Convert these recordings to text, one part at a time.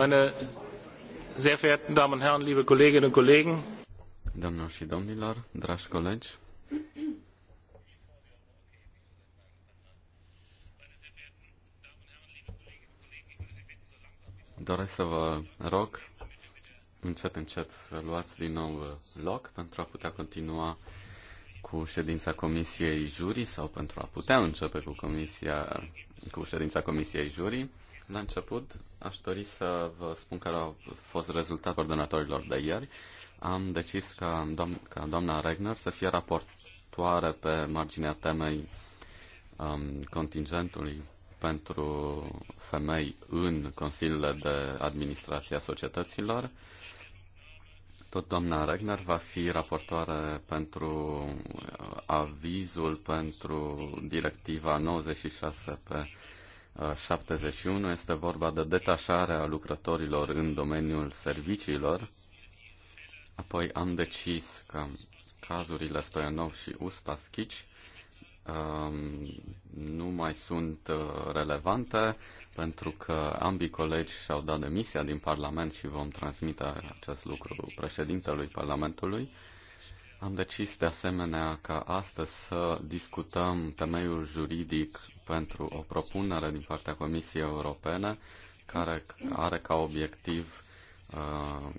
meine sehr verehrten Damen und Herren, liebe Kolleginnen und Kollegen. Doresc să vă rog încet, încet să luați din nou loc pentru a putea continua cu ședința Comisiei Jurii sau pentru a putea începe cu, comisia, cu ședința Comisiei Jurii. La început, aș dori să vă spun care au fost rezultatul coordonatorilor de ieri. Am decis ca, doam- ca doamna Regner să fie raportoare pe marginea temei um, contingentului pentru femei în Consiliile de Administrație a Societăților. Tot doamna Regner va fi raportoare pentru uh, avizul pentru directiva 96 pe 71 este vorba de detașarea lucrătorilor în domeniul serviciilor. Apoi am decis că cazurile Stoianov și Uspaschici um, nu mai sunt uh, relevante pentru că ambii colegi și-au dat demisia din Parlament și vom transmite acest lucru președintelui Parlamentului. Am decis de asemenea ca astăzi să discutăm temeiul juridic pentru o propunere din partea Comisiei Europene care are ca obiectiv uh,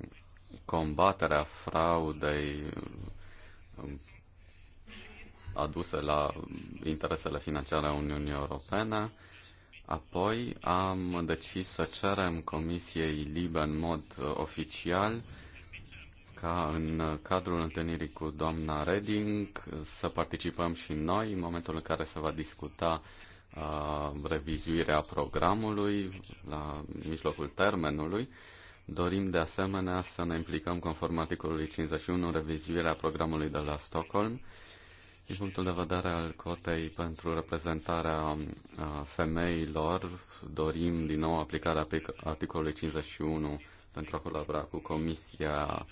combaterea fraudei uh, aduse la interesele financiare a Uniunii Europene. Apoi am decis să cerem Comisiei Libe în mod uh, oficial ca în cadrul întâlnirii cu doamna Reding să participăm și noi în momentul în care se va discuta uh, revizuirea programului la mijlocul termenului. Dorim de asemenea să ne implicăm conform articolului 51 în revizuirea programului de la Stockholm din punctul de vedere al cotei pentru reprezentarea femeilor, dorim din nou aplicarea articolului 51 pentru a colabora cu Comisia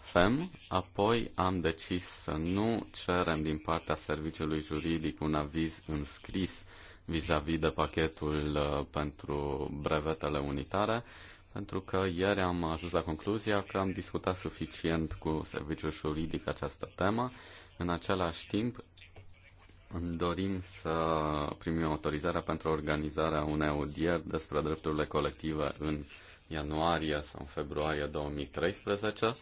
FEM. Apoi am decis să nu cerem din partea serviciului juridic un aviz înscris vis-a-vis -vis de pachetul uh, pentru brevetele unitare, pentru că ieri am ajuns la concluzia că am discutat suficient cu serviciul juridic această temă. În același timp, îmi dorim să primim autorizarea pentru organizarea unei audieri despre drepturile colective în ianuarie sau în februarie 2013.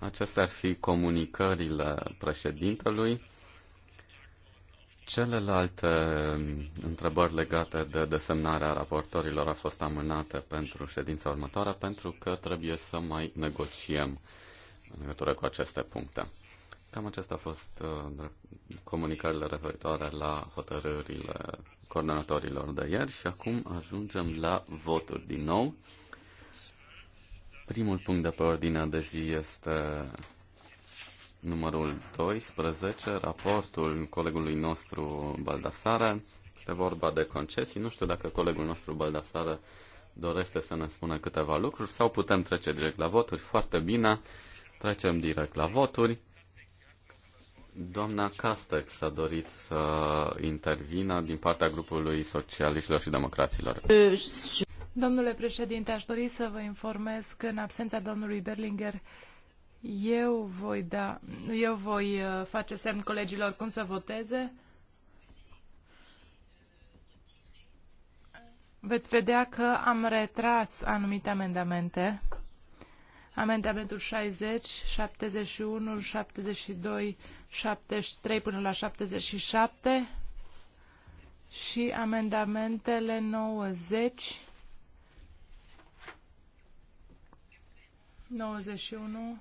Acestea ar fi comunicările președintelui. Celelalte um, întrebări legate de desemnarea raportorilor au fost amânate pentru ședința următoare pentru că trebuie să mai negociem în legătură cu aceste puncte. Cam acestea au fost uh, comunicările referitoare la hotărârile coordonatorilor de ieri și acum ajungem la voturi din nou. Primul punct de pe ordinea de zi este numărul 12, raportul colegului nostru Baldasare. Este vorba de concesii. Nu știu dacă colegul nostru Baldasare dorește să ne spună câteva lucruri sau putem trece direct la voturi. Foarte bine, trecem direct la voturi. Doamna Castex a dorit să intervină din partea grupului socialiștilor și democraților. Domnule președinte, aș dori să vă informez că în absența domnului Berlinger eu voi da, eu voi uh, face semn colegilor cum să voteze. Veți vedea că am retras anumite amendamente. Amendamentul 60, 71, 72, 73 până la 77 și amendamentele 90, 91,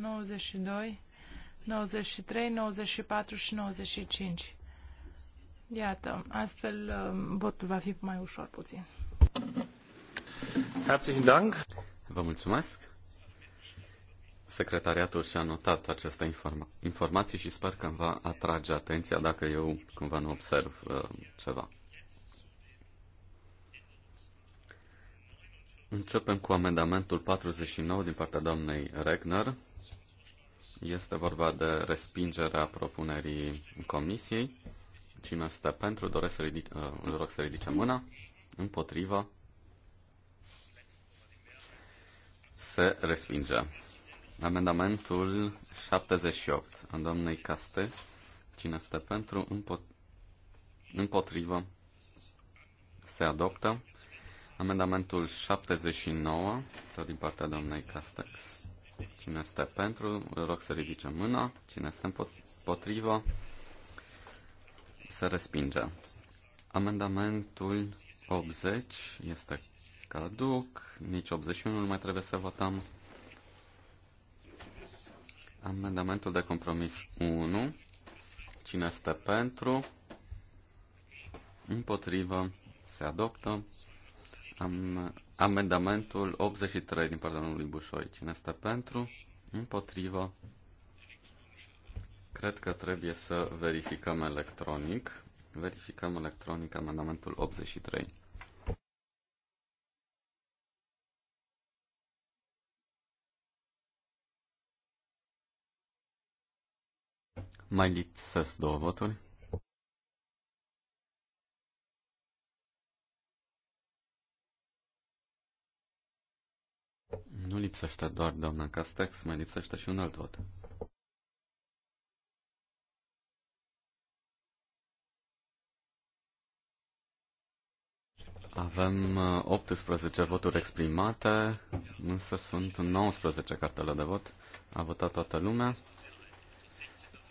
92, 93, 94 și 95. Iată, astfel um, votul va fi mai ușor puțin. Herzlichen Dank. Vă mulțumesc. Secretariatul și-a notat aceste informa- informații și sper că îmi va atrage atenția dacă eu cumva nu observ uh, ceva. Începem cu amendamentul 49 din partea doamnei Regner. Este vorba de respingerea propunerii comisiei. Cine este pentru, doresc să ridic, uh, rog să ridice mâna. Împotrivă. Se respinge. Amendamentul 78 În domnei Caste. Cine este pentru, împot- împotrivă. Se adoptă. Amendamentul 79, tot din partea domnei Castex. Cine este pentru, îl rog să ridice mâna. Cine este împotrivă, se respinge. Amendamentul 80 este caduc, nici 81 nu mai trebuie să votăm. Amendamentul de compromis 1. Cine este pentru? Împotrivă? Se adoptă. Am, amendamentul 83 din partea domnului Bușoi. Cine este pentru? Împotrivă. Cred că trebuie să verificăm electronic. Verificăm electronic amendamentul 83. Mai lipsesc două voturi. Nu lipsește doar doamna Castex, mai lipsește și un alt vot. Avem 18 uh, voturi exprimate, însă sunt 19 cartele de vot. A votat toată lumea.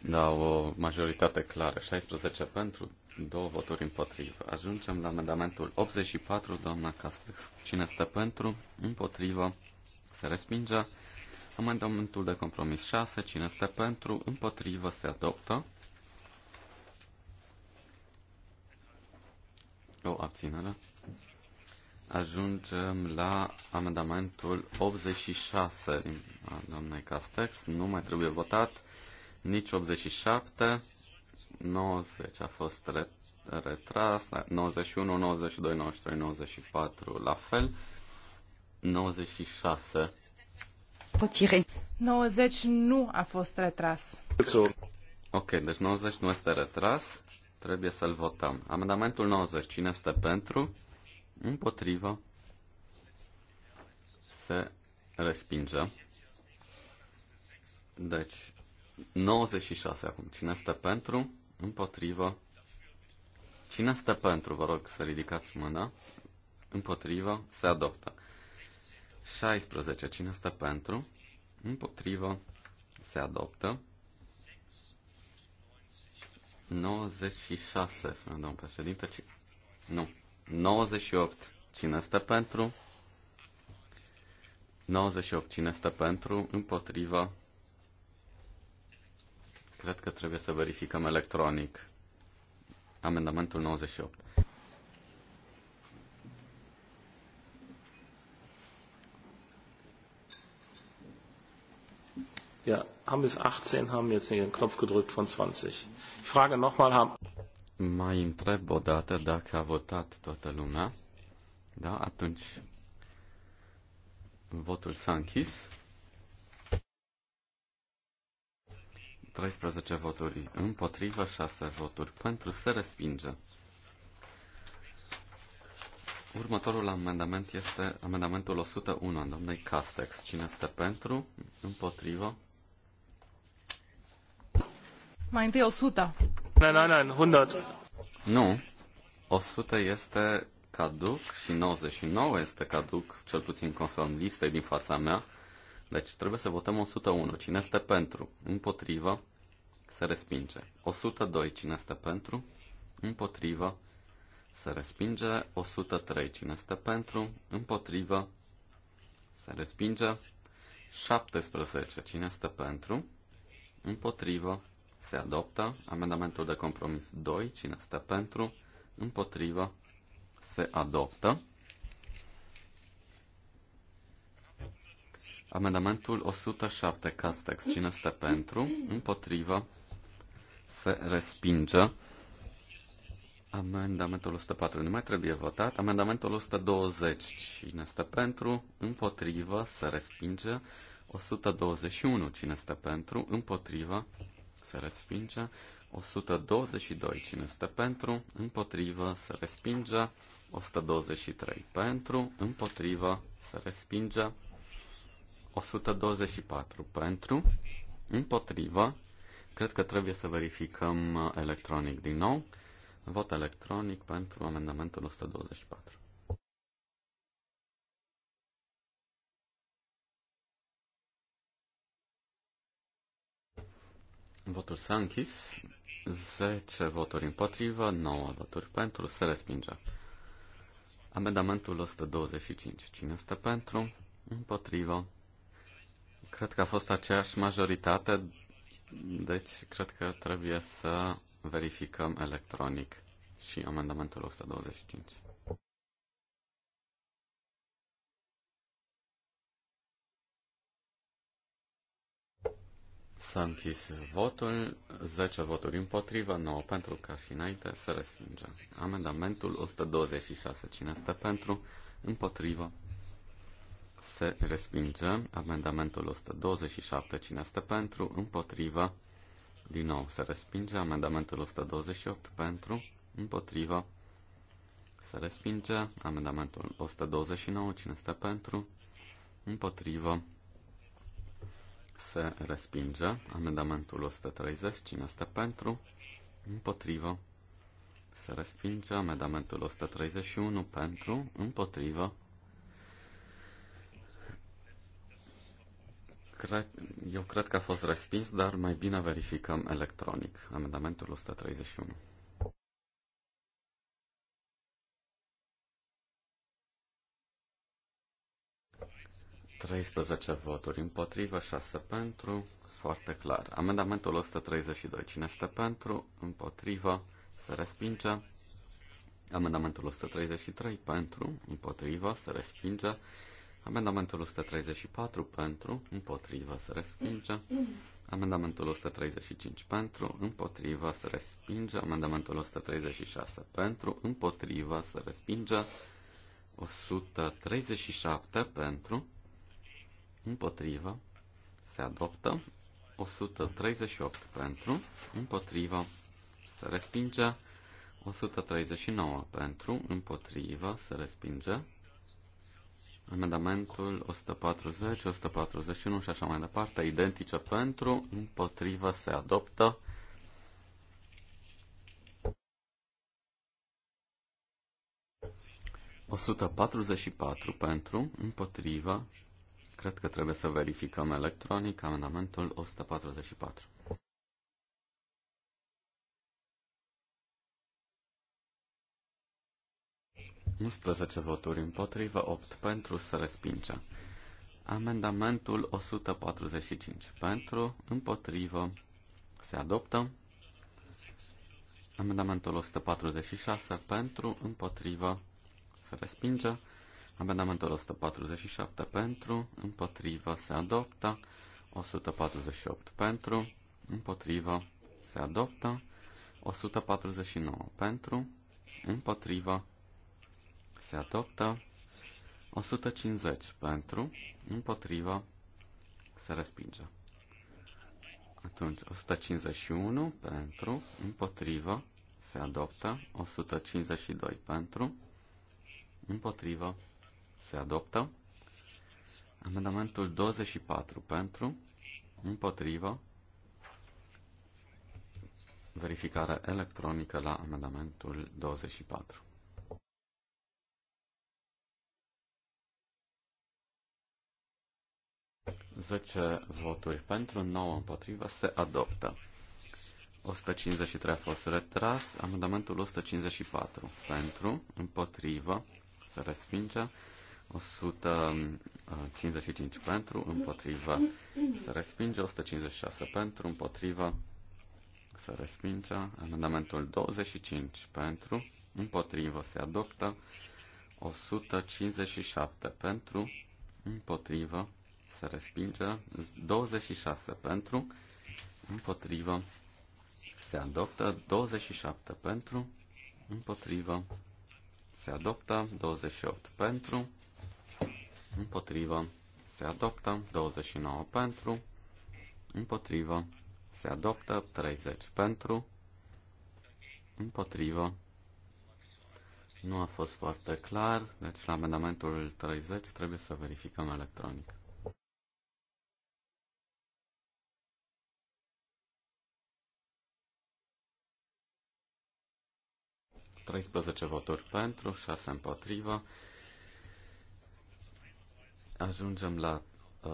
Da, o majoritate clară, 16 pentru, două voturi împotrivă. Ajungem la amendamentul 84, doamna Castex. Cine este pentru? Împotrivă se respinge. Amendamentul de compromis 6, cine este pentru, împotrivă, se adoptă. O abținere. Ajungem la amendamentul 86 din doamnei Castex. Nu mai trebuie votat nici 87, 90 a fost retras, 91, 92, 93, 94 la fel. 96. 90 nu a fost retras. Ok, deci 90 nu este retras. Trebuie să-l votăm. Amendamentul 90. Cine este pentru? Împotrivă. Se respinge. Deci, 96 acum. Cine este pentru? Împotrivă. Cine este pentru? Vă rog să ridicați mâna. Împotrivă. Se adoptă. 16. Cine stă pentru? Împotrivă. Se adoptă. 96, spune domnul președinte. Ci... Nu. 98. Cine stă pentru? 98. Cine stă pentru? Împotrivă. Cred că trebuie să verificăm electronic. Amendamentul 98. Ja, haben bis 18, haben jetzt den Knopf gedrückt von 20. Ich frage nochmal, haben... Mai întreb o dată dacă a votat toată lumea. Da, atunci votul s-a închis. 13 voturi împotrivă, 6 voturi pentru, se respinge. Următorul amendament este amendamentul 101 al domnului Castex. Cine este pentru? Împotrivă? Mai întâi 100. Nu, nu, nu, 100. Nu. 100 este caduc și 99 este caduc, cel puțin conform listei din fața mea. Deci trebuie să votăm 101. Cine este pentru? Împotrivă? Se respinge. 102. Cine este pentru? Împotrivă? Se respinge. 103. Cine este pentru? Împotrivă? Se respinge. 17. Cine este pentru? Împotrivă? se adoptă. Amendamentul de compromis 2, cine stă pentru, împotrivă, se adoptă. Amendamentul 107, Castex, cine stă pentru, împotrivă, se respinge. Amendamentul 104 nu mai trebuie votat. Amendamentul 120, cine stă pentru, împotrivă, se respinge. 121, cine stă pentru, împotrivă, se respinge. 122 cine este pentru, împotrivă, se respinge. 123 pentru, împotrivă, se respinge. 124 pentru, împotrivă. Cred că trebuie să verificăm uh, electronic din nou. Vot electronic pentru amendamentul 124. Votul s-a închis. 10 voturi împotrivă, 9 voturi pentru, se respinge. Amendamentul 125. Cine este pentru? Împotrivă. Cred că a fost aceeași majoritate, deci cred că trebuie să verificăm electronic și amendamentul 125. S-a închis votul, 10 voturi împotrivă, 9 pentru, ca și înainte, să respinge. Amendamentul 126, cine este pentru, împotrivă, se respinge. Amendamentul 127, cine este pentru, împotrivă, din nou se respinge. Amendamentul 128, pentru, împotrivă, se respinge. Amendamentul 129, cine este pentru, împotrivă, se respinge. Amendamentul 130, cine este pentru? Împotrivă. Se respinge. Amendamentul 131 pentru, împotrivă. Cred, eu cred că a fost respins, dar mai bine verificăm electronic. Amendamentul 131. 13 voturi împotrivă, 6 pentru, foarte clar. Amendamentul 132, cine este pentru, împotrivă, se respinge. Amendamentul 133, pentru, împotrivă, se respinge. Amendamentul 134, pentru, împotrivă, se respinge. Amendamentul 135 pentru, împotrivă, se respinge. Amendamentul 136 pentru, împotrivă, se respinge. 137 pentru, împotrivă, se adoptă. 138 pentru, împotrivă, se respinge. 139 pentru, împotrivă, se respinge. Amendamentul 140, 141 și așa mai departe, identice pentru, împotrivă, se adoptă. patru pentru, împotriva, Cred că trebuie să verificăm electronic amendamentul 144. ce voturi împotrivă, 8 pentru, să respinge. Amendamentul 145 pentru, împotrivă, se adoptă. Amendamentul 146 pentru, împotrivă, se respinge. Amendamentul 147 pentru, împotriva se adoptă. 148 pentru, împotriva se adoptă. 149 pentru, împotriva se adoptă. 150 pentru, împotriva se respinge. Atunci 151 pentru, împotriva se adoptă. 152 pentru, împotriva se adoptă. Amendamentul 24 pentru, împotrivă, verificare electronică la amendamentul 24. Zece voturi pentru, 9 împotrivă, se adoptă. 153 a fost retras, amendamentul 154 pentru, împotrivă, se respinge. 155 pentru, împotriva se respinge, 156 pentru, împotriva se respinge, amendamentul 25 pentru, împotriva se adoptă, 157 pentru, împotriva se respinge, 26 pentru, împotriva se adoptă, 27 pentru, împotriva se adoptă, 28 pentru, împotrivă, se adoptă, 29 pentru, împotrivă, se adoptă, 30 pentru, împotrivă. Nu a fost foarte clar, deci la amendamentul 30 trebuie să verificăm electronic. treisprezece voturi pentru, 6 împotrivă. Ajungem la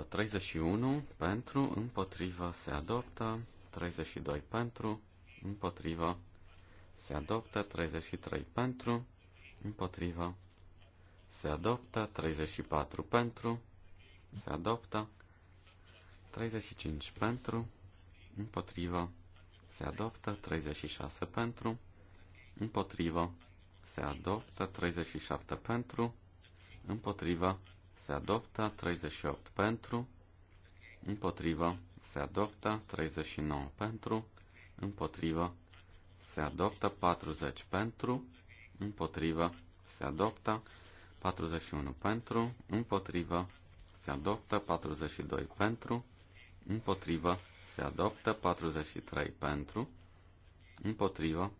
31 uh, pentru, împotriva se adoptă, 32 pentru, împotriva se adoptă, 33 pentru, împotriva se adoptă, 34 pentru, se adoptă, 35 pentru, împotriva se adoptă, 36 pentru, împotriva se adoptă, 37 pentru, împotriva se adoptă 38 pentru, împotrivă, se adoptă 39 pentru, împotrivă, se adoptă 40 pentru, împotrivă, se adoptă 41 pentru, împotrivă, se adoptă 42 pentru, împotrivă, se adoptă 43 pentru, împotrivă,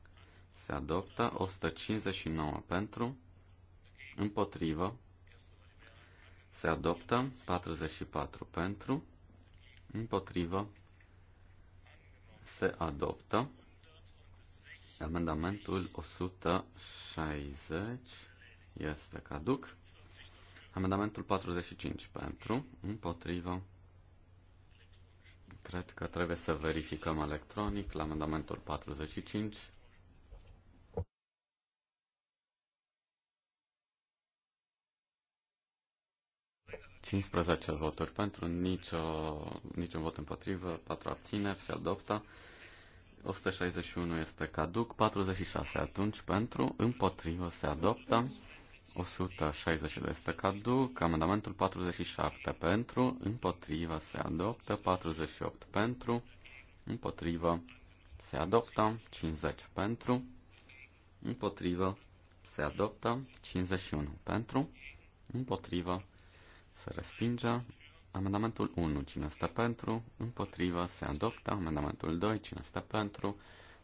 se adoptă 159 pentru, împotrivă, se adoptă 44 pentru, împotrivă, se adoptă amendamentul 160 este caduc. Amendamentul 45 pentru, împotrivă, cred că trebuie să verificăm electronic la amendamentul 45. 15 voturi pentru, nicio, niciun vot împotrivă, 4 abțineri, se adoptă. 161 este caduc, 46 atunci pentru, împotrivă se adoptă. 162 este caduc, amendamentul 47 pentru, împotrivă se adoptă, 48 pentru, împotrivă se adoptă, 50 pentru, împotrivă se adoptă, 51 pentru, împotrivă se respinge. Amendamentul 1, cine stă pentru, împotrivă, se adoptă. Amendamentul 2, cine stă pentru,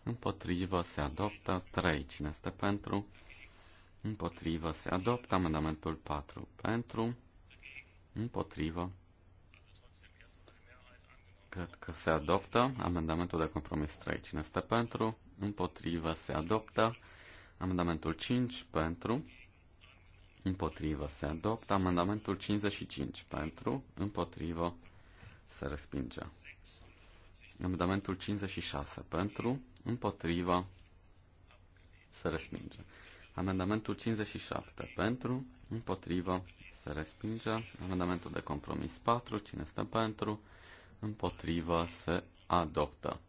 împotrivă, se adoptă. 3, cine stă pentru, împotrivă, se adoptă. Amendamentul 4, pentru, împotrivă. Cred că se adoptă. Amendamentul de compromis 3, cine stă pentru, împotrivă, se adoptă. Amendamentul 5, pentru, împotrivă, se adoptă. Amendamentul 55 pentru, împotrivă, se respinge. Amendamentul 56 pentru, împotrivă, se respinge. Amendamentul 57 pentru, împotrivă, se respinge. Amendamentul de compromis 4, cine stă pentru, împotrivă, se adoptă.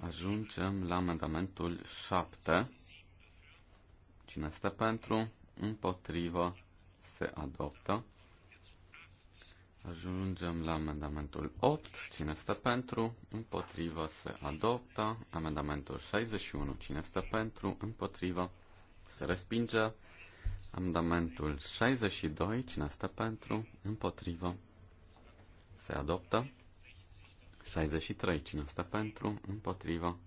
Ajungem la amendamentul 7. Cine stă pentru? împotrivă, se adoptă. Ajungem la amendamentul 8. Cine este pentru? Împotrivă se adoptă. Amendamentul 61. Cine este pentru? Împotrivă se respinge. Amendamentul 62. Cine este pentru? Împotrivă se adoptă. 63. Cine este pentru? Împotrivă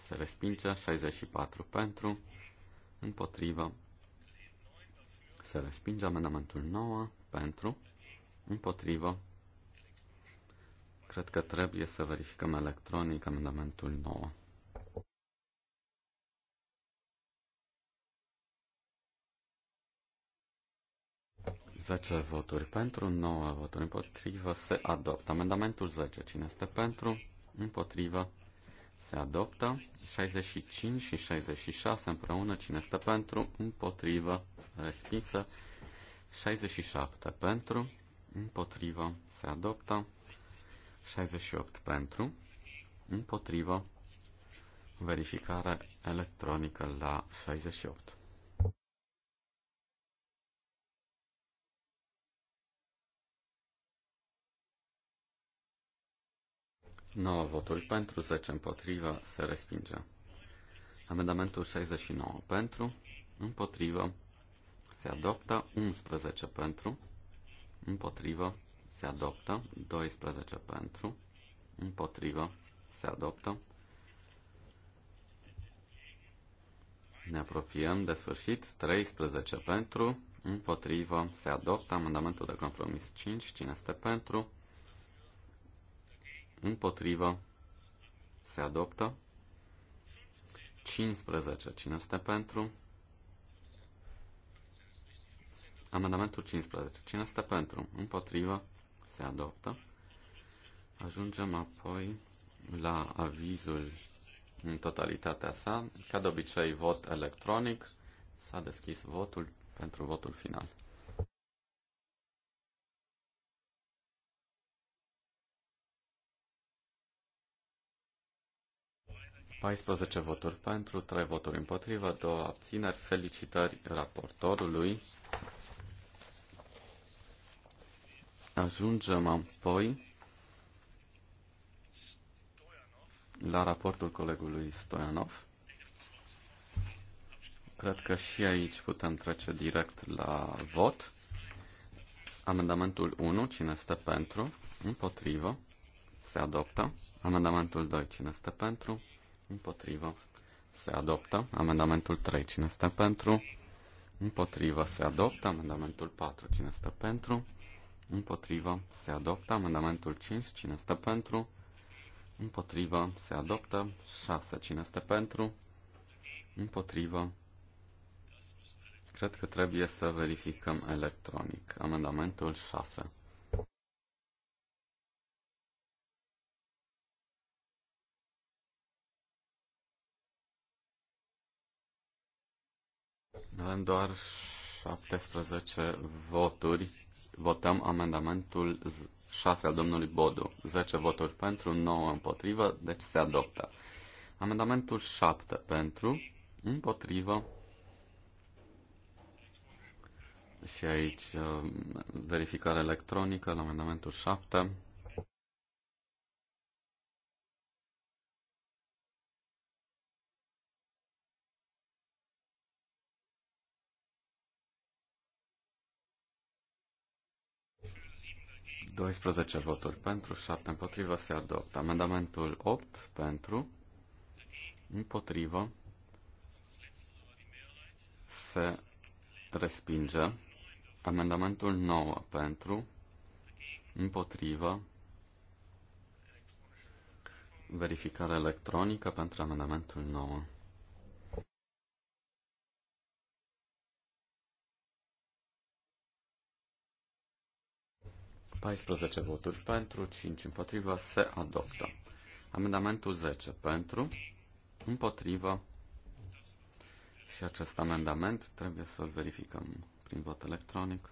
se respinge. 64. Pentru? Împotrivă se respinge amendamentul 9 pentru, împotrivă. Cred că trebuie să verificăm electronic amendamentul 9. Zece voturi pentru, 9 voturi împotrivă, se adoptă. Amendamentul 10. Cine este pentru? Împotrivă. Se adoptă. 65 și 66 împreună. Cine este pentru? Împotrivă respinsă. 67 pentru, împotrivă se adoptă. 68 pentru, împotrivă verificare electronică la 68. Nouă voturi pentru, 10 împotrivă, se respinge. Amendamentul 69 pentru, împotrivă, se adoptă, 11 pentru, împotrivă, se adoptă, 12 pentru, împotrivă, se adoptă. Ne apropiem de sfârșit, 13 pentru, împotrivă, se adoptă amendamentul de compromis 5, cine este pentru, împotrivă, se adoptă, 15, cine este pentru, Amendamentul 15. Cine este pentru? Împotrivă? Se adoptă. Ajungem apoi la avizul în totalitatea sa. Ca de obicei, vot electronic. S-a deschis votul pentru votul final. paisprezece voturi pentru, trei voturi împotrivă, două abțineri. Felicitări raportorului. Ajungem apoi la raportul colegului Stoianov. Cred că și aici putem trece direct la vot. Amendamentul 1, cine este pentru? Împotrivă. Se adoptă. Amendamentul 2, cine este pentru? Împotrivă. Se adoptă. Amendamentul 3, cine este pentru? Împotrivă. Se adoptă. Amendamentul 4, cine este pentru? împotrivă, se adoptă. Amendamentul 5, cine este pentru, împotrivă, se adoptă. 6, cine este pentru, împotrivă. Cred că trebuie să verificăm electronic. Amendamentul 6. Avem doar 17 voturi. Votăm amendamentul 6 al domnului Bodu. 10 voturi pentru, 9 împotrivă, deci se adoptă. Amendamentul 7 pentru, împotrivă. Și aici uh, verificare electronică la amendamentul 7. 12 voturi pentru, 7 împotrivă se adoptă. Amendamentul 8 pentru, împotrivă se respinge. Amendamentul 9 pentru, împotrivă verificare electronică pentru amendamentul 9. 14 voturi pentru, 5 împotriva, se adoptă. Amendamentul 10 pentru, împotriva și acest amendament trebuie să-l verificăm prin vot electronic.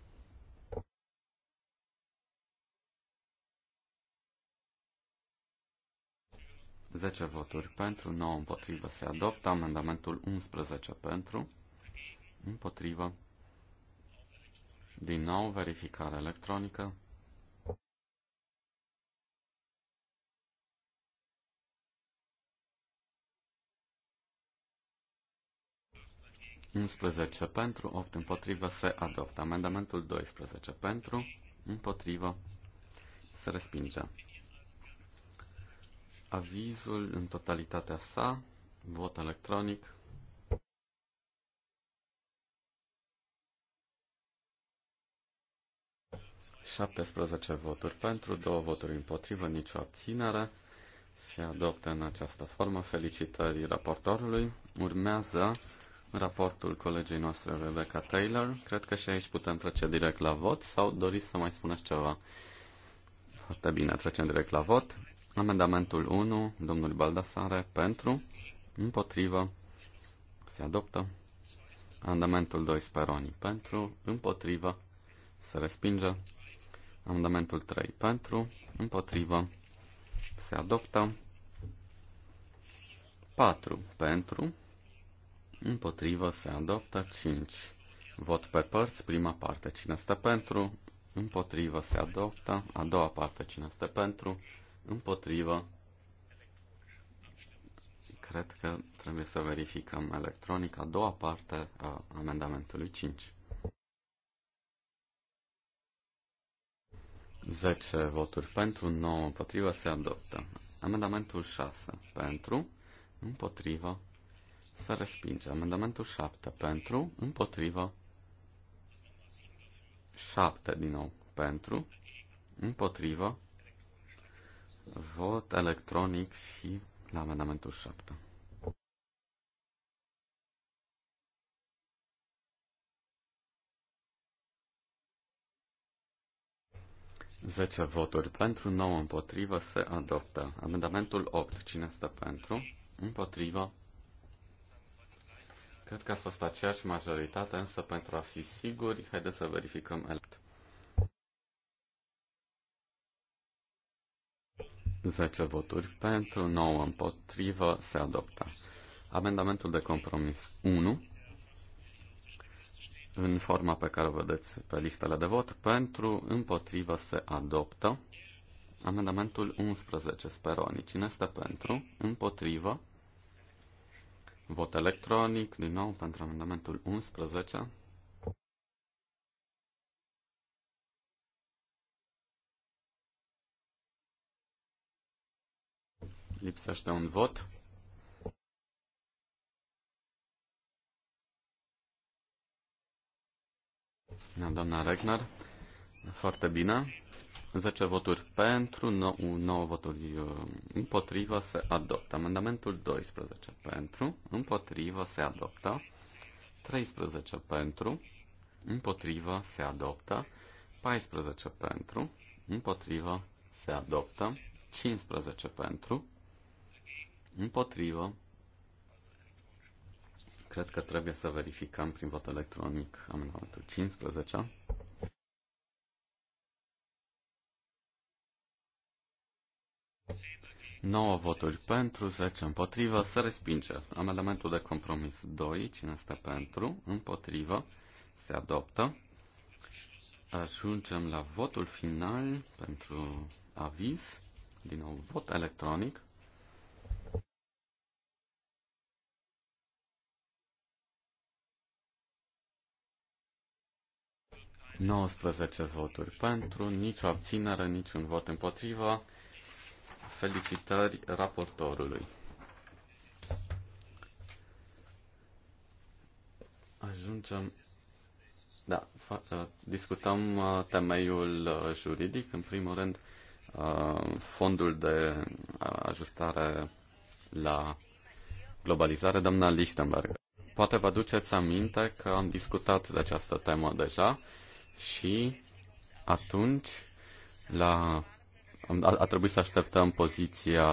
Zece voturi pentru, 9 împotrivă se adoptă, amendamentul 11 pentru, împotrivă, din nou verificare electronică. 11 pentru, 8 împotrivă, se adoptă. Amendamentul 12 pentru, împotrivă, se respinge. Avizul în totalitatea sa, vot electronic. șaptesprezece voturi pentru, două voturi împotrivă, nicio abținere. Se adoptă în această formă. Felicitări raportorului. Urmează raportul colegii noastre Rebecca Taylor. Cred că și aici putem trece direct la vot sau doriți să mai spuneți ceva? Foarte bine, trecem direct la vot. Amendamentul 1, domnul Baldasare, pentru, împotrivă, se adoptă. Amendamentul 2, Speroni, pentru, împotrivă, se respinge. Amendamentul 3, pentru, împotrivă, se adoptă. 4, pentru, împotrivă se adoptă 5. Vot pe părți, prima parte, cine este pentru, împotrivă se adoptă, a doua parte, cine este pentru, împotrivă. Cred că trebuie să verificăm electronic a doua parte a amendamentului 5. 10 voturi pentru, 9 împotrivă se adoptă. Amendamentul 6 pentru, împotrivă să respinge. Amendamentul 7 pentru, împotrivă. 7 din nou pentru, împotrivă. Vot electronic și la amendamentul 7. Zece voturi pentru, nouă împotrivă, se adoptă. Amendamentul 8. Cine stă pentru? Împotrivă. Cred că a fost aceeași majoritate, însă pentru a fi siguri, haideți să verificăm elect. 10 voturi pentru, 9 împotrivă, se adoptă. Amendamentul de compromis 1, în forma pe care o vedeți pe listele de vot, pentru, împotrivă, se adoptă. Amendamentul 11, Speroni. Cine este pentru? Împotrivă? Vot electronic, din nou, pentru amendamentul 11. Lipsește un vot. Doamna Regner, foarte bine. 10 voturi pentru, 9 voturi uh, împotrivă, se adoptă. Amendamentul 12 pentru, împotrivă, se adoptă. 13 pentru, împotrivă, se adoptă. 14 pentru, împotrivă, se adoptă. 15 pentru, împotrivă. Cred că trebuie să verificăm prin vot electronic amendamentul 15. 9 voturi pentru, 10 împotrivă, se respinge. Amendamentul de compromis 2, cine este pentru, împotrivă, se adoptă. Ajungem la votul final pentru aviz, din nou vot electronic. Nouăsprezece voturi pentru, nicio abținere, niciun vot împotrivă. Felicitări raportorului. Ajungem. Da, uh, discutăm uh, temeiul uh, juridic. În primul rând, fondul de ajustare la globalizare, doamna Lichtenberg. Poate vă duceți aminte că am discutat de această temă deja și atunci, la a, a trebuit să așteptăm poziția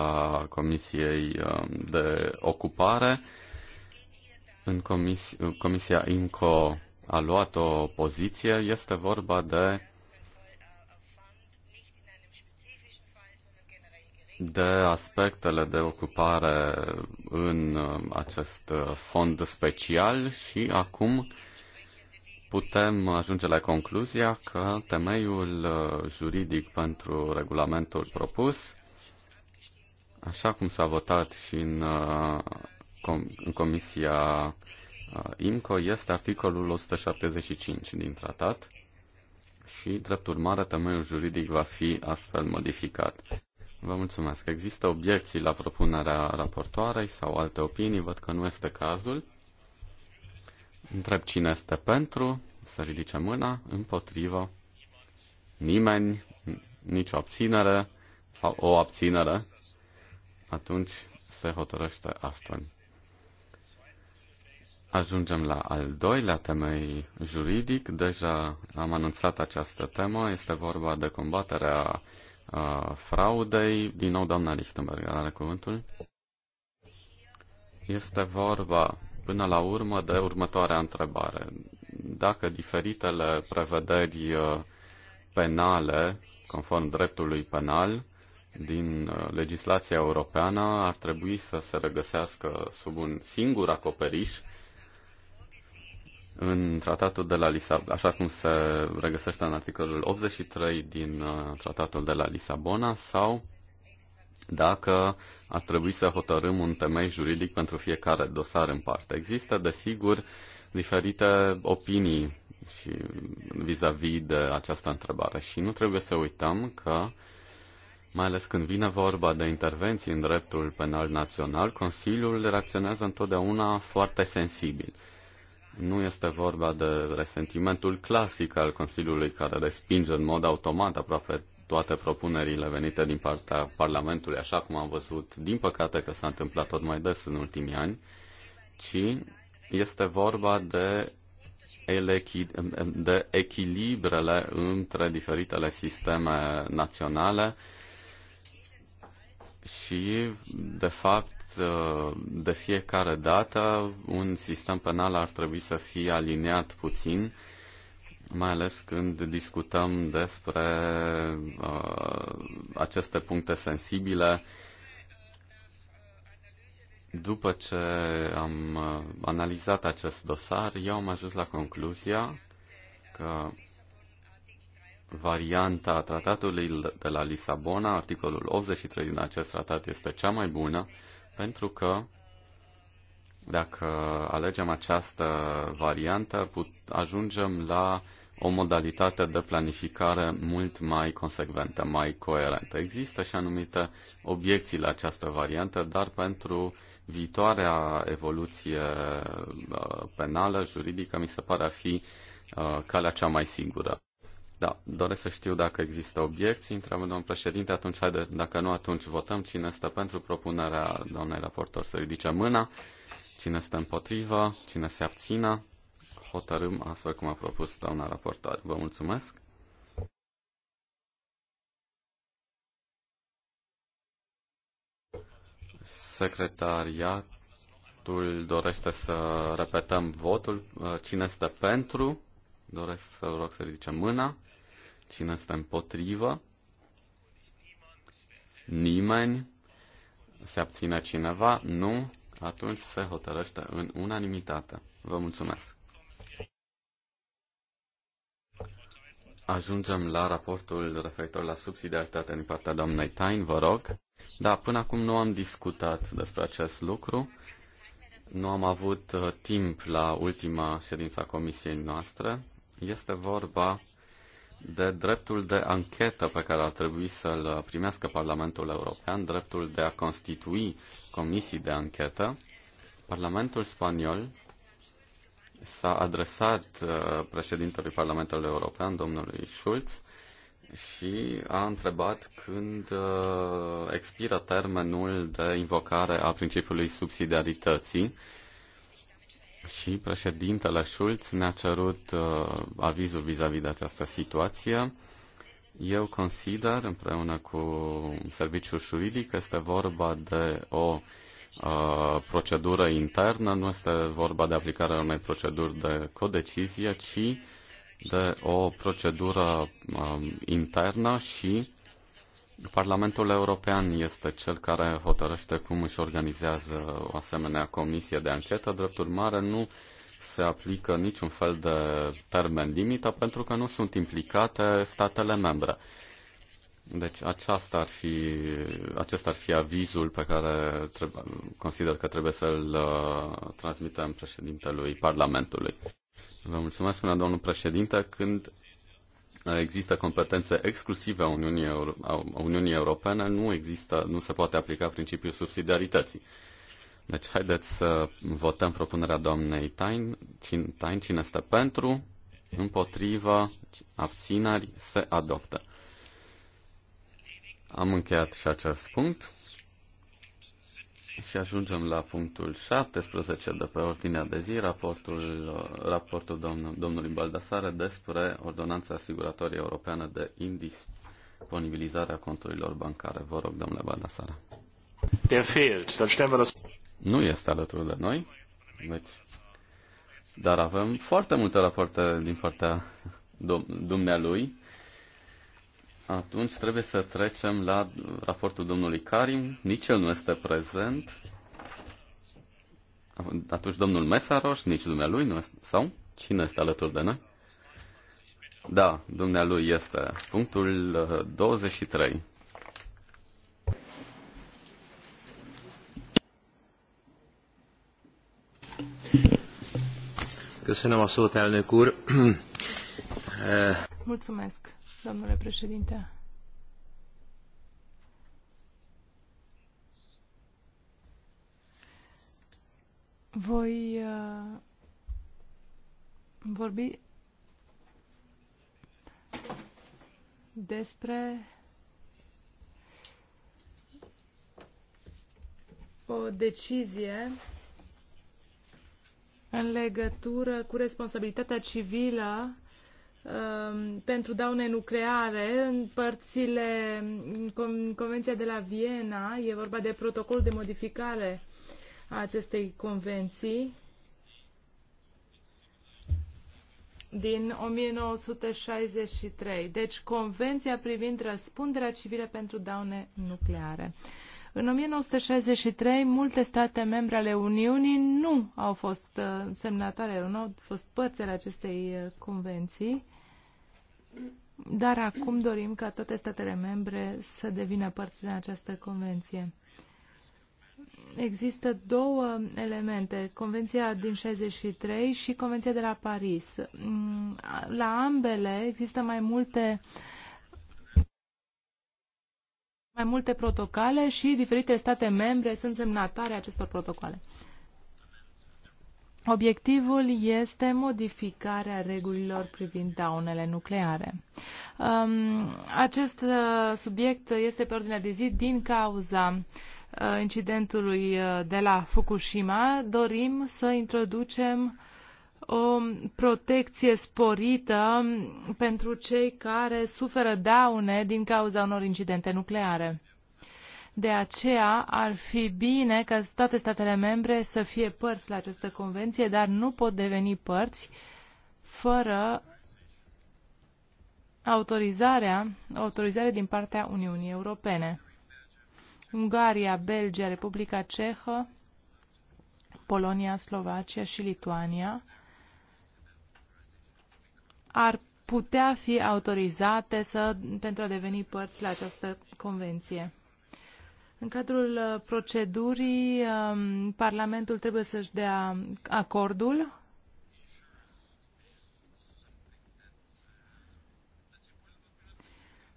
Comisiei um, de Ocupare. În comis, Comisia INCO a luat o poziție. Este vorba de de aspectele de ocupare în um, acest uh, fond special și acum putem ajunge la concluzia că temeiul uh, juridic pentru regulamentul propus, așa cum s-a votat și în, uh, în Comisia uh, IMCO, este articolul 175 din tratat și, drept urmare, temeiul juridic va fi astfel modificat. Vă mulțumesc. Există obiecții la propunerea raportoarei sau alte opinii? Văd că nu este cazul. Întreb cine este pentru, să ridice mâna, împotrivă, nimeni, nicio abținere sau o abținere, atunci se hotărăște astfel. Ajungem la al doilea temei juridic. Deja am anunțat această temă. Este vorba de combaterea a, fraudei. Din nou, doamna Lichtenberg are cuvântul. Este vorba până la urmă de următoarea întrebare. Dacă diferitele prevederi uh, penale, conform dreptului penal, din uh, legislația europeană ar trebui să se regăsească sub un singur acoperiș în tratatul de la Lisabona, așa cum se regăsește în articolul 83 din uh, tratatul de la Lisabona, sau dacă ar trebui să hotărâm un temei juridic pentru fiecare dosar în parte. Există, desigur, diferite opinii și vis-a-vis -vis de această întrebare și nu trebuie să uităm că mai ales când vine vorba de intervenții în dreptul penal național, Consiliul reacționează întotdeauna foarte sensibil. Nu este vorba de resentimentul clasic al Consiliului care respinge în mod automat aproape toate propunerile venite din partea Parlamentului, așa cum am văzut, din păcate că s-a întâmplat tot mai des în ultimii ani, ci este vorba de, de echilibrele între diferitele sisteme naționale și, de fapt, de fiecare dată un sistem penal ar trebui să fie aliniat puțin mai ales când discutăm despre uh, aceste puncte sensibile. După ce am uh, analizat acest dosar, eu am ajuns la concluzia că varianta tratatului de la Lisabona, articolul 83 din acest tratat, este cea mai bună, pentru că dacă alegem această variantă, put, ajungem la uh, o modalitate de planificare mult mai consecventă, mai coerentă. Există și anumite obiecții la această variantă, dar pentru viitoarea evoluție uh, penală, juridică, mi se pare a fi uh, calea cea mai sigură. Da, doresc să știu dacă există obiecții. Întreabă domnul președinte, atunci haide, dacă nu, atunci votăm cine este pentru propunerea doamnei raportor să ridice mâna, cine este împotrivă, cine se abțină hotărâm astfel cum a propus doamna raportoare. Vă mulțumesc! Secretariatul dorește să repetăm votul. Cine este pentru? Doresc să rog să ridice mâna. Cine este împotrivă? Nimeni? Se abține cineva? Nu? Atunci se hotărăște în unanimitate. Vă mulțumesc! ajungem la raportul referitor la subsidiaritate din partea doamnei Tain, vă rog. Da, până acum nu am discutat despre acest lucru. Nu am avut uh, timp la ultima ședință a comisiei noastre. Este vorba de dreptul de anchetă pe care ar trebui să-l primească Parlamentul European, dreptul de a constitui comisii de anchetă. Parlamentul spaniol s-a adresat uh, președintelui Parlamentului European, domnului Schulz, și a întrebat când uh, expiră termenul de invocare a principiului subsidiarității și președintele Schulz ne-a cerut uh, avizul vis-a-vis de această situație. Eu consider, împreună cu serviciul juridic, că este vorba de o Uh, procedură internă, nu este vorba de aplicarea unei proceduri de codecizie, ci de o procedură uh, internă și Parlamentul European este cel care hotărăște cum își organizează o asemenea comisie de anchetă. Drept urmare, nu se aplică niciun fel de termen limită pentru că nu sunt implicate statele membre. Deci aceasta ar fi, acesta ar fi avizul pe care trebuie, consider că trebuie să-l uh, transmitem președintelui Parlamentului. Vă mulțumesc, până domnul președinte, când există competențe exclusive a Uniunii, Euro- a Uniunii Europene, nu, există, nu se poate aplica principiul subsidiarității. Deci haideți să votăm propunerea doamnei Tain. Cine, Tain, cine este pentru, împotriva, abțineri, se adoptă. Am încheiat și acest punct și ajungem la punctul 17 de pe ordinea de zi, raportul, raportul domnul, domnului Baldasare despre Ordonanța Asiguratorie Europeană de Indisponibilizare a Conturilor Bancare. Vă rog, domnule Baldasare. Der fehlt. Dann stellen wir das... Nu este alături de noi, deci, dar avem foarte multe rapoarte din partea dom- dumnealui atunci trebuie să trecem la raportul domnului Karim. Nici el nu este prezent. Atunci domnul Mesaroș, nici dumnealui nu este. Sau? Cine este alături de noi? Da, dumnealui este. Punctul 23. Uh, Köszönöm a szót, elnök eh, Mulțumesc, domnule președinte. Voi uh, vorbi despre o decizie în legătură cu responsabilitatea civilă Um, pentru daune nucleare în părțile în Convenția de la Viena, e vorba de protocol de modificare a acestei convenții din 1963. Deci Convenția privind răspunderea civilă pentru daune nucleare. În 1963, multe state membre ale Uniunii nu au fost uh, semnatare, nu au fost părți ale acestei uh, convenții. Dar acum dorim ca toate statele membre să devină părți din această convenție. Există două elemente, Convenția din 63 și Convenția de la Paris. Mm, la ambele există mai multe mai multe protocole și diferite state membre sunt semnatare acestor protocole. Obiectivul este modificarea regulilor privind daunele nucleare. Um, acest uh, subiect este pe ordinea de zi din cauza uh, incidentului uh, de la Fukushima. Dorim să introducem o protecție sporită pentru cei care suferă daune din cauza unor incidente nucleare. De aceea ar fi bine ca toate statele membre să fie părți la această convenție, dar nu pot deveni părți fără autorizarea, autorizare din partea Uniunii Europene. Ungaria, Belgia, Republica Cehă, Polonia, Slovacia și Lituania ar putea fi autorizate să, pentru a deveni părți la această convenție. În cadrul uh, procedurii, um, Parlamentul trebuie să-și dea acordul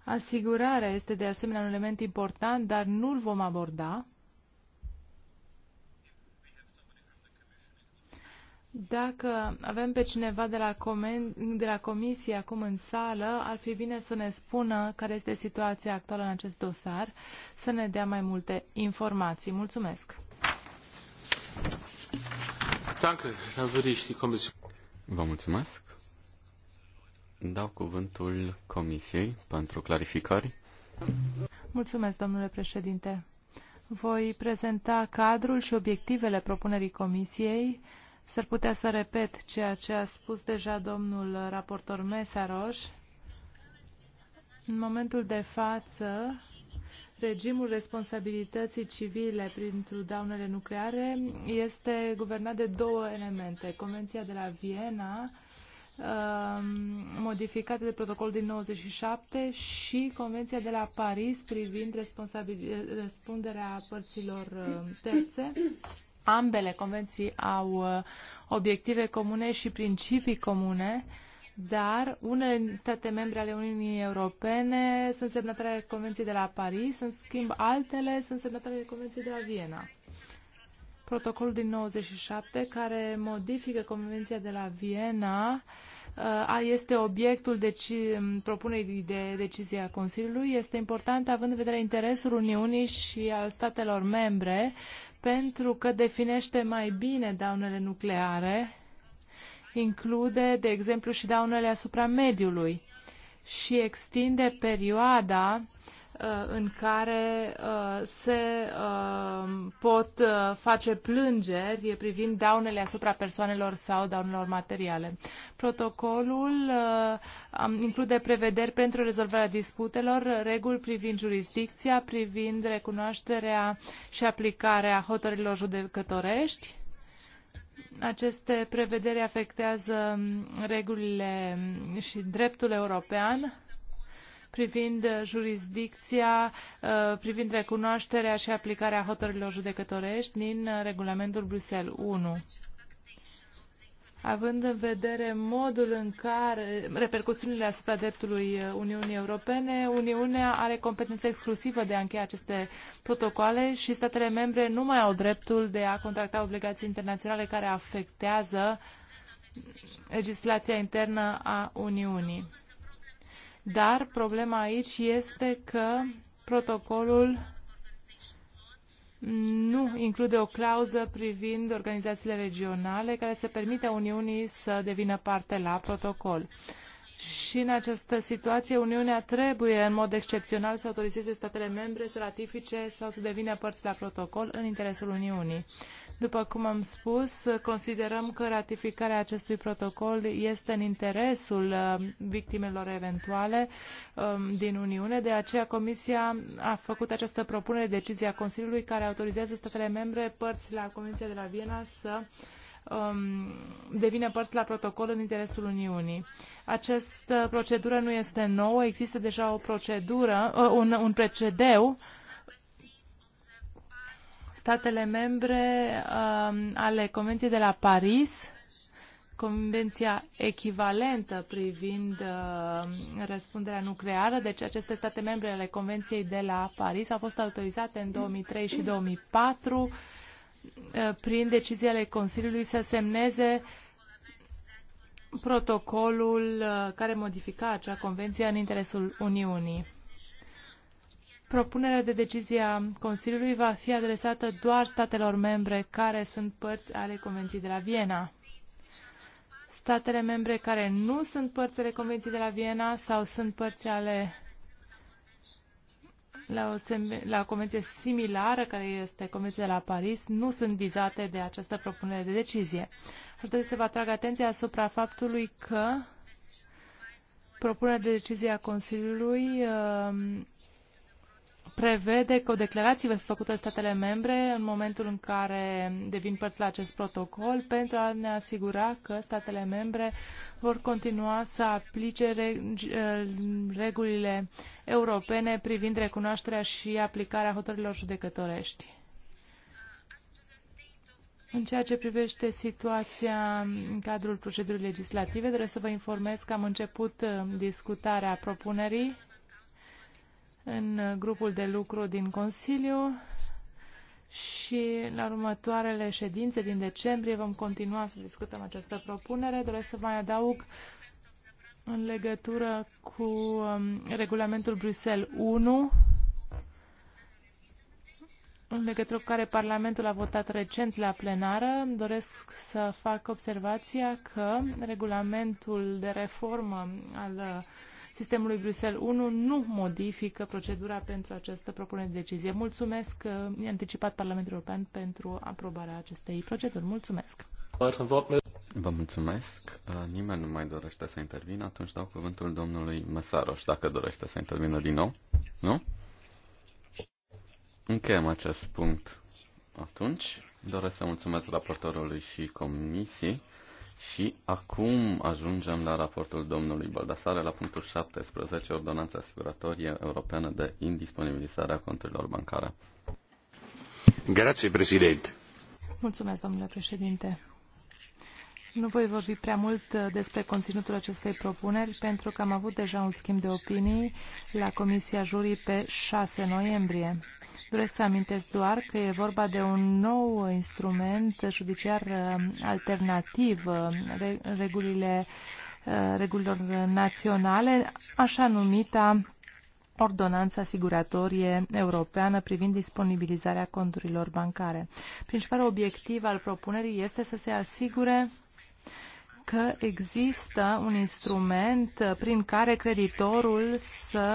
Asigurarea este de asemenea un element important, dar nu-l vom aborda Dacă avem pe cineva de la, comen, de la comisie acum în sală, ar fi bine să ne spună care este situația actuală în acest dosar, să ne dea mai multe informații. Mulțumesc! Vă mulțumesc! Dau cuvântul Comisiei pentru clarificări. Mulțumesc, domnule președinte! Voi prezenta cadrul și obiectivele propunerii Comisiei S-ar putea să repet ceea ce a spus deja domnul raportor Mesaroș. În momentul de față, regimul responsabilității civile pentru daunele nucleare este guvernat de două elemente. Convenția de la Viena, um, modificată de protocolul din 97 și Convenția de la Paris privind răspunderea părților um, terțe Ambele convenții au uh, obiective comune și principii comune, dar unele state membre ale Uniunii Europene sunt semnatare ale Convenției de la Paris, în schimb altele sunt semnatare ale Convenției de la Viena. Protocolul din 97, care modifică Convenția de la Viena, uh, este obiectul deci, propunerii de decizie a Consiliului. Este important având în vedere interesul Uniunii și al statelor membre pentru că definește mai bine daunele nucleare, include, de exemplu, și daunele asupra mediului și extinde perioada uh, Uh, în care uh, se uh, pot face plângeri privind daunele asupra persoanelor sau daunelor materiale. Protocolul include prevederi pentru rezolvarea disputelor, reguli privind jurisdicția, privind recunoașterea și aplicarea hotărârilor judecătorești, aceste prevederi afectează um, regulile și dreptul european privind uh, jurisdicția, uh, privind recunoașterea și aplicarea hotărârilor judecătorești din uh, regulamentul Bruxelles 1 având în vedere modul în care repercusiunile asupra dreptului Uniunii Europene, Uniunea are competență exclusivă de a încheia aceste protocoale și statele membre nu mai au dreptul de a contracta obligații internaționale care afectează legislația internă a Uniunii. Dar problema aici este că protocolul nu include o clauză privind organizațiile regionale care să permite Uniunii să devină parte la protocol. Și în această situație, Uniunea trebuie, în mod excepțional, să autorizeze statele membre să ratifice sau să devină părți la protocol în interesul Uniunii. După cum am spus, considerăm că ratificarea acestui protocol este în interesul uh, victimelor eventuale um, din Uniune, de aceea Comisia a făcut această propunere, decizia Consiliului, care autorizează statele membre părți la Convenția de la Viena să um, devine părți la protocol în interesul Uniunii. Această procedură nu este nouă, există deja o procedură, uh, un, un precedeu statele membre um, ale Convenției de la Paris, convenția echivalentă privind uh, răspunderea nucleară, deci aceste state membre ale Convenției de la Paris au fost autorizate în 2003 și 2004 uh, prin decizia ale Consiliului să semneze protocolul uh, care modifica acea convenție în interesul Uniunii. Propunerea de decizie a Consiliului va fi adresată doar statelor membre care sunt părți ale Convenției de la Viena. Statele membre care nu sunt părți ale Convenției de la Viena sau sunt părți ale la o, sem- la o convenție similară, care este Convenția de la Paris, nu sunt vizate de această propunere de decizie. Aș dori să vă atrag atenția asupra faptului că propunerea de decizie a Consiliului uh, prevede că o declarație va fi făcută statele membre în momentul în care devin părți la acest protocol pentru a ne asigura că statele membre vor continua să aplice eh, regulile europene privind recunoașterea și aplicarea hotărârilor judecătorești. În ceea ce privește situația în cadrul procedurii legislative, trebuie să vă informez că am început eh, discutarea propunerii în grupul de lucru din Consiliu și la următoarele ședințe din decembrie vom continua să discutăm această propunere. Doresc să mai adaug în legătură cu um, regulamentul Bruxelles 1, în legătură cu care Parlamentul a votat recent la plenară, doresc să fac observația că regulamentul de reformă al uh, sistemului Bruxelles 1 nu modifică procedura pentru această propunere de decizie. Mulțumesc uh, anticipat Parlamentul European pentru aprobarea acestei proceduri. Mulțumesc! Vă mulțumesc. Uh, nimeni nu mai dorește să intervină, atunci dau cuvântul domnului Măsaroș, dacă dorește să intervină din nou. Nu? Încheiem acest punct atunci. Doresc să mulțumesc raportorului și comisiei. Și acum ajungem la raportul domnului Baldasare, la punctul 17, Ordonanța Asiguratorie Europeană de Indisponibilizare a Conturilor Bancare. Grazie, președinte. Mulțumesc, domnule președinte. Nu voi vorbi prea mult uh, despre conținutul acestei propuneri, pentru că am avut deja un schimb de opinii la Comisia Jurii pe 6 noiembrie. Doresc să amintesc doar că e vorba de un nou instrument judiciar uh, alternativ, uh, regulile, uh, regulilor naționale, așa numita ordonanța asiguratorie europeană privind disponibilizarea conturilor bancare. Principalul obiectiv al propunerii este să se asigure că există un instrument prin care creditorul să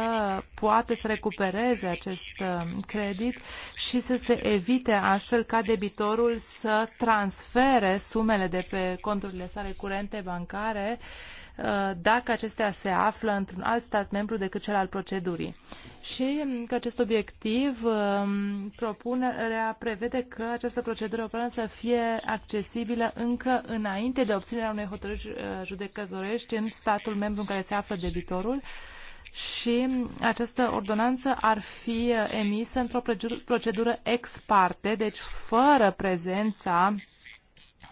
poate să recupereze acest um, credit și să se evite astfel ca debitorul să transfere sumele de pe conturile sale curente bancare uh, Uh, dacă acestea se află într-un alt stat membru decât cel al procedurii. Și um, că acest obiectiv um, propunerea prevede că această procedură europeană să fie accesibilă încă înainte de obținerea unei hotărâri uh, judecătorești în statul membru în care se află debitorul, și um, această ordonanță ar fi uh, emisă într-o procedură ex parte, deci fără prezența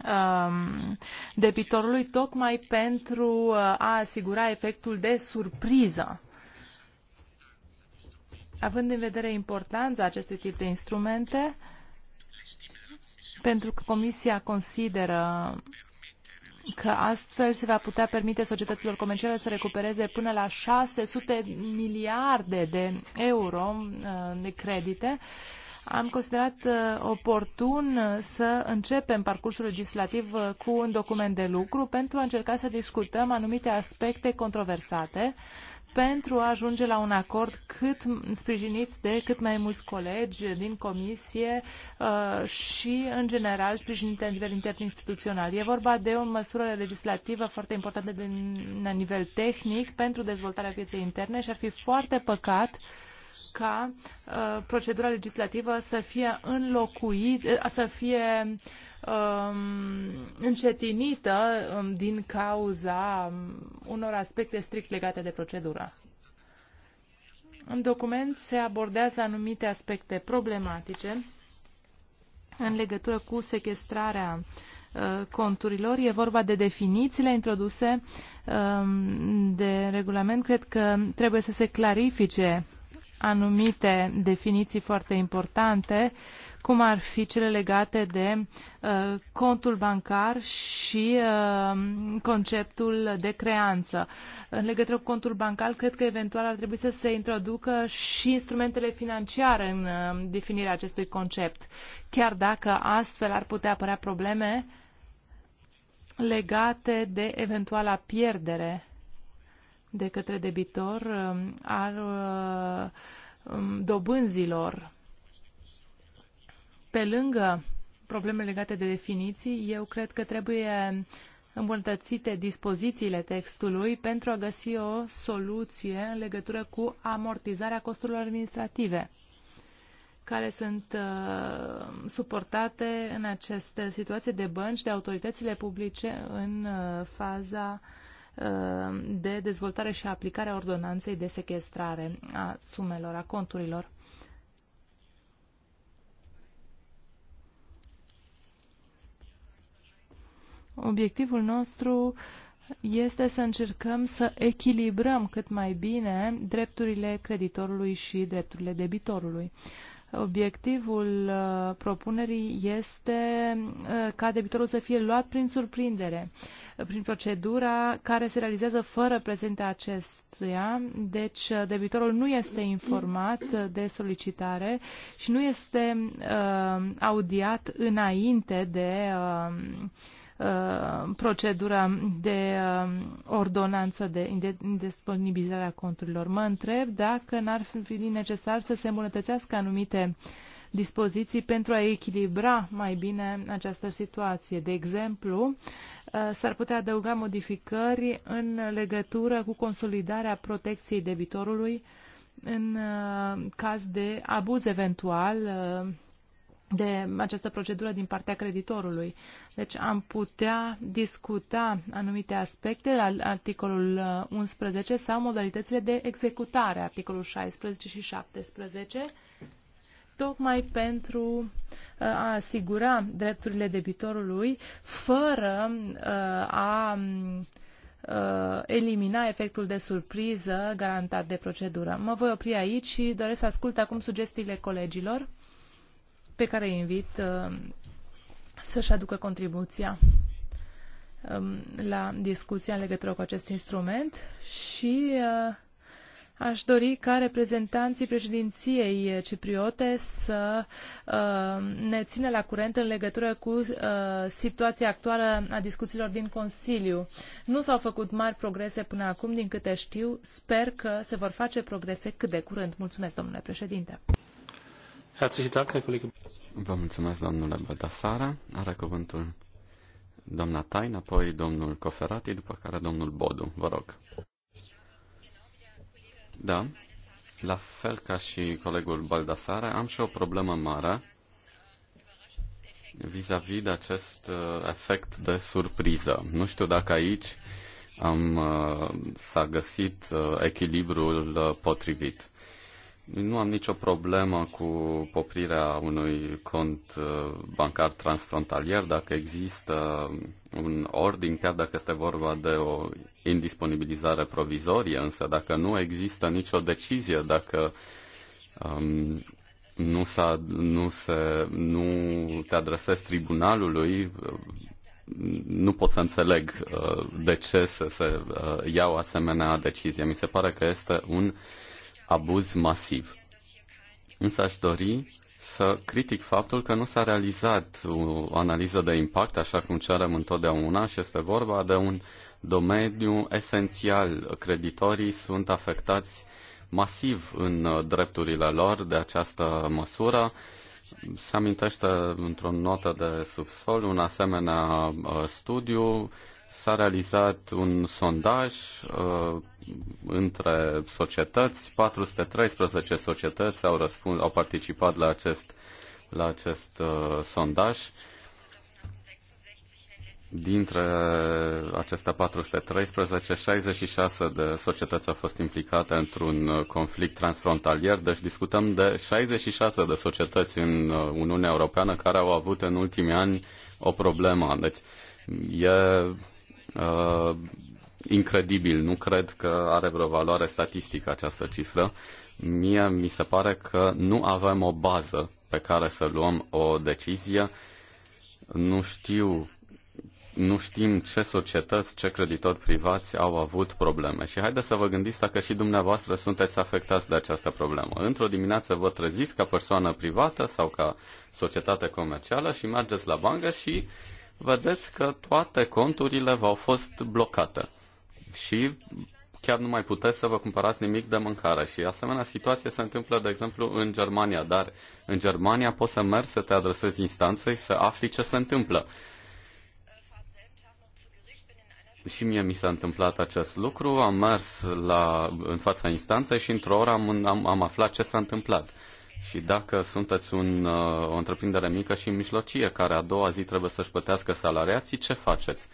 Um, debitorului tocmai pentru uh, a asigura efectul de surpriză. Având în vedere importanța acestui tip de instrumente, pentru că Comisia consideră că astfel se va putea permite societăților comerciale să recupereze până la 600 miliarde de euro uh, de credite am considerat uh, oportun uh, să începem parcursul legislativ uh, cu un document de lucru pentru a încerca să discutăm anumite aspecte controversate pentru a ajunge la un acord cât sprijinit de cât mai mulți colegi din comisie uh, și, în general, sprijinit la nivel interinstituțional. E vorba de o măsură legislativă foarte importantă din, la nivel tehnic pentru dezvoltarea pieței interne și ar fi foarte păcat uh, ca uh, procedura legislativă să fie înlocuită, uh, să fie um, încetinită um, din cauza um, unor aspecte strict legate de procedură. În document se abordează anumite aspecte problematice în legătură cu sequestrarea uh, conturilor. E vorba de definițiile introduse um, de regulament. Cred că trebuie să se clarifice anumite definiții foarte importante, cum ar fi cele legate de uh, contul bancar și uh, conceptul de creanță. În legătură cu contul bancar, cred că eventual ar trebui să se introducă și instrumentele financiare în uh, definirea acestui concept, chiar dacă astfel ar putea apărea probleme legate de eventuala pierdere de către debitor um, al uh, um, dobânzilor. Pe lângă probleme legate de definiții, eu cred că trebuie îmbunătățite dispozițiile textului pentru a găsi o soluție în legătură cu amortizarea costurilor administrative care sunt uh, suportate în aceste situații de bănci de autoritățile publice în uh, faza uh, Uh, de dezvoltare și aplicare a ordonanței de sequestrare a sumelor, a conturilor. Obiectivul nostru este să încercăm să echilibrăm cât mai bine drepturile creditorului și drepturile debitorului. Obiectivul uh, propunerii este uh, ca debitorul să fie luat prin surprindere prin procedura care se realizează fără prezentarea acestuia, deci debitorul nu este informat de solicitare și nu este uh, audiat înainte de uh, uh, procedura de uh, ordonanță de indisponibilizare a conturilor. Mă întreb dacă n-ar fi necesar să se îmbunătățească anumite uh, dispoziții pentru a echilibra mai bine această situație. De exemplu, uh, s-ar putea adăuga modificări în legătură cu consolidarea protecției debitorului în uh, caz de abuz eventual uh, de această procedură din partea creditorului. Deci am putea discuta anumite aspecte la articolul 11 sau modalitățile de executare, articolul 16 și 17, tocmai pentru uh, a asigura drepturile debitorului fără uh, a uh, elimina efectul de surpriză garantat de procedură. Mă voi opri aici și doresc să ascult acum sugestiile colegilor pe care îi invit să-și aducă contribuția um, la discuția în legătură cu acest instrument și uh, Aș dori ca reprezentanții președinției cipriote să uh, ne țină la curent în legătură cu uh, situația actuală a discuțiilor din Consiliu. Nu s-au făcut mari progrese până acum, din câte știu. Sper că se vor face progrese cât de curând. Mulțumesc, domnule președinte. Vă mulțumesc, domnule Bădasara. Are cuvântul doamna Tain, apoi domnul Coferati, după care domnul Bodu. Vă rog. Da, la fel ca și colegul Baldasare, am și o problemă mare vis-a-vis -vis de acest uh, efect de surpriză. Nu știu dacă aici am, uh, s-a găsit uh, echilibrul potrivit. Nu am nicio problemă cu poprirea unui cont uh, bancar transfrontalier dacă există un ordin, chiar dacă este vorba de o indisponibilizare provizorie, însă dacă nu există nicio decizie, dacă um, nu, s-a, nu, se, nu te adresezi tribunalului, nu pot să înțeleg uh, de ce să se uh, iau asemenea decizie. Mi se pare că este un uh, abuz masiv. Însă aș dori să critic faptul că nu s-a realizat o analiză de impact, așa cum cerem întotdeauna, și este vorba de un domeniu esențial. Creditorii sunt afectați masiv în drepturile lor de această măsură. Se amintește într-o notă de subsol un asemenea uh, studiu. S-a realizat un sondaj uh, între societăți. 413 societăți au, răspuns, au participat la acest, la acest uh, sondaj. Dintre aceste 413, 66 de societăți au fost implicate într-un uh, conflict transfrontalier, deci discutăm de 66 de societăți în uh, Uniunea Europeană care au avut în ultimii ani o problemă. Deci e uh, incredibil. Nu cred că are vreo valoare statistică această cifră. Mie mi se pare că nu avem o bază pe care să luăm o decizie. Nu știu nu știm ce societăți, ce creditori privați au avut probleme. Și haideți să vă gândiți dacă și dumneavoastră sunteți afectați de această problemă. Într-o dimineață vă treziți ca persoană privată sau ca societate comercială și mergeți la bancă și vedeți că toate conturile v-au fost blocate și chiar nu mai puteți să vă cumpărați nimic de mâncare. Și asemenea situație se întâmplă, de exemplu, în Germania, dar în Germania poți să mergi să te adresezi instanței, să afli ce se întâmplă. Și mie mi s-a întâmplat acest lucru, am mers la, în fața instanței și într-o oră am, am, am aflat ce s-a întâmplat. Și dacă sunteți un, uh, o întreprindere mică și mijlocie care a doua zi trebuie să-și plătească salariații, ce faceți?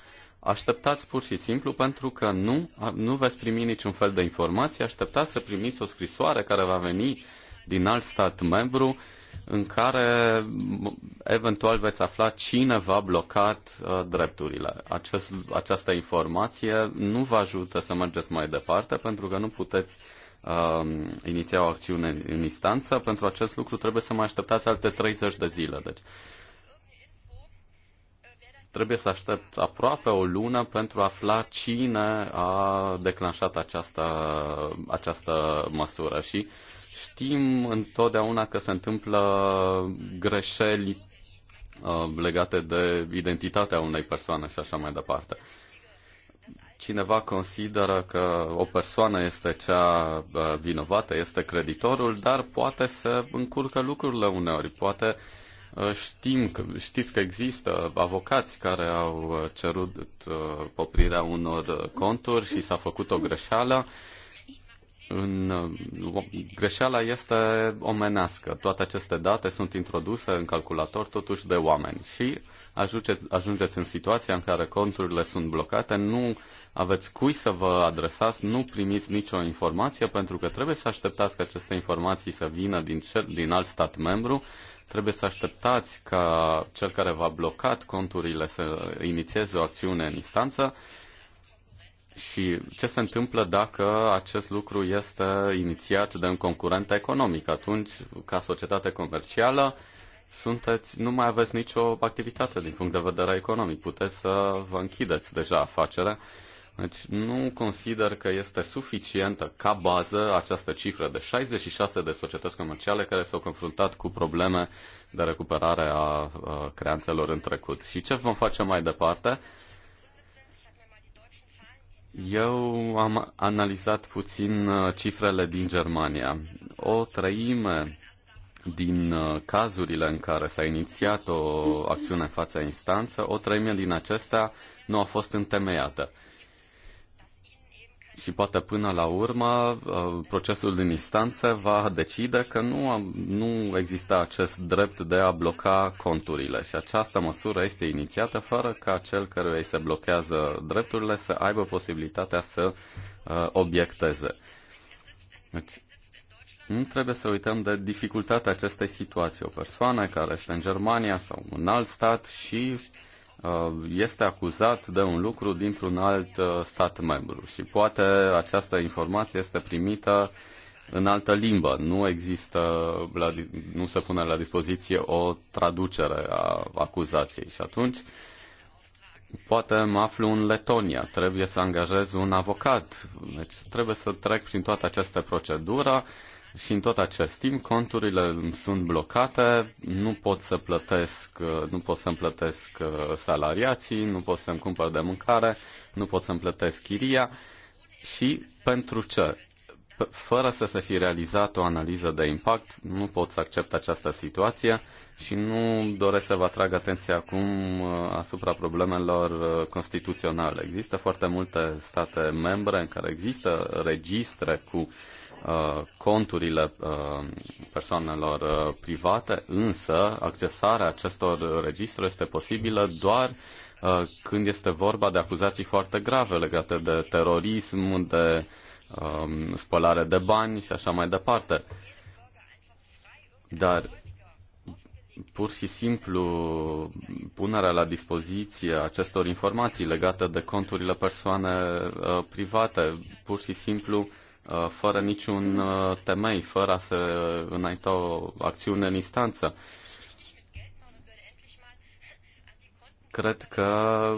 Așteptați pur și simplu pentru că nu, nu veți primi niciun fel de informație. așteptați să primiți o scrisoare care va veni din alt stat membru în care eventual veți afla cine v-a blocat uh, drepturile. Acest, această informație nu vă ajută să mergeți mai departe pentru că nu puteți uh, iniția o acțiune în instanță. Pentru acest lucru trebuie să mai așteptați alte 30 de zile. Deci Trebuie să aștept aproape o lună pentru a afla cine a declanșat această, această măsură și știm întotdeauna că se întâmplă greșeli uh, legate de identitatea unei persoane și așa mai departe cineva consideră că o persoană este cea uh, vinovată, este creditorul, dar poate să încurcă lucrurile uneori, poate Uh, știm că, știți că există avocați care au uh, cerut poprirea uh, unor conturi și s-a făcut o greșeală. În, greșeala este omenească. Toate aceste date sunt introduse în calculator totuși de oameni și ajungeți, ajungeți în situația în care conturile sunt blocate, nu aveți cui să vă adresați, nu primiți nicio informație pentru că trebuie să așteptați că aceste informații să vină din, cer, din alt stat membru Trebuie să așteptați ca cel care v-a blocat conturile să inițieze o acțiune în instanță și ce se întâmplă dacă acest lucru este inițiat de un concurent economic? Atunci, ca societate comercială, sunteți, nu mai aveți nicio activitate din punct de vedere economic. Puteți să vă închideți deja afacerea deci nu consider că este suficientă ca bază această cifră de 66 de societăți comerciale care s-au confruntat cu probleme de recuperare a creanțelor în trecut. Și ce vom face mai departe? Eu am analizat puțin uh, cifrele din Germania. O treime din uh, cazurile în care s-a inițiat o acțiune în fața instanță, o treime din acestea nu a fost întemeiată. Și poate până la urmă uh, procesul din instanță va decide că nu, nu există acest drept de a bloca conturile și această măsură este inițiată fără ca cel care îi se blochează drepturile să aibă posibilitatea să uh, obiecteze. Deci, nu trebuie să uităm de dificultatea acestei situații. O persoană care este în Germania sau în alt stat și Uh, este acuzat de un lucru dintr-un alt uh, stat membru și poate această informație este primită în altă limbă. Nu există, la, nu se pune la dispoziție o traducere a acuzației și atunci poate mă aflu în Letonia, trebuie să angajez un avocat, deci trebuie să trec prin toată această procedură și în tot acest timp, conturile sunt blocate, nu pot să plătesc, nu pot să-mi plătesc uh, salariații, nu pot să-mi cumpăr de mâncare, nu pot să-mi plătesc chiria. Și pentru ce? Fără să se fi realizat o analiză de impact, nu pot să accept această situație și nu doresc să vă atrag atenția acum uh, asupra problemelor uh, constituționale. Există foarte multe state membre în care există registre cu uh, Uh, conturile uh, persoanelor uh, private, însă accesarea acestor registre este posibilă doar când este vorba de acuzații foarte grave legate de terorism, de um, spălare de bani și așa mai departe. Dar pur și simplu punerea la dispoziție acestor informații legate de conturile persoane private, pur și simplu Uh, fără niciun uh, temei, fără se înainta o acțiune în instanță. Cred că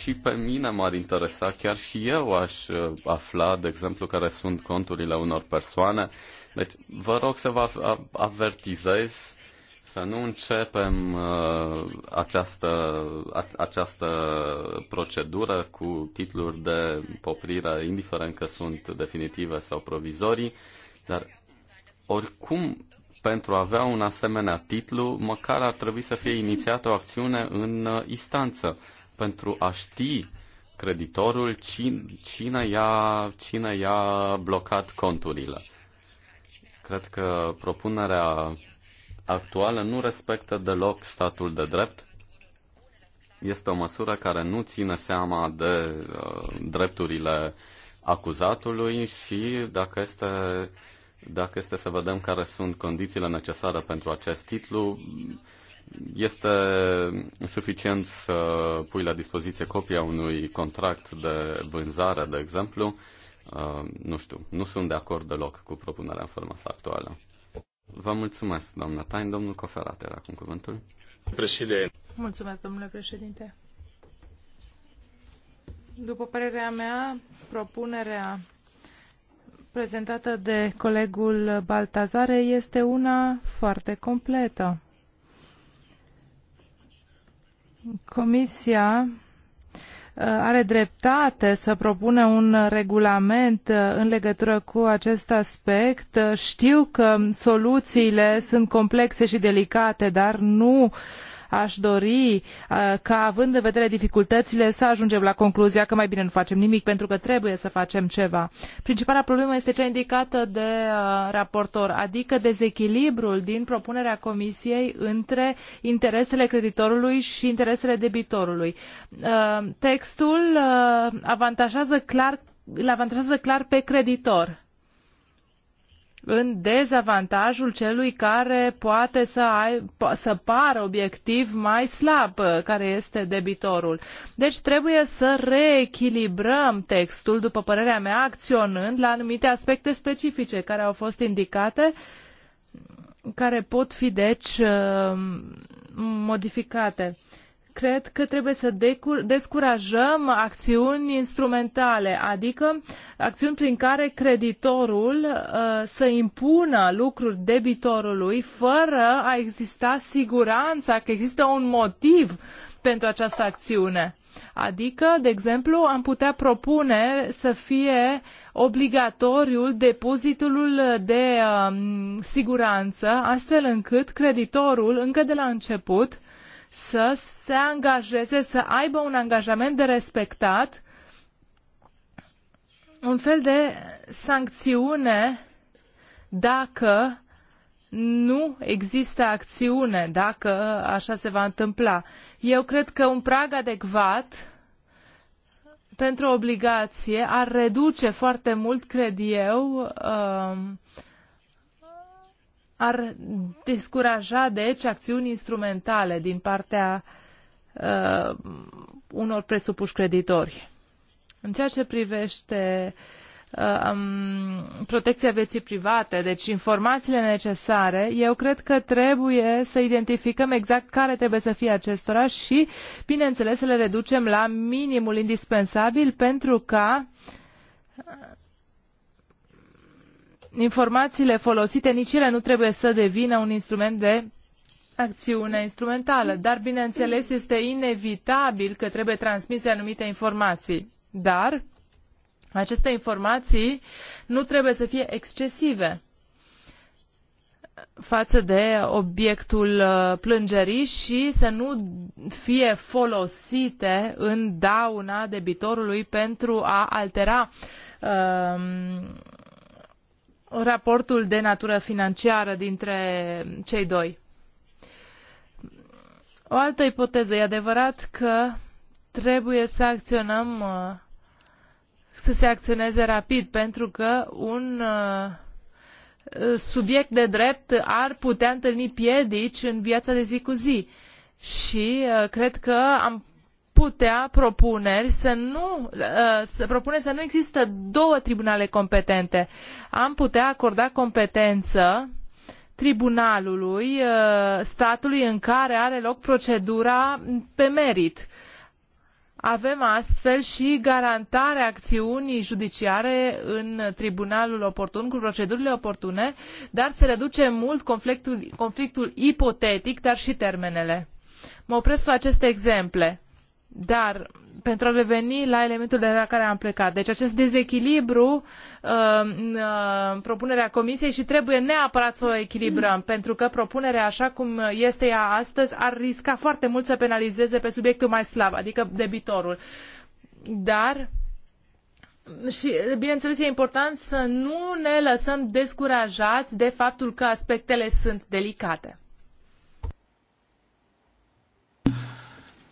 și pe mine m-ar interesa, chiar și eu aș uh, afla, de exemplu, care sunt conturile unor persoane. Deci, vă rog să vă avertizez să nu începem uh, această, a, această procedură cu titluri de poprire, indiferent că sunt definitive sau provizorii, dar oricum, pentru a avea un asemenea titlu, măcar ar trebui să fie inițiată o acțiune în uh, instanță, pentru a ști creditorul cine, cine, i-a, cine i-a blocat conturile. Cred că propunerea actuală nu respectă deloc statul de drept. Este o măsură care nu ține seama de uh, drepturile acuzatului și dacă este, dacă este să vedem care sunt condițiile necesare pentru acest titlu, este suficient să pui la dispoziție copia unui contract de vânzare, de exemplu. Uh, nu știu, nu sunt de acord deloc cu propunerea în forma sa actuală. Vă mulțumesc, doamna Tain. Domnul Coferat era acum cuvântul. Președinte. Mulțumesc, domnule președinte. După părerea mea, propunerea prezentată de colegul Baltazare este una foarte completă. Comisia Uh, are dreptate să propune un regulament uh, în legătură cu acest aspect. Uh, știu că soluțiile sunt complexe și delicate, dar nu uh, Aș dori uh, ca, având în vedere dificultățile, să ajungem la concluzia că mai bine nu facem nimic, pentru că trebuie să facem ceva. Principala problemă este cea indicată de uh, raportor, adică dezechilibrul din propunerea Comisiei între interesele creditorului și interesele debitorului. Uh, textul avantajează clar îl avantajează clar pe creditor în dezavantajul celui care poate să, ai, să pară obiectiv mai slab, uh, care este debitorul. Deci trebuie să reechilibrăm textul, după părerea mea, acționând la anumite aspecte specifice care au fost indicate, care pot fi, deci, uh, modificate cred că trebuie să descurajăm acțiuni instrumentale, adică acțiuni prin care creditorul uh, să impună lucruri debitorului fără a exista siguranța că există un motiv pentru această acțiune. Adică, de exemplu, am putea propune să fie obligatoriul depozitul de uh, siguranță, astfel încât creditorul, încă de la început, să se angajeze, să aibă un angajament de respectat, un fel de sancțiune dacă nu există acțiune, dacă așa se va întâmpla. Eu cred că un prag adecvat pentru obligație ar reduce foarte mult, cred eu, uh, ar descuraja, deci, acțiuni instrumentale din partea uh, unor presupuși creditori. În ceea ce privește uh, um, protecția vieții private, deci informațiile necesare, eu cred că trebuie să identificăm exact care trebuie să fie acestora și, bineînțeles, să le reducem la minimul indispensabil pentru ca informațiile folosite nici ele nu trebuie să devină un instrument de acțiune instrumentală, dar bineînțeles este inevitabil că trebuie transmise anumite informații. Dar aceste informații nu trebuie să fie excesive față de obiectul uh, plângerii și să nu fie folosite în dauna debitorului pentru a altera um, raportul de natură financiară dintre cei doi. O altă ipoteză, e adevărat că trebuie să acționăm, uh, să se acționeze rapid, pentru că un uh, subiect de drept ar putea întâlni piedici în viața de zi cu zi. Și uh, cred că am putea propuneri să nu, uh, să propune să nu există două tribunale competente. Am putea acorda competență tribunalului uh, statului în care are loc procedura pe merit. Avem astfel și garantarea acțiunii judiciare în tribunalul oportun, cu procedurile oportune, dar se reduce mult conflictul, conflictul ipotetic, dar și termenele. Mă opresc la aceste exemple. Dar, pentru a reveni la elementul de la care am plecat, deci acest dezechilibru uh, uh, în propunerea Comisiei și trebuie neapărat să o echilibrăm, pentru că propunerea așa cum este ea astăzi ar risca foarte mult să penalizeze pe subiectul mai slab, adică debitorul. Dar și, bineînțeles, e important să nu ne lăsăm descurajați de faptul că aspectele sunt delicate.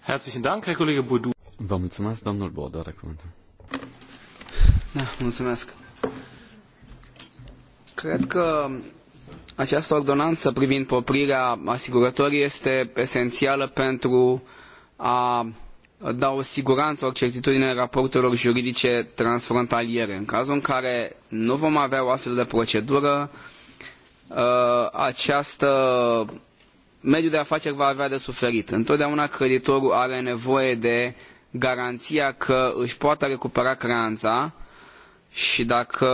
Herzlichen Dank, Herr Kollege Bodu. Vă mulțumesc, domnul Bodu, are cuvântul. Da, mulțumesc. Cred că această ordonanță privind poprirea asigurătorii este esențială pentru a da o siguranță, o certitudine raportelor juridice transfrontaliere. În cazul în care nu vom avea o astfel de procedură, ă, această mediul de afaceri va avea de suferit. Întotdeauna creditorul are nevoie de garanția că își poate recupera creanța și dacă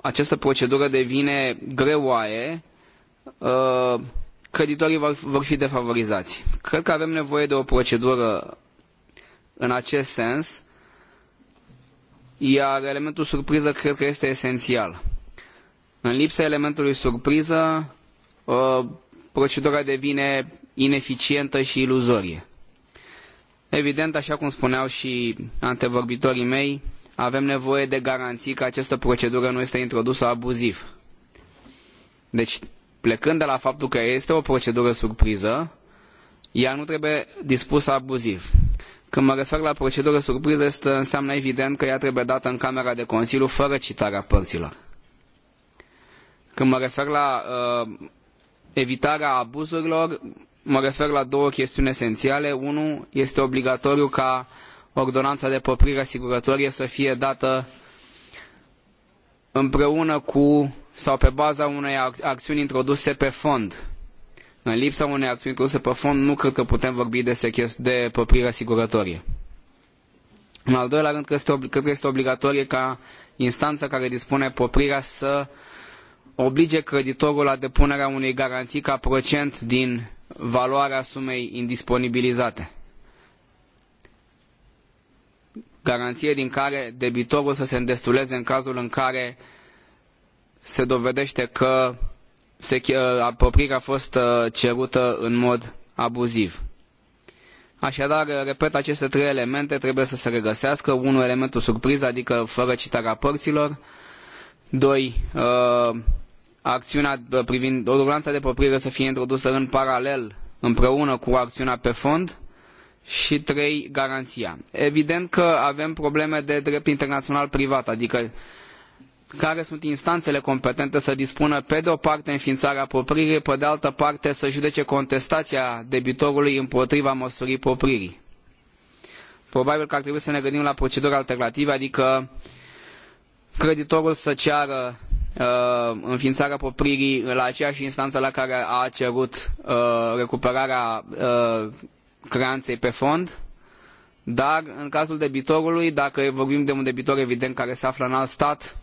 această procedură devine greoaie, uh, creditorii vor fi defavorizați. Cred că avem nevoie de o procedură în acest sens, iar elementul surpriză cred că este esențial. În lipsa elementului surpriză, uh, procedura devine ineficientă și iluzorie. Evident, așa cum spuneau și antevorbitorii mei, avem nevoie de garanții că această procedură nu este introdusă abuziv. Deci, plecând de la faptul că este o procedură surpriză, ea nu trebuie dispusă abuziv. Când mă refer la procedură surpriză, este, înseamnă evident că ea trebuie dată în Camera de Consiliu fără citarea părților. Când mă refer la uh, evitarea abuzurilor, mă refer la două chestiuni esențiale. Unu, este obligatoriu ca ordonanța de poprire asigurătorie să fie dată împreună cu sau pe baza unei acțiuni introduse pe fond. În lipsa unei acțiuni introduse pe fond, nu cred că putem vorbi de, de poprire asigurătorie. În al doilea rând, cred că este obligatorie ca instanța care dispune poprirea să uh, oblige creditorul la depunerea unei garanții ca procent din valoarea sumei indisponibilizate. Garanție din care debitorul să se îndestuleze în cazul în care se dovedește că se, ă, a fost ă, cerută în mod abuziv. Așadar, ă, repet, aceste trei elemente trebuie să se regăsească. Unul, elementul surpriză, adică fără citarea părților. Doi, acțiunea uh, privind ordonanța de păprire să fie introdusă în paralel împreună cu acțiunea pe fond și trei garanția. Evident că avem probleme de drept internațional privat, adică care sunt instanțele competente să dispună pe de o parte înființarea popririi, pe de altă parte să judece contestația debitorului împotriva măsurii popririi. Probabil că ar trebui să ne gândim la proceduri alternative, adică creditorul să ceară Uh, înființarea popririi la aceeași instanță la care a cerut uh, recuperarea uh, creanței pe fond, dar în cazul debitorului, dacă vorbim de un debitor evident care se află în alt stat,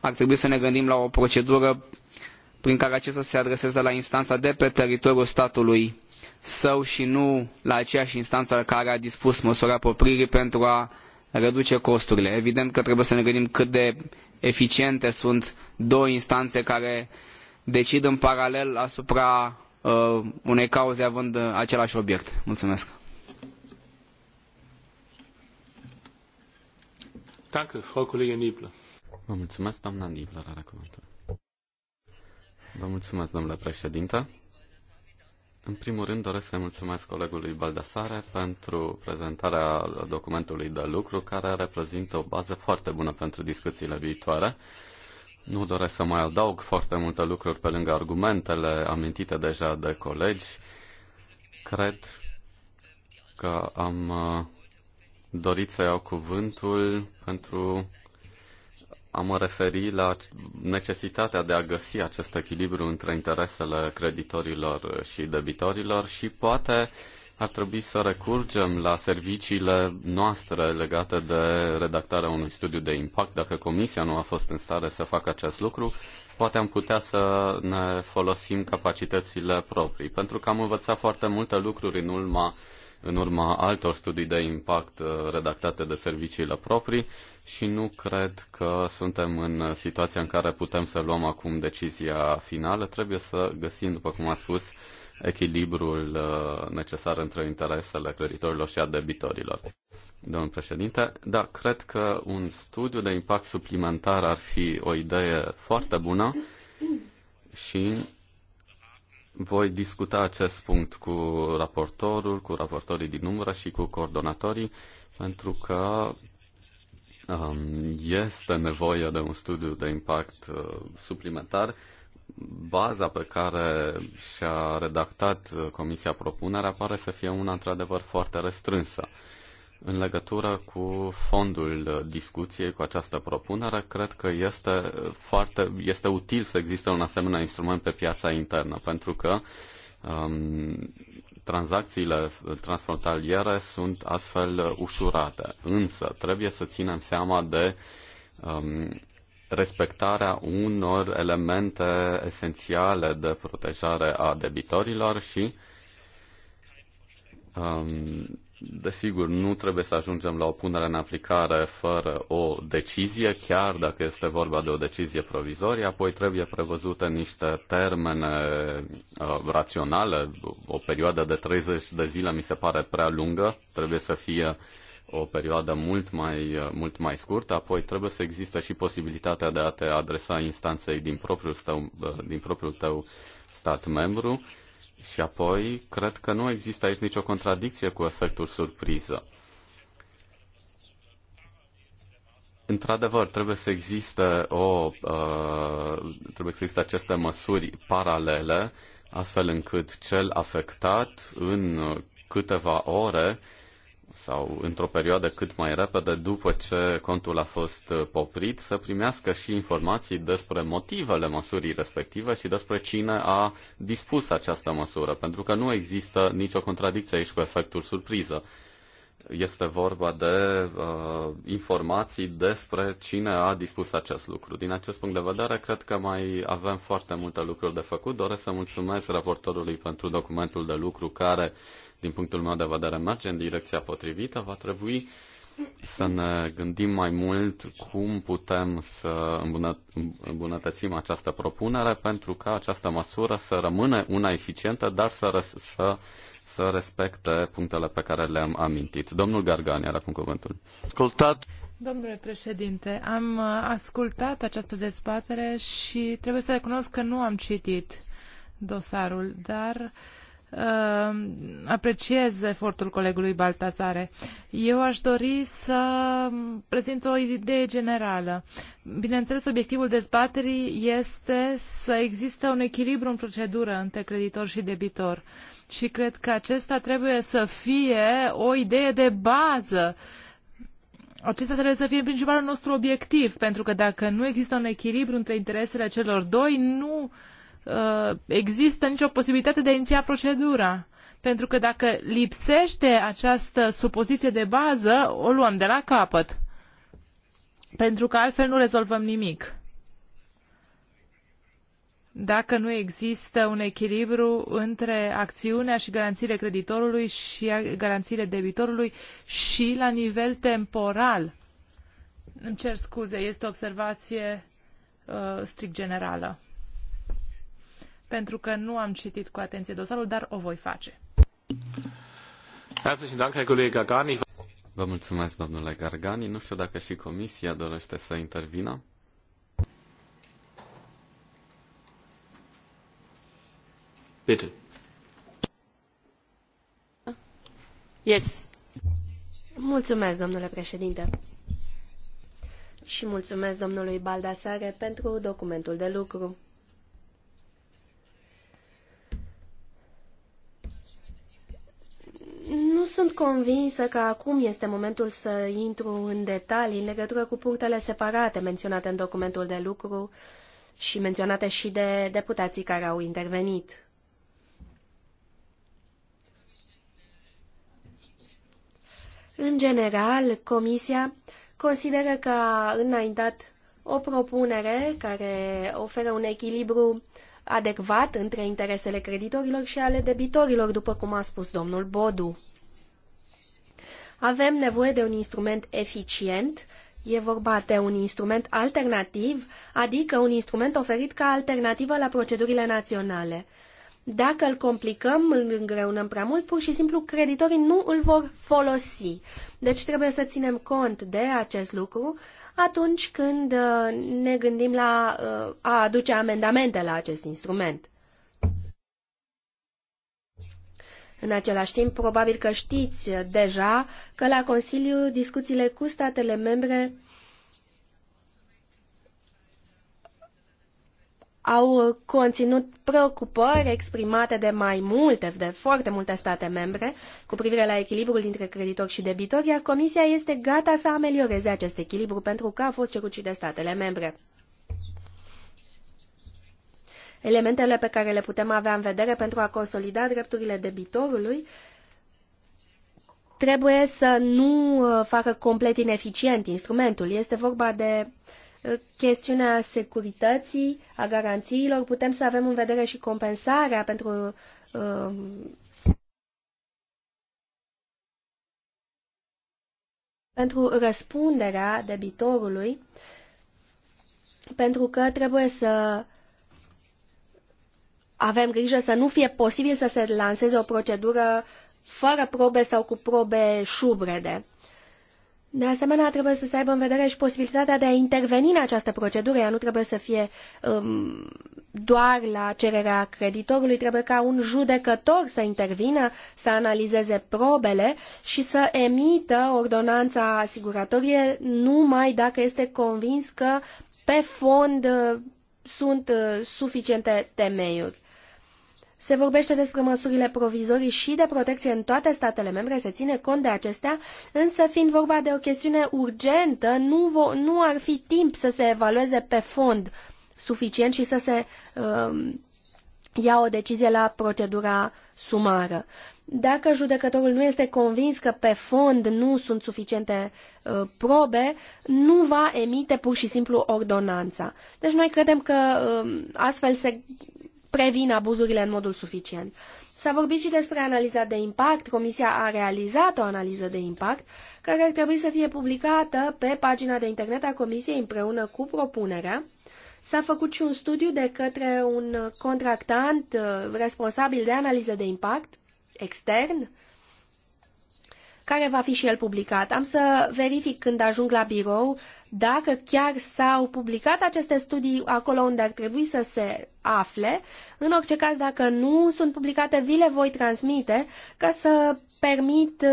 ar trebui să ne gândim la o procedură prin care acesta se adreseze la instanța de pe teritoriul statului său și nu la aceeași instanță care a dispus măsura popririi pentru a reduce costurile. Evident că trebuie să ne gândim cât de eficiente sunt două instanțe care decid în paralel asupra uh, unei cauze având același obiect. Mulțumesc. Danke, Frau Kollegin Niebler. Vă mulțumesc, doamna Nibler, are cuvântul. Vă mulțumesc, domnule președinte. În primul rând doresc să mulțumesc colegului Baldasare pentru prezentarea documentului de lucru care reprezintă o bază foarte bună pentru discuțiile viitoare. Nu doresc să mai adaug foarte multe lucruri pe lângă argumentele amintite deja de colegi. Cred că am uh, dorit să iau cuvântul pentru a mă referi la necesitatea de a găsi acest echilibru între interesele creditorilor și debitorilor și poate ar trebui să recurgem la serviciile noastre legate de redactarea unui studiu de impact. Dacă Comisia nu a fost în stare să facă acest lucru, poate am putea să ne folosim capacitățile proprii, pentru că am învățat foarte multe lucruri în urma în urma altor studii de impact uh, redactate de serviciile proprii și nu cred că suntem în situația în care putem să luăm acum decizia finală. Trebuie să găsim, după cum am spus, echilibrul uh, necesar între interesele creditorilor și a debitorilor. Domnul președinte, da, cred că un studiu de impact suplimentar ar fi o idee foarte bună și voi discuta acest punct cu raportorul, cu raportorii din umbră și cu coordonatorii, pentru că um, este nevoie de un studiu de impact uh, suplimentar. Baza pe care și-a redactat uh, Comisia propunerea pare să fie una într-adevăr foarte restrânsă. În legătură cu fondul discuției, cu această propunere, cred că este, foarte, este util să existe un asemenea instrument pe piața internă, pentru că um, tranzacțiile transfrontaliere sunt astfel ușurate. Însă trebuie să ținem seama de um, respectarea unor elemente esențiale de protejare a debitorilor și um, Desigur, nu trebuie să ajungem la o punere în aplicare fără o decizie, chiar dacă este vorba de o decizie provizorie, apoi trebuie prevăzute niște termene uh, raționale, o perioadă de 30 de zile mi se pare prea lungă, trebuie să fie o perioadă mult mai, uh, mult mai scurtă, apoi trebuie să existe și posibilitatea de a te adresa instanței din propriul tău, uh, din propriul tău stat membru și apoi, cred că nu există aici nicio contradicție cu efectul surpriză. Într-adevăr, trebuie să existe o, uh, trebuie să existe aceste măsuri paralele, astfel încât cel afectat în câteva ore uh, sau într-o perioadă cât mai repede după ce contul a fost uh, poprit să primească și informații despre motivele măsurii respective și despre cine a dispus această măsură, pentru că nu există nicio contradicție aici cu efectul surpriză. Este vorba de uh, informații despre cine a dispus acest lucru. Din acest punct de vedere, cred că mai avem foarte multe lucruri de făcut. Doresc să mulțumesc raportorului pentru documentul de lucru care din punctul meu de vedere, merge în direcția potrivită, va trebui să ne gândim mai mult cum putem să îmbunătățim această propunere pentru ca această măsură să rămână una eficientă, dar să, să, să respecte punctele pe care le-am amintit. Domnul Gargani are acum cuvântul. Ascultat. Domnule președinte, am uh, ascultat această dezbatere și trebuie să recunosc că nu am citit dosarul, dar uh, Uh, apreciez efortul colegului Baltasare. Eu aș dori să prezint o idee generală. Bineînțeles, obiectivul dezbaterii este să existe un echilibru în procedură între creditor și debitor. Și cred că acesta trebuie să fie o idee de bază acesta trebuie să fie principalul nostru obiectiv, pentru că dacă nu există un echilibru între interesele celor doi, nu Uh, există nicio posibilitate de a iniția procedura. Pentru că dacă lipsește această supoziție de bază, o luăm de la capăt. Pentru că altfel nu rezolvăm nimic. Dacă nu există un echilibru între acțiunea și garanțiile creditorului și garanțiile debitorului și la nivel temporal. Îmi cer scuze, este o observație uh, strict generală pentru că nu am citit cu atenție dosarul, dar o voi face. Vă mulțumesc, domnule Gargani. Nu știu dacă și Comisia dorește să intervină. Bitte. Yes. Mulțumesc, domnule președinte. Și mulțumesc domnului Baldasare pentru documentul de lucru. Nu sunt convinsă că acum este momentul să intru în detalii în legătură cu punctele separate menționate în documentul de lucru și menționate și de deputații care au intervenit. În general, Comisia consideră că a înaintat o propunere care oferă un echilibru adecvat între interesele creditorilor și ale debitorilor, după cum a spus domnul Bodu. Avem nevoie de un instrument eficient, e vorba de un instrument alternativ, adică un instrument oferit ca alternativă la procedurile naționale. Dacă îl complicăm, îl îngreunăm prea mult, pur și simplu creditorii nu îl vor folosi. Deci trebuie să ținem cont de acest lucru atunci când uh, ne gândim la uh, a aduce amendamente la acest instrument. În același timp, probabil că știți deja că la Consiliu discuțiile cu statele membre au conținut preocupări exprimate de mai multe, de foarte multe state membre cu privire la echilibrul dintre creditori și debitori, iar Comisia este gata să amelioreze acest echilibru pentru că a fost cerut și de statele membre elementele pe care le putem avea în vedere pentru a consolida drepturile debitorului trebuie să nu uh, facă complet ineficient instrumentul. Este vorba de uh, chestiunea securității, a garanțiilor. Putem să avem în vedere și compensarea pentru uh, pentru răspunderea debitorului, pentru că trebuie să avem grijă să nu fie posibil să se lanseze o procedură fără probe sau cu probe șubrede. De asemenea, trebuie să se aibă în vedere și posibilitatea de a interveni în această procedură. Ea nu trebuie să fie um, doar la cererea creditorului, trebuie ca un judecător să intervină, să analizeze probele și să emită ordonanța asiguratorie numai dacă este convins că pe fond uh, sunt uh, suficiente temeiuri. Se vorbește despre măsurile provizorii și de protecție în toate statele membre, se ține cont de acestea, însă fiind vorba de o chestiune urgentă, nu, nu ar fi timp să se evalueze pe fond suficient și să se uh, ia o decizie la procedura sumară. Dacă judecătorul nu este convins că pe fond nu sunt suficiente uh, probe, nu va emite pur și simplu ordonanța. Deci noi credem că uh, astfel se previn abuzurile în modul suficient. S-a vorbit și despre analiza de impact. Comisia a realizat o analiză de impact care ar trebui să fie publicată pe pagina de internet a Comisiei împreună cu propunerea. S-a făcut și un studiu de către un contractant uh, responsabil de analiză de impact extern care va fi și el publicat. Am să verific când ajung la birou dacă chiar s-au publicat aceste studii acolo unde ar trebui să se afle. În orice caz, dacă nu sunt publicate, vi le voi transmite ca să permit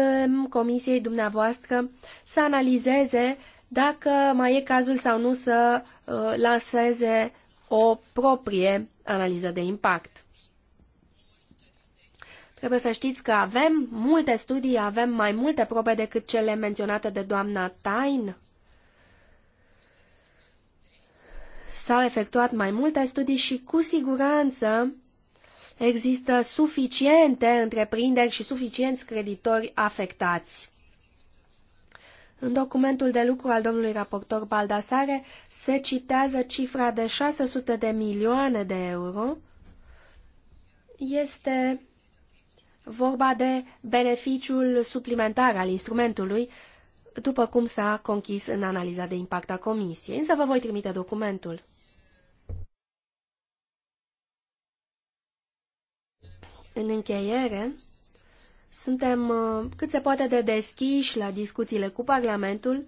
comisiei dumneavoastră să analizeze dacă mai e cazul sau nu să uh, lanseze o proprie analiză de impact. Trebuie să știți că avem multe studii, avem mai multe probe decât cele menționate de doamna Tain S-au efectuat mai multe studii și cu siguranță există suficiente întreprinderi și suficienți creditori afectați. În documentul de lucru al domnului raportor Baldasare se citează cifra de 600 de milioane de euro. Este vorba de beneficiul suplimentar al instrumentului, după cum s-a conchis în analiza de impact a comisiei, însă vă voi trimite documentul. În încheiere, suntem uh, cât se poate de deschiși la discuțiile cu Parlamentul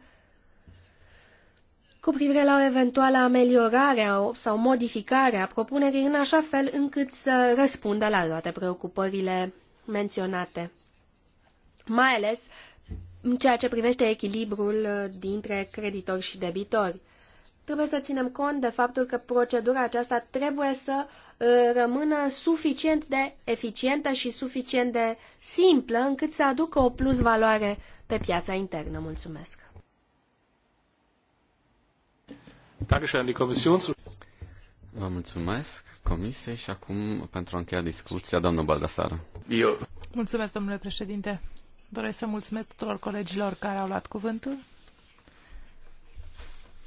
cu privire la o eventuală ameliorare sau modificare a propunerii în așa fel încât să răspundă la toate preocupările menționate. Mai ales în ceea ce privește echilibrul uh, dintre creditori și debitori. Trebuie să ținem cont de faptul că procedura aceasta trebuie să Uh, rămână suficient de eficientă și suficient de simplă încât să aducă o plus valoare pe piața internă. Mulțumesc! Vă mulțumesc Comisiei și acum pentru a încheia discuția, doamnă Baldasară. Eu. Mulțumesc, domnule președinte. Doresc să mulțumesc tuturor colegilor care au luat cuvântul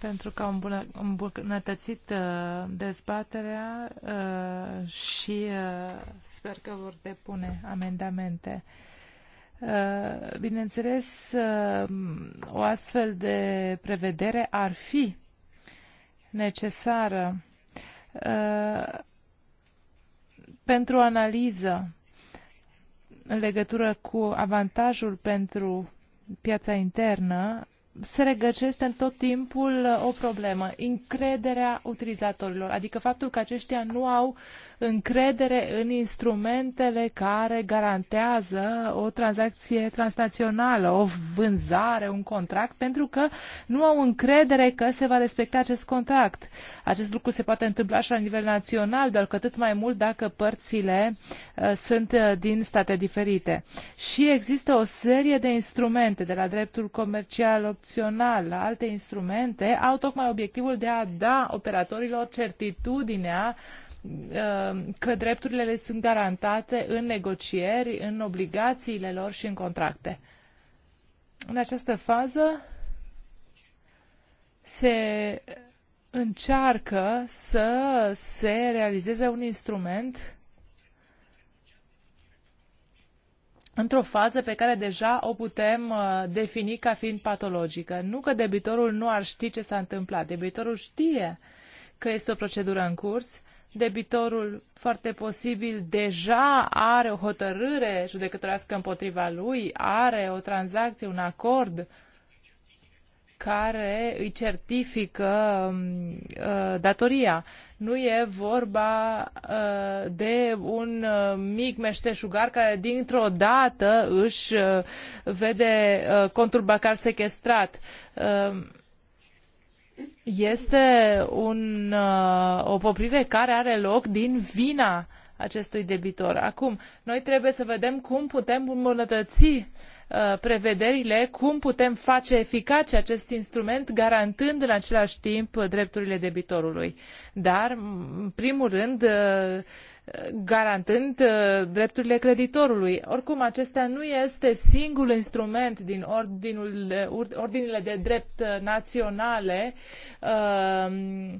pentru că au îmbunătățit uh, dezbaterea uh, și uh, sper că vor depune amendamente. Bineînțeles, o astfel de prevedere ar fi necesară pentru analiză în legătură cu avantajul pentru piața internă se regăsește în tot timpul uh, o problemă, încrederea utilizatorilor, adică faptul că aceștia nu au încredere în instrumentele care garantează o tranzacție transnațională, o vânzare, un contract, pentru că nu au încredere că se va respecta acest contract. Acest lucru se poate întâmpla și la nivel național, doar că atât mai mult dacă părțile uh, sunt uh, din state diferite. Și există o serie de instrumente, de la dreptul comercial, opțional la alte instrumente au tocmai obiectivul de a da operatorilor certitudinea uh, că drepturile le sunt garantate în negocieri, în obligațiile lor și în contracte. În această fază se încearcă să se realizeze un instrument într-o fază pe care deja o putem uh, defini ca fiind patologică. Nu că debitorul nu ar ști ce s-a întâmplat. Debitorul știe că este o procedură în curs, debitorul foarte posibil deja are o hotărâre judecătorească împotriva lui, are o tranzacție, un acord care îi certifică um, uh, datoria. Nu e vorba uh, de un uh, mic meșteșugar care dintr-o dată își uh, vede uh, contul bancar sequestrat. Uh, este un, uh, o poprire care are loc din vina acestui debitor. Acum, noi trebuie să vedem cum putem îmbunătăți uh, Uh, prevederile, cum putem face eficace acest instrument, garantând în același timp drepturile debitorului. Dar, în primul rând, uh, garantând uh, drepturile creditorului. Oricum, acesta nu este singurul instrument din ordinul, ordinile de drept naționale uh,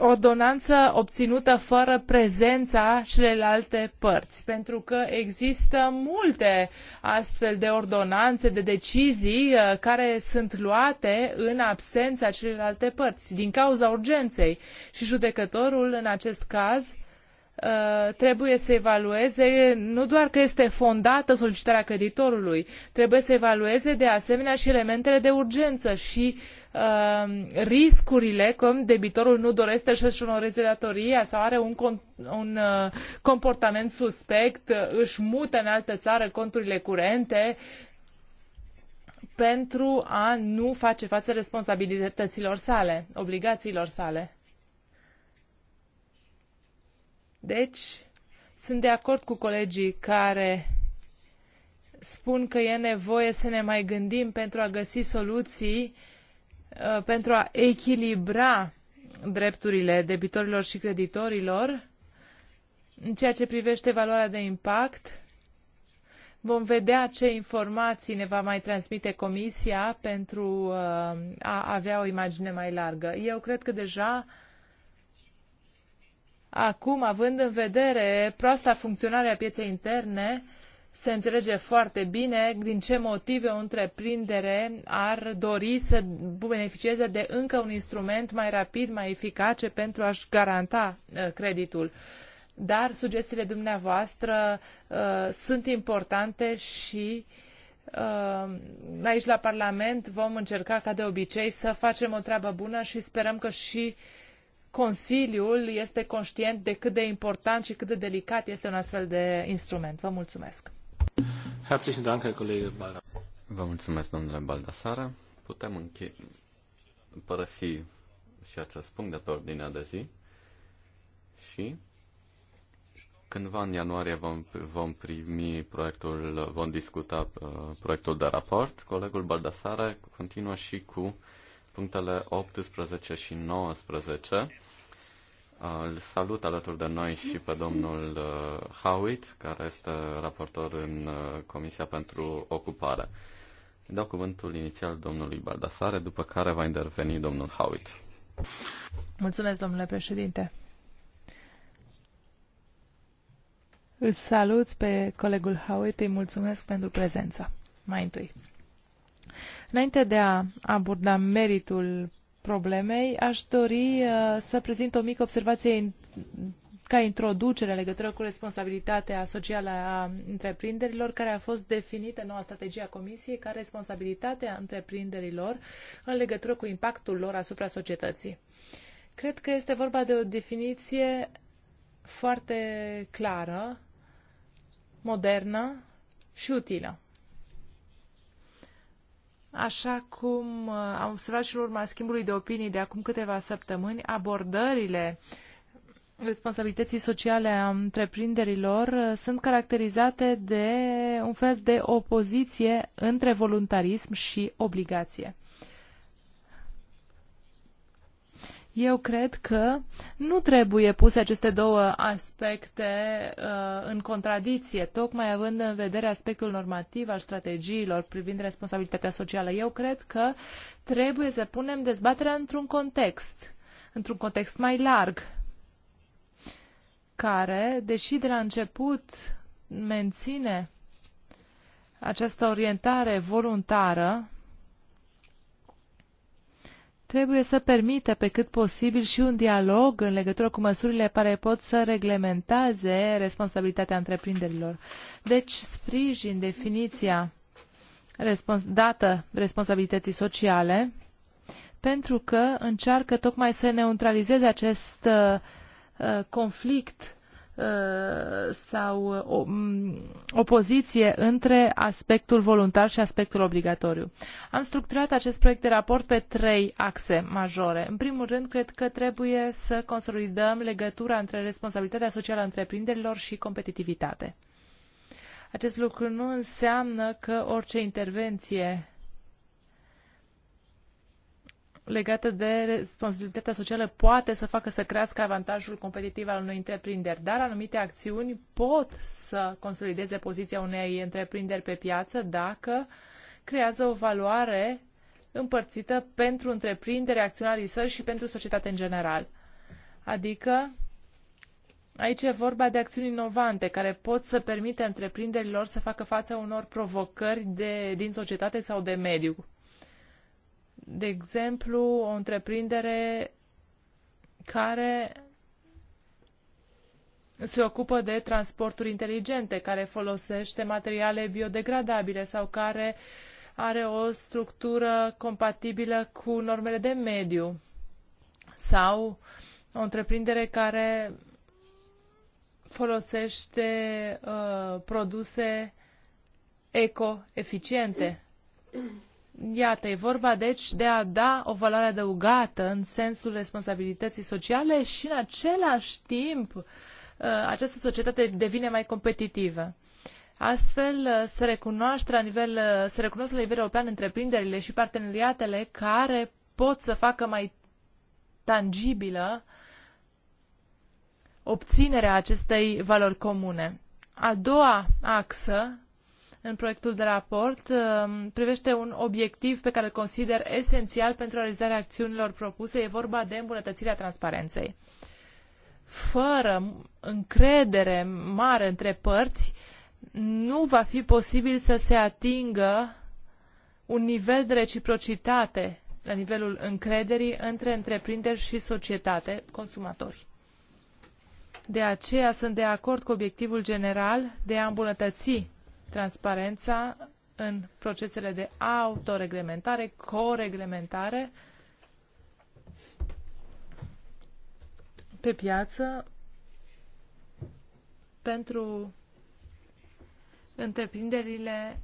ordonanță obținută fără prezența celelalte părți, pentru că există multe astfel de ordonanțe, de decizii uh, care sunt luate în absența celelalte părți, din cauza urgenței. Și judecătorul, în acest caz, uh, trebuie să evalueze nu doar că este fondată solicitarea creditorului, trebuie să evalueze de asemenea și elementele de urgență și uh, Um, riscurile când debitorul nu dorește să-și onoreze datoria sau are un, un uh, comportament suspect, își mută în altă țară conturile curente pentru a nu face față responsabilităților sale, obligațiilor sale. Deci, sunt de acord cu colegii care spun că e nevoie să ne mai gândim pentru a găsi soluții uh, Uh, pentru a echilibra drepturile debitorilor și creditorilor. În ceea ce privește valoarea de impact, vom vedea ce informații ne va mai transmite Comisia pentru uh, a avea o imagine mai largă. Eu cred că deja acum, având în vedere proasta funcționare a pieței interne, se înțelege foarte bine din ce motive o întreprindere ar dori să beneficieze de încă un instrument mai rapid, mai eficace pentru a-și garanta uh, creditul. Dar sugestiile dumneavoastră uh, sunt importante și uh, aici la Parlament vom încerca ca de obicei să facem o treabă bună și sperăm că și Consiliul este conștient de cât de important și cât de delicat este un astfel de instrument. Vă mulțumesc! Herzlichen Dank, Herr Kollege Baldassare. Vă mulțumesc, domnule Baldassare. Putem înche- părăsi și acest punct de pe ordinea de zi și cândva în ianuarie vom, vom primi proiectul, vom discuta uh, proiectul de raport. Colegul Baldassare continuă și cu punctele 18 și 19 îl salut alături de noi și pe domnul uh, Howitt, care este raportor în uh, Comisia pentru Ocupare. Îi dau cuvântul inițial domnului Baldasare, după care va interveni domnul Howitt. Mulțumesc, domnule președinte. Îl salut pe colegul Howitt, îi mulțumesc pentru prezența. Mai întâi. Înainte de a aborda meritul problemei, aș dori uh, să prezint o mică observație ca introducere în legătură cu responsabilitatea socială a întreprinderilor, care a fost definită noua strategie a Comisiei ca responsabilitatea întreprinderilor în legătură cu impactul lor asupra societății. Cred că este vorba de o definiție foarte clară, modernă și utilă. Așa cum uh, am observat și în urma schimbului de opinii de acum câteva săptămâni, abordările responsabilității sociale a întreprinderilor uh, sunt caracterizate de un fel de opoziție între voluntarism și obligație. Eu cred că nu trebuie puse aceste două aspecte uh, în contradicție, tocmai având în vedere aspectul normativ al strategiilor privind responsabilitatea socială. Eu cred că trebuie să punem dezbaterea într-un context, într-un context mai larg, care, deși de la început menține această orientare voluntară, trebuie să permită pe cât posibil și un dialog în legătură cu măsurile care pot să reglementeze responsabilitatea întreprinderilor. Deci, sprijin definiția respons dată responsabilității sociale, pentru că încearcă tocmai să neutralizeze acest uh, uh conflict Uh, sau uh, o, o poziție între aspectul voluntar și aspectul obligatoriu. Am structurat acest proiect de raport pe trei axe majore. În primul rând, cred că trebuie să consolidăm legătura între responsabilitatea socială a întreprinderilor și competitivitate. Acest lucru nu înseamnă că orice intervenție legată de responsabilitatea socială poate să facă să crească avantajul competitiv al unei întreprinderi, dar anumite acțiuni pot să consolideze poziția unei întreprinderi pe piață dacă creează o valoare împărțită pentru întreprindere, acționarii săi și pentru societate în general. Adică Aici e vorba de acțiuni inovante care pot să permite întreprinderilor să facă față unor provocări de, din societate sau de mediu de exemplu, o întreprindere care se ocupă de transporturi inteligente, care folosește materiale biodegradabile sau care are o structură compatibilă cu normele de mediu sau o întreprindere care folosește uh, produse eco-eficiente. Iată, e vorba deci de a da o valoare adăugată în sensul responsabilității sociale și în același timp uh, această societate devine mai competitivă. Astfel uh, se recunoaște la nivel, uh, se recunosc la nivel european întreprinderile și parteneriatele care pot să facă mai tangibilă obținerea acestei valori comune. A doua axă în proiectul de raport um, privește un obiectiv pe care îl consider esențial pentru realizarea acțiunilor propuse. E vorba de îmbunătățirea transparenței. Fără încredere mare între părți, nu va fi posibil să se atingă un nivel de reciprocitate la nivelul încrederii între întreprinderi și societate, consumatori. De aceea sunt de acord cu obiectivul general de a îmbunătăți transparența în procesele de autoreglementare, coreglementare pe piață pentru întreprinderile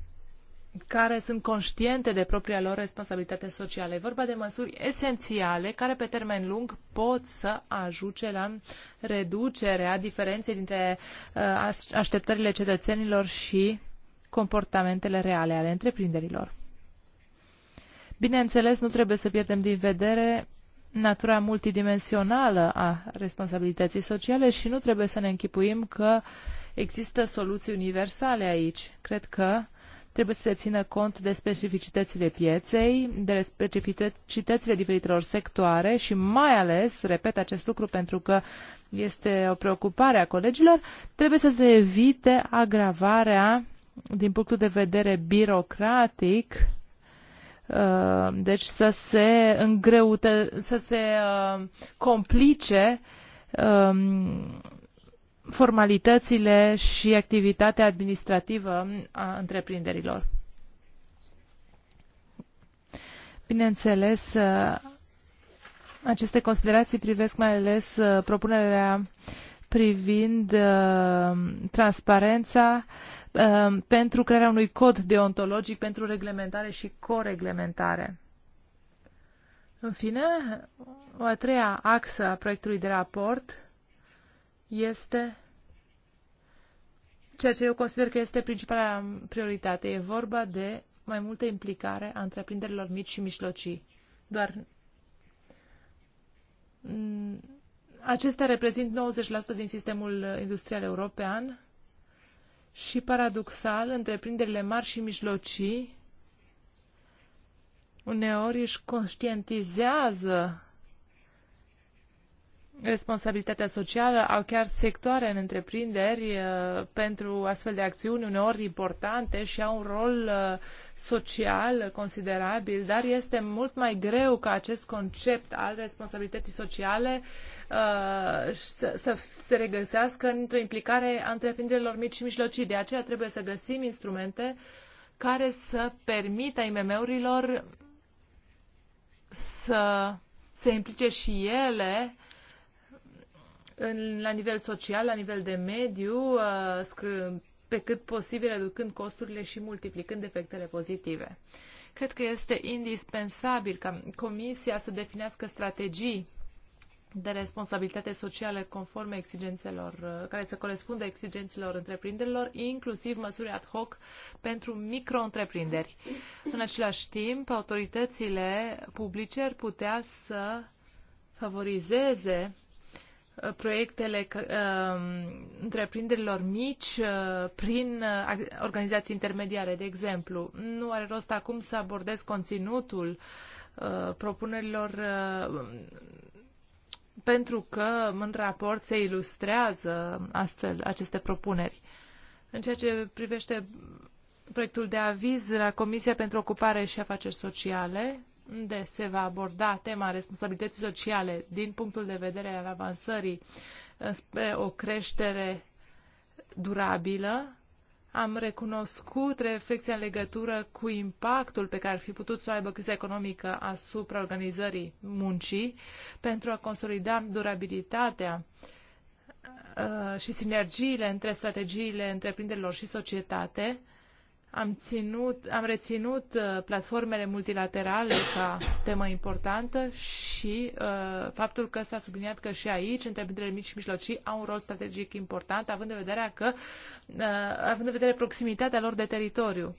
care sunt conștiente de propria lor responsabilitate socială. E vorba de măsuri esențiale care pe termen lung pot să ajute la reducerea diferenței dintre uh, așteptările cetățenilor și comportamentele reale ale întreprinderilor. Bineînțeles, nu trebuie să pierdem din vedere natura multidimensională a responsabilității sociale și nu trebuie să ne închipuim că există soluții universale aici. Cred că trebuie să se țină cont de specificitățile pieței, de specificitățile diferitelor sectoare și mai ales, repet acest lucru pentru că este o preocupare a colegilor, trebuie să se evite agravarea din punctul de vedere birocratic, uh, deci să se îngreute, să se uh, complice um, formalitățile și activitatea administrativă a întreprinderilor. Bineînțeles, uh, aceste considerații privesc mai ales propunerea privind transparența, Um, pentru crearea unui cod deontologic pentru reglementare și coreglementare. În fine, o a treia axă a proiectului de raport este ceea ce eu consider că este principala prioritate. E vorba de mai multă implicare a întreprinderilor mici și mijlocii. Doar acestea reprezint 90% din sistemul industrial european și paradoxal, întreprinderile mari și mijlocii uneori își conștientizează responsabilitatea socială, au chiar sectoare în întreprinderi uh, pentru astfel de acțiuni uneori importante și au un rol uh, social considerabil, dar este mult mai greu ca acest concept al responsabilității sociale Uh, să, să se regăsească într-o implicare a întreprinderilor mici și mijlocii. De aceea trebuie să găsim instrumente care să permită IMM-urilor să se implice și ele în, la nivel social, la nivel de mediu, uh, pe cât posibil reducând costurile și multiplicând efectele pozitive. Cred că este indispensabil ca Comisia să definească strategii de responsabilitate socială conform exigențelor, uh, care să corespundă exigențelor întreprinderilor, inclusiv măsuri ad hoc pentru micro-întreprinderi. În același timp, autoritățile publice ar putea să favorizeze uh, proiectele uh, întreprinderilor mici prin organizații intermediare, de exemplu. Nu are rost acum să abordez conținutul propunerilor pentru că în raport se ilustrează astfel aceste propuneri. În ceea ce privește proiectul de aviz la Comisia pentru Ocupare și Afaceri Sociale, unde se va aborda tema responsabilității sociale din punctul de vedere al avansării spre o creștere durabilă, am recunoscut reflexia în legătură cu impactul pe care ar fi putut să o aibă criza economică asupra organizării muncii pentru a consolida durabilitatea uh, și sinergiile între strategiile întreprinderilor și societate am, ținut, am reținut uh, platformele multilaterale ca temă importantă și uh, faptul că s-a subliniat că și aici întreprinderile mici și mijlocii au un rol strategic important, având în vedere că, uh, având în vedere proximitatea lor de teritoriu.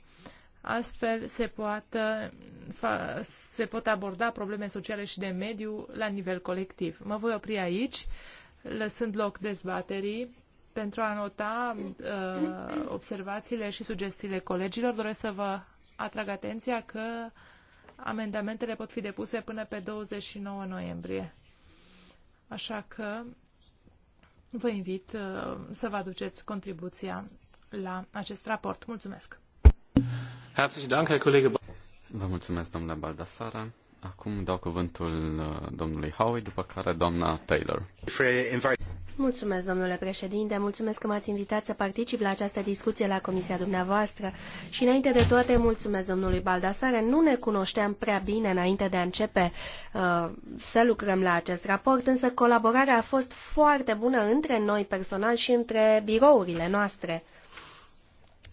Astfel se, poate, fa, se pot aborda probleme sociale și de mediu la nivel colectiv. Mă voi opri aici, lăsând loc dezbaterii pentru a nota uh, observațiile și sugestiile colegilor. Doresc să vă atrag atenția că amendamentele pot fi depuse până pe 29 noiembrie. Așa că vă invit uh, să vă aduceți contribuția la acest raport. Mulțumesc! Herzlichen Dank, Herr Kollege. Vă mulțumesc, domnule Baldassara. Acum dau cuvântul uh, domnului Howey, după care doamna Taylor. Mulțumesc, domnule președinte, mulțumesc că m-ați invitat să particip la această discuție la comisia dumneavoastră și înainte de toate mulțumesc domnului Baldasare. Nu ne cunoșteam prea bine înainte de a începe uh, să lucrăm la acest raport, însă colaborarea a fost foarte bună între noi personal și între birourile noastre.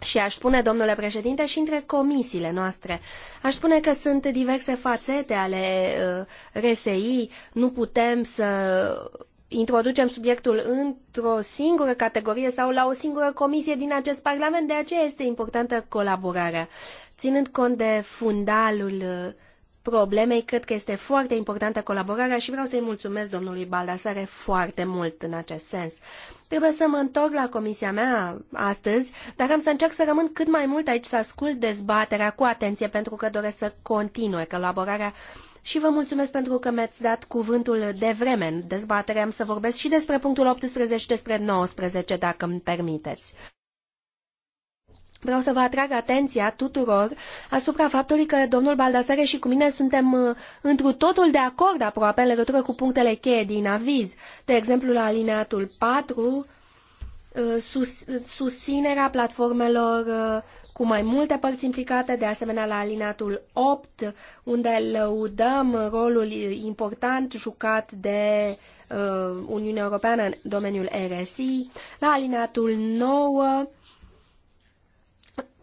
Și aș spune, domnule președinte, și între comisiile noastre. Aș spune că sunt diverse fațete ale uh, RSI, nu putem să introducem subiectul într-o singură categorie sau la o singură comisie din acest Parlament, de aceea este importantă colaborarea. Ținând cont de fundalul uh, problemei. Cred că este foarte importantă colaborarea și vreau să-i mulțumesc domnului Baldasare foarte mult în acest sens. Trebuie să mă întorc la comisia mea astăzi, dar am să încerc să rămân cât mai mult aici să ascult dezbaterea cu atenție pentru că doresc să continue colaborarea și vă mulțumesc pentru că mi-ați dat cuvântul de vreme în dezbatere. Am să vorbesc și despre punctul 18 și despre 19, dacă îmi permiteți. Vreau să vă atrag atenția tuturor asupra faptului că domnul Baldasare și cu mine suntem uh, întru totul de acord aproape în legătură cu punctele cheie din aviz. De exemplu, la alineatul 4, uh, sus, susținerea platformelor uh, cu mai multe părți implicate, de asemenea la alineatul 8, unde lăudăm rolul important jucat de Uniunea Europeană în domeniul RSI, la alineatul 9,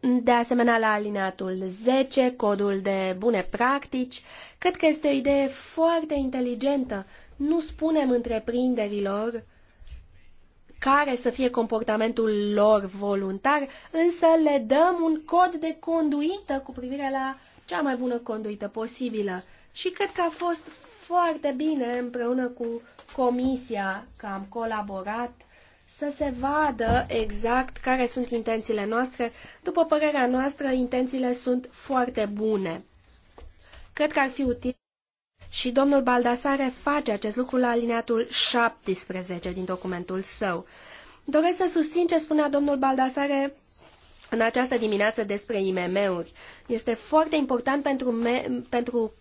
de asemenea, la alineatul 10, codul de bune practici, cred că este o idee foarte inteligentă. Nu spunem întreprinderilor care să fie comportamentul lor voluntar, însă le dăm un cod de conduită cu privire la cea mai bună conduită posibilă. Și cred că a fost foarte bine împreună cu comisia că am colaborat să se vadă exact care sunt intențiile noastre. După părerea noastră, intențiile sunt foarte bune. Cred că ar fi util și domnul Baldasare face acest lucru la alineatul 17 din documentul său. Doresc să susțin ce spunea domnul Baldasare în această dimineață despre IMM-uri. Este foarte important pentru, pentru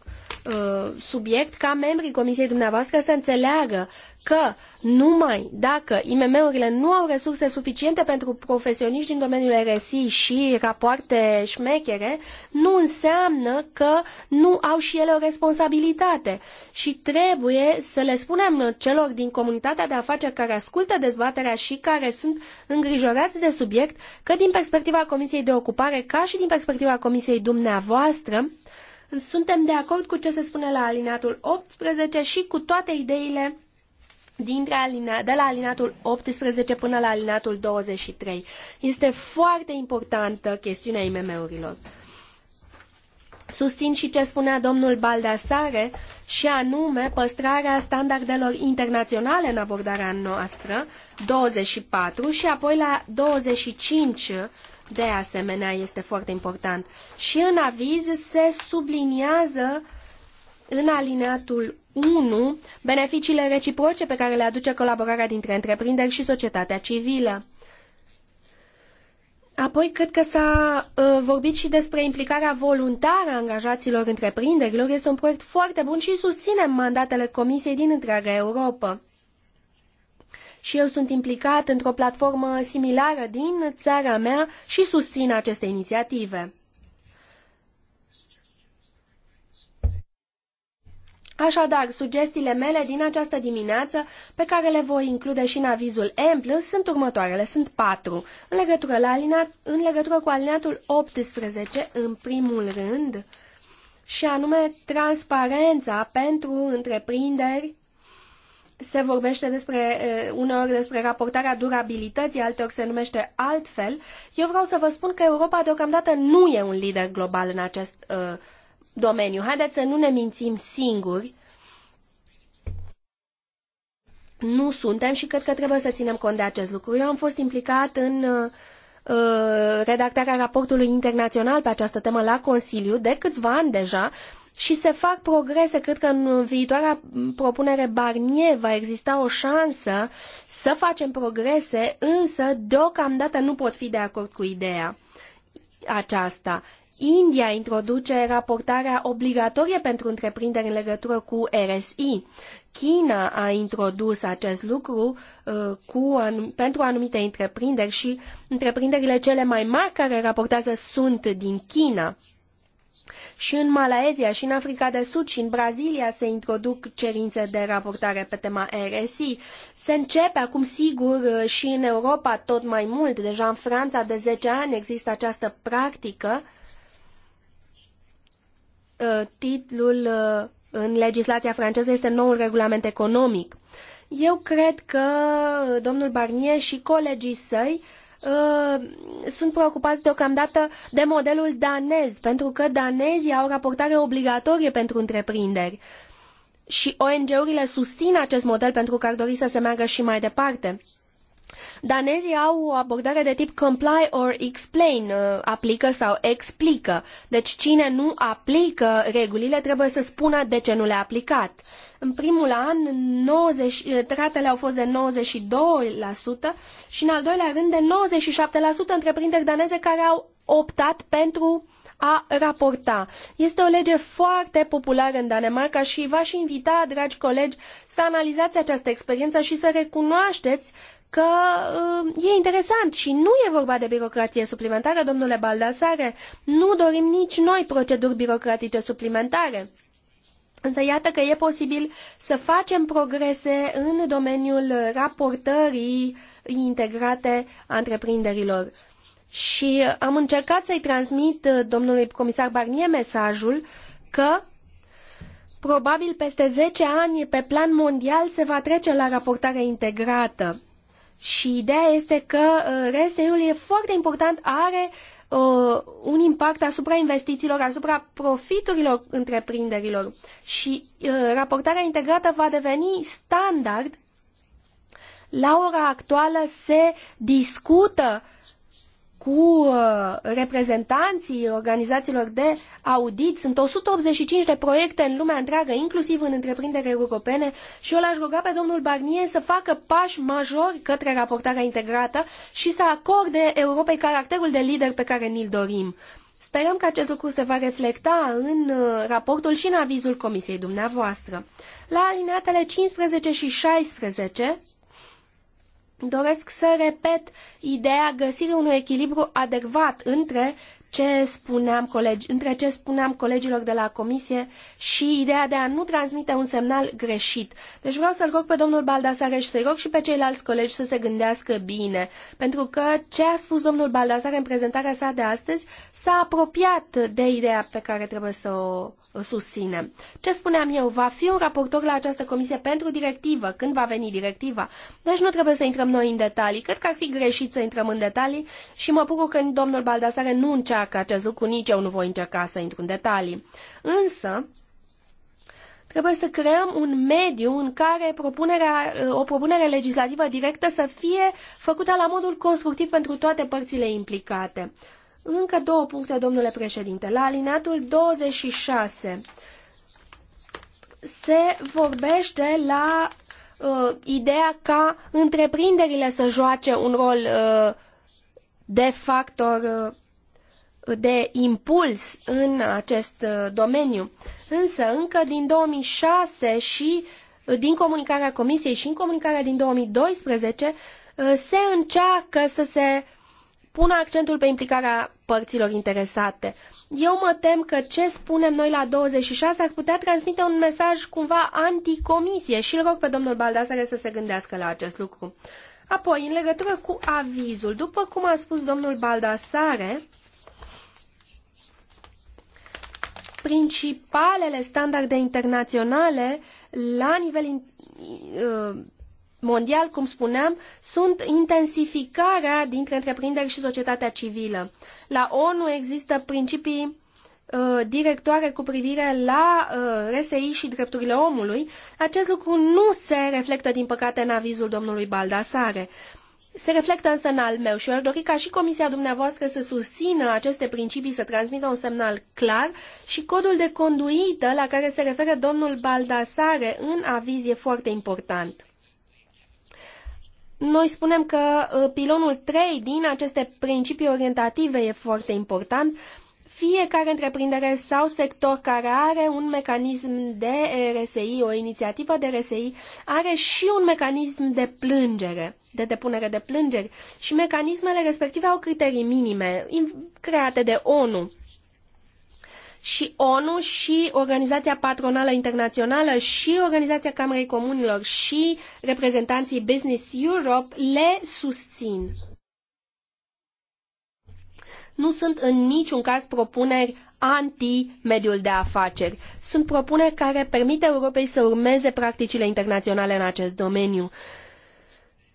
Uh, subiect ca membrii comisiei dumneavoastră să înțeleagă că numai dacă IMM-urile nu au resurse suficiente pentru profesioniști din domeniul RSI și rapoarte șmechere, nu înseamnă că nu au și ele o responsabilitate. Și trebuie să le spunem celor din comunitatea de afaceri care ascultă dezbaterea și care sunt îngrijorați de subiect că din perspectiva Comisiei de Ocupare, ca și din perspectiva Comisiei dumneavoastră, suntem de acord cu ce se spune la alineatul 18 și cu toate ideile dintre alinea, de la alineatul 18 până la alineatul 23. Este foarte importantă chestiunea IMM-urilor. Susțin și ce spunea domnul Baldassare și anume păstrarea standardelor internaționale în abordarea noastră, 24, și apoi la 25 de asemenea este foarte important. Și în aviz se subliniază în alineatul 1 beneficiile reciproce pe care le aduce colaborarea dintre întreprinderi și societatea civilă. Apoi, cred că s-a uh, vorbit și despre implicarea voluntară a angajaților întreprinderilor. Este un proiect foarte bun și susținem mandatele Comisiei din întreaga Europa și eu sunt implicat într-o platformă similară din țara mea și susțin aceste inițiative. Așadar, sugestiile mele din această dimineață, pe care le voi include și în avizul M+, sunt următoarele. Sunt patru. În legătură, la alineat, în legătură cu alineatul 18, în primul rând, și anume transparența pentru întreprinderi se vorbește despre, eh, uneori despre raportarea durabilității, alteori se numește altfel, eu vreau să vă spun că Europa deocamdată nu e un lider global în acest uh, domeniu. Haideți să nu ne mințim singuri. Nu suntem și cred că trebuie să ținem cont de acest lucru. Eu am fost implicat în uh, redactarea raportului internațional pe această temă la Consiliu de câțiva ani deja și se fac progrese. Cred că în viitoarea propunere Barnier va exista o șansă să facem progrese, însă deocamdată nu pot fi de acord cu ideea aceasta. India introduce raportarea obligatorie pentru întreprinderi în legătură cu RSI. China a introdus acest lucru uh, cu anum- pentru anumite întreprinderi și întreprinderile cele mai mari care raportează sunt din China. Și în Malaezia, și în Africa de Sud, și în Brazilia se introduc cerințe de raportare pe tema RSI. Se începe acum sigur și în Europa tot mai mult. Deja în Franța de zece ani există această practică. Uh, titlul uh, în legislația franceză este noul regulament economic. Eu cred că uh, domnul Barnier și colegii săi Uh, sunt preocupați deocamdată de modelul danez, pentru că danezii au raportare obligatorie pentru întreprinderi. Și ONG-urile susțin acest model pentru că ar dori să se meargă și mai departe. Danezii au o abordare de tip comply or explain, uh, aplică sau explică. Deci cine nu aplică regulile trebuie să spună de ce nu le-a aplicat. În primul an, 90, uh, ratele au fost de 92% și în al doilea rând de 97% întreprinderi daneze care au optat pentru a raporta. Este o lege foarte populară în Danemarca și v-aș invita, dragi colegi, să analizați această experiență și să recunoașteți că uh, e interesant și nu e vorba de birocrație suplimentară, domnule Baldasare. Nu dorim nici noi proceduri birocratice suplimentare. Însă iată că e posibil să facem progrese în domeniul raportării integrate a întreprinderilor. Și am încercat să-i transmit uh, domnului comisar Barnier mesajul că probabil peste zece ani pe plan mondial se va trece la raportare integrată. Și ideea este că uh, RSE-ul e foarte important, are uh, un impact asupra investițiilor, asupra profiturilor întreprinderilor. Și uh, raportarea integrată va deveni standard. La ora actuală se discută uh, cu uh, reprezentanții organizațiilor de audit. Sunt 185 de proiecte în lumea întreagă, inclusiv în întreprinderi europene și eu l-aș ruga pe domnul Barnier să facă pași majori către raportarea integrată și să acorde Europei caracterul de lider pe care ni-l dorim. Sperăm că acest lucru se va reflecta în uh, raportul și în avizul comisiei dumneavoastră. La alineatele 15 și 16 Doresc să repet ideea găsirii unui echilibru adecvat între ce spuneam colegi, între ce spuneam colegilor de la comisie și ideea de a nu transmite un semnal greșit. Deci vreau să-l rog pe domnul Baldasare și să-i rog și pe ceilalți colegi să se gândească bine, pentru că ce a spus domnul Baldasare în prezentarea sa de astăzi s-a apropiat de ideea pe care trebuie să o susținem. Ce spuneam eu, va fi un raportor la această comisie pentru directivă, când va veni directiva. Deci nu trebuie să intrăm noi în detalii. Cred că ar fi greșit să intrăm în detalii și mă bucur că domnul Baldasare nu încearcă că acest lucru, nici eu nu voi încerca să intru în detalii. Însă, trebuie să creăm un mediu în care propunerea, o propunere legislativă directă să fie făcută la modul constructiv pentru toate părțile implicate. Încă două puncte, domnule președinte. La alineatul 26 se vorbește la uh, ideea ca întreprinderile să joace un rol uh, de factor uh, de impuls în acest uh, domeniu. Însă, încă din 2006 și uh, din comunicarea Comisiei și în comunicarea din 2012 uh, se încearcă să se pună accentul pe implicarea părților interesate. Eu mă tem că ce spunem noi la 26 ar putea transmite un mesaj cumva anticomisie și îl rog pe domnul Baldasare să se gândească la acest lucru. Apoi, în legătură cu avizul, după cum a spus domnul Baldasare, principalele standarde internaționale la nivel uh, mondial, cum spuneam, sunt intensificarea dintre întreprinderi și societatea civilă. La ONU există principii uh, directoare cu privire la uh, RSI și drepturile omului, acest lucru nu se reflectă, din păcate, în avizul domnului Baldasare. Se reflectă însă în al meu și eu aș dori ca și comisia dumneavoastră să susțină aceste principii, să transmită un semnal clar și codul de conduită la care se referă domnul Baldasare în aviz e foarte important. Noi spunem că uh, pilonul 3 din aceste principii orientative e foarte important fiecare întreprindere sau sector care are un mecanism de RSI, o inițiativă de RSI, are și un mecanism de plângere, de depunere de plângeri și mecanismele respective au criterii minime create de ONU. Și ONU și Organizația Patronală Internațională și Organizația Camerei Comunilor și reprezentanții Business Europe le susțin nu sunt în niciun caz propuneri anti-mediul de afaceri. Sunt propuneri care permit Europei să urmeze practicile internaționale în acest domeniu.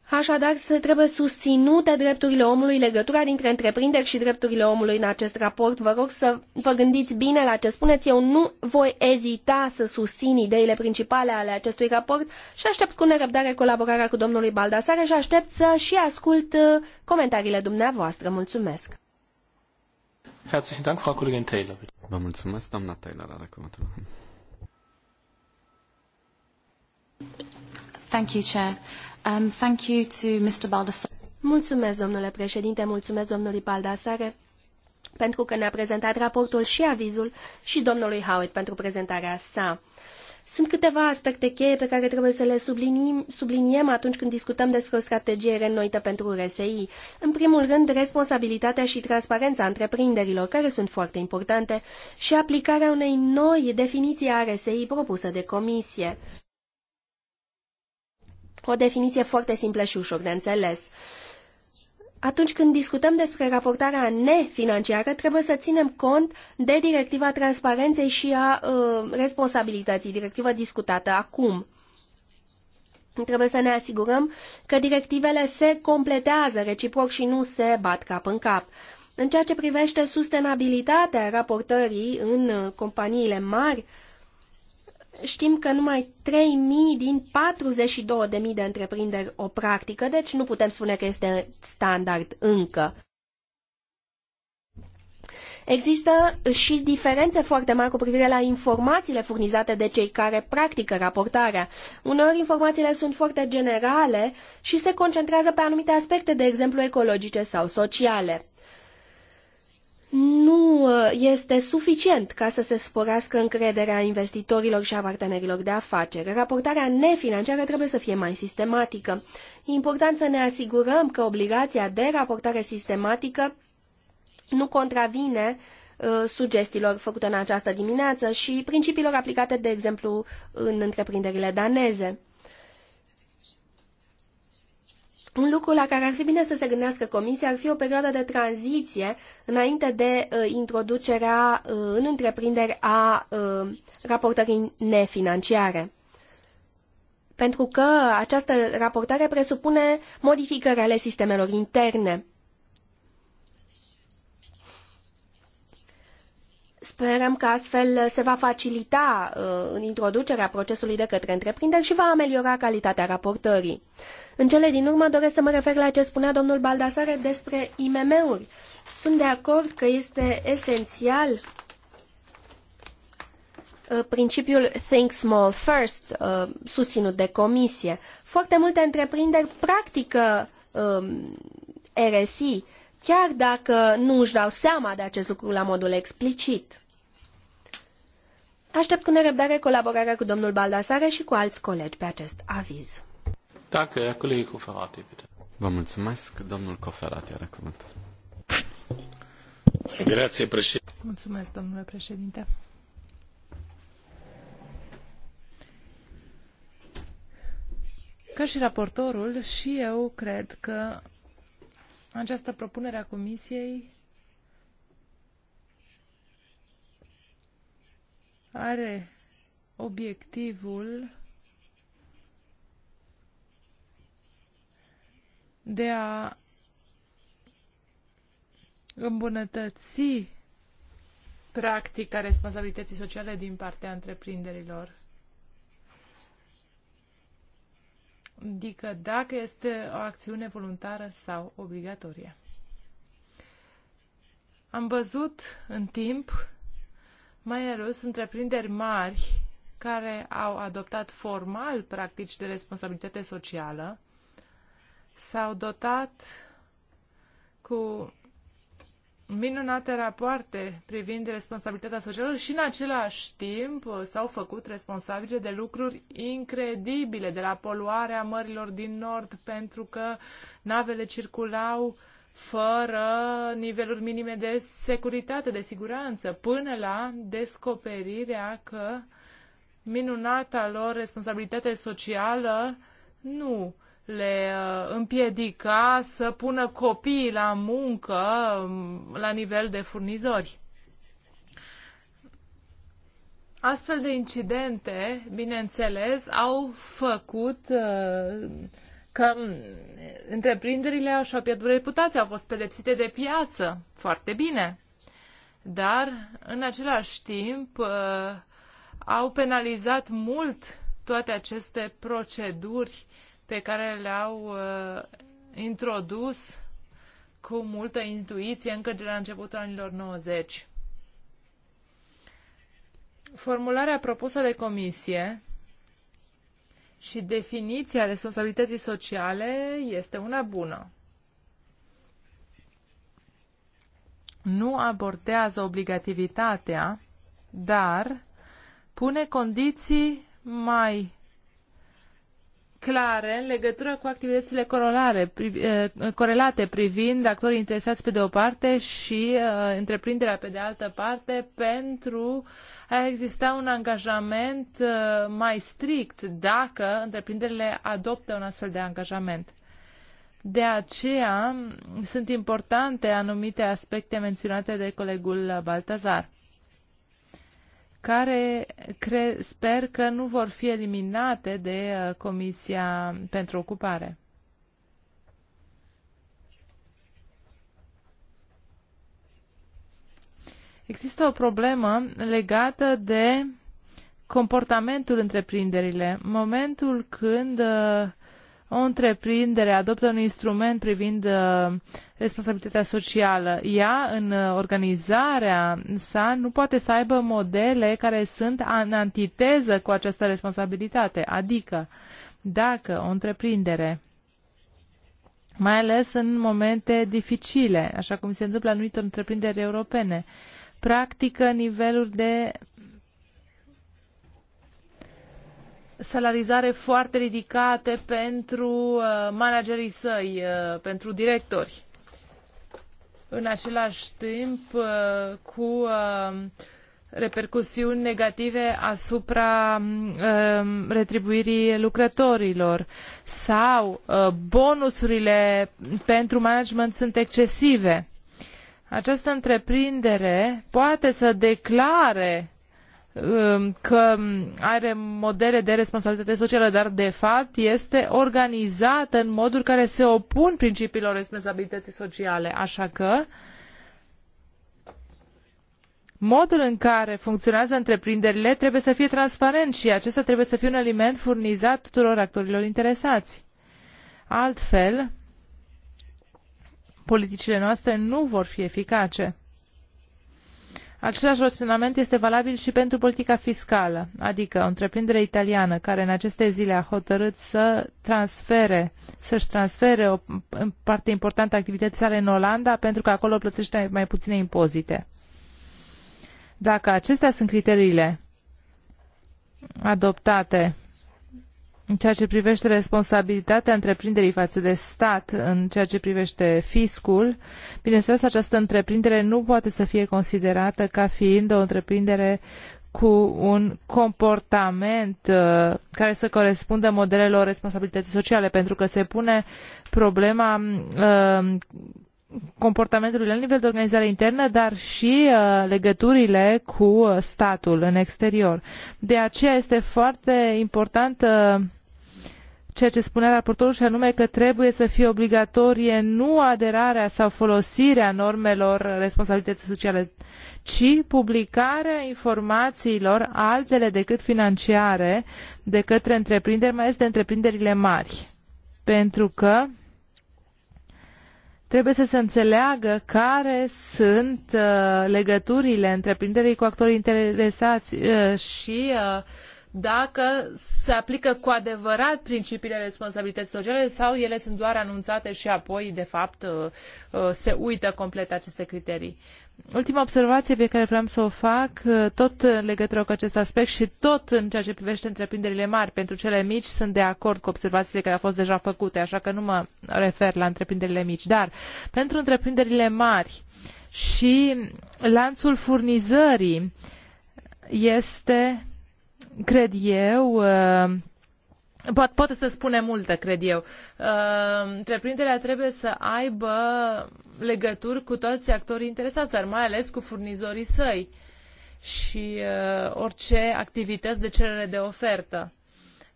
Așadar, se trebuie susținute drepturile omului, legătura dintre întreprinderi și drepturile omului în acest raport. Vă rog să vă gândiți bine la ce spuneți. Eu nu voi ezita să susțin ideile principale ale acestui raport și aștept cu nerăbdare colaborarea cu domnul Baldasare și aștept să și ascult uh, comentariile dumneavoastră. Mulțumesc! Herzlichen Dank, Frau Kollegin Taylor. Vă mulțumesc, doamna Taylor, are cuvântul. Thank you, Chair. Um, thank you to Mr. Baldassare. Mulțumesc, domnule președinte, mulțumesc domnului Baldassare pentru că ne-a prezentat raportul și avizul și domnului Howitt pentru prezentarea sa. Sunt câteva aspecte cheie pe care trebuie să le subliniem, subliniem atunci când discutăm despre o strategie reînnoită pentru RSI. În primul rând, responsabilitatea și transparența întreprinderilor, care sunt foarte importante, și aplicarea unei noi definiții a RSI propusă de comisie. O definiție foarte simplă și ușor de înțeles. Atunci când discutăm despre raportarea nefinanciară, trebuie să ținem cont de directiva transparenței și a uh, responsabilității, directivă discutată acum. Trebuie să ne asigurăm că directivele se completează reciproc și nu se bat cap în cap. În ceea ce privește sustenabilitatea raportării în uh, companiile mari, uh, Știm că numai 3.000 din 42.000 de întreprinderi o practică, deci nu putem spune că este standard încă. Există și diferențe foarte mari cu privire la informațiile furnizate de cei care practică raportarea. Uneori informațiile sunt foarte generale și se concentrează pe anumite aspecte, de exemplu ecologice sau sociale nu uh, este suficient ca să se sporească încrederea investitorilor și a partenerilor de afaceri. Raportarea nefinanciară trebuie să fie mai sistematică. E important să ne asigurăm că obligația de raportare sistematică nu contravine uh, sugestiilor făcute în această dimineață și principiilor aplicate, de exemplu, în întreprinderile daneze. Un lucru la care ar fi bine să se gândească comisia ar fi o perioadă de tranziție înainte de uh, introducerea uh, în întreprinderi a uh, raportării nefinanciare. Pentru că această raportare presupune modificări ale sistemelor interne. Sperăm că astfel se va facilita uh, în introducerea procesului de către întreprinderi și va ameliora calitatea raportării. În cele din urmă doresc să mă refer la ce spunea domnul Baldasare despre IMM-uri. Sunt de acord că este esențial uh, principiul Think Small First, uh, susținut de comisie. Foarte multe întreprinderi practică um, RSI, chiar dacă nu își dau seama de acest lucru la modul explicit. Aștept cu nerăbdare colaborarea cu domnul Baldasare și cu alți colegi pe acest aviz. Dacă, colegii Coferati, Vă mulțumesc, domnul Coferati are cuvântul. președinte. Mulțumesc, domnule președinte. Ca și raportorul, și eu cred că această propunere a Comisiei are obiectivul de a îmbunătăți practica responsabilității sociale din partea întreprinderilor. Adică dacă este o acțiune voluntară sau obligatorie. Am văzut în timp mai ales întreprinderi mari care au adoptat formal practici de responsabilitate socială, s-au dotat cu minunate rapoarte privind responsabilitatea socială și în același timp s-au făcut responsabile de lucruri incredibile, de la poluarea mărilor din nord, pentru că navele circulau fără niveluri minime de securitate, de siguranță, până la descoperirea că minunata lor responsabilitate socială nu le uh, împiedica să pună copiii la muncă um, la nivel de furnizori. Astfel de incidente, bineînțeles, au făcut uh, că um, întreprinderile și-au pierdut reputația, au fost pedepsite de piață. Foarte bine. Dar, în același timp, uh, au penalizat mult toate aceste proceduri uh, pe care le-au uh, introdus cu multă intuiție încă de la începutul anilor 90. Formularea propusă de comisie și definiția responsabilității sociale este una bună. Nu abordează obligativitatea, dar pune condiții mai clare în legătură cu activitățile corolare, pri, eh, corelate privind actorii interesați pe de o parte și uh, întreprinderea pe de altă parte pentru a exista un angajament uh, mai strict dacă întreprinderile adoptă un astfel de angajament. De aceea sunt importante anumite aspecte menționate de colegul Baltazar care cre- sper că nu vor fi eliminate de uh, Comisia pentru Ocupare. Există o problemă legată de comportamentul întreprinderile. Momentul când uh, o întreprindere adoptă un instrument privind uh, responsabilitatea socială, ea în uh, organizarea sa nu poate să aibă modele care sunt în antiteză cu această responsabilitate. Adică, dacă o întreprindere mai ales în momente dificile, așa cum se întâmplă în anumite întreprinderi europene, practică niveluri de salarizare foarte ridicate pentru uh, managerii săi, uh, pentru directori. În același timp, uh, cu repercusiuni negative asupra um, retribuirii lucrătorilor sau bonusurile pentru management sunt excesive. Această întreprindere poate să declare Um, că are modele de responsabilitate socială, dar de fapt este organizată în moduri care se opun principiilor responsabilității sociale. Așa că modul în care funcționează întreprinderile trebuie să fie transparent și acesta trebuie să fie un aliment furnizat tuturor actorilor interesați. Altfel, politicile noastre nu vor fi eficace. Același raționament este valabil și pentru politica fiscală, adică o întreprindere italiană care în aceste zile a hotărât să transfere, să-și transfere o parte importantă a activității sale în Olanda pentru că acolo plătește mai puține impozite. Dacă acestea sunt criteriile adoptate în ceea ce privește responsabilitatea întreprinderii față de stat, în ceea ce privește fiscul, bineînțeles, această întreprindere nu poate să fie considerată ca fiind o întreprindere cu un comportament uh, care să corespundă modelelor responsabilității sociale, pentru că se pune problema uh, comportamentului la nivel de organizare internă, dar și uh, legăturile cu uh, statul în exterior. De aceea este foarte important uh, ceea ce spunea raportorul și anume că trebuie să fie obligatorie nu aderarea sau folosirea normelor responsabilității sociale, ci publicarea informațiilor altele decât financiare de către întreprinderi, mai ales de întreprinderile mari. Pentru că trebuie să se înțeleagă care sunt uh, legăturile întreprinderii cu actorii interesați uh, și uh, dacă se aplică cu adevărat principiile responsabilității sociale sau ele sunt doar anunțate și apoi, de fapt, uh, uh, se uită complet aceste criterii. Ultima observație pe care vreau să o fac, uh, tot în legătură cu acest aspect și tot în ceea ce privește întreprinderile mari. Pentru cele mici sunt de acord cu observațiile care au fost deja făcute, așa că nu mă refer la întreprinderile mici. Dar pentru întreprinderile mari și lanțul furnizării este cred eu, uh, poate, poate să spune multe, cred eu. Uh, întreprinderea trebuie să aibă legături cu toți actorii interesați, dar mai ales cu furnizorii săi și uh, orice activități de cerere de ofertă.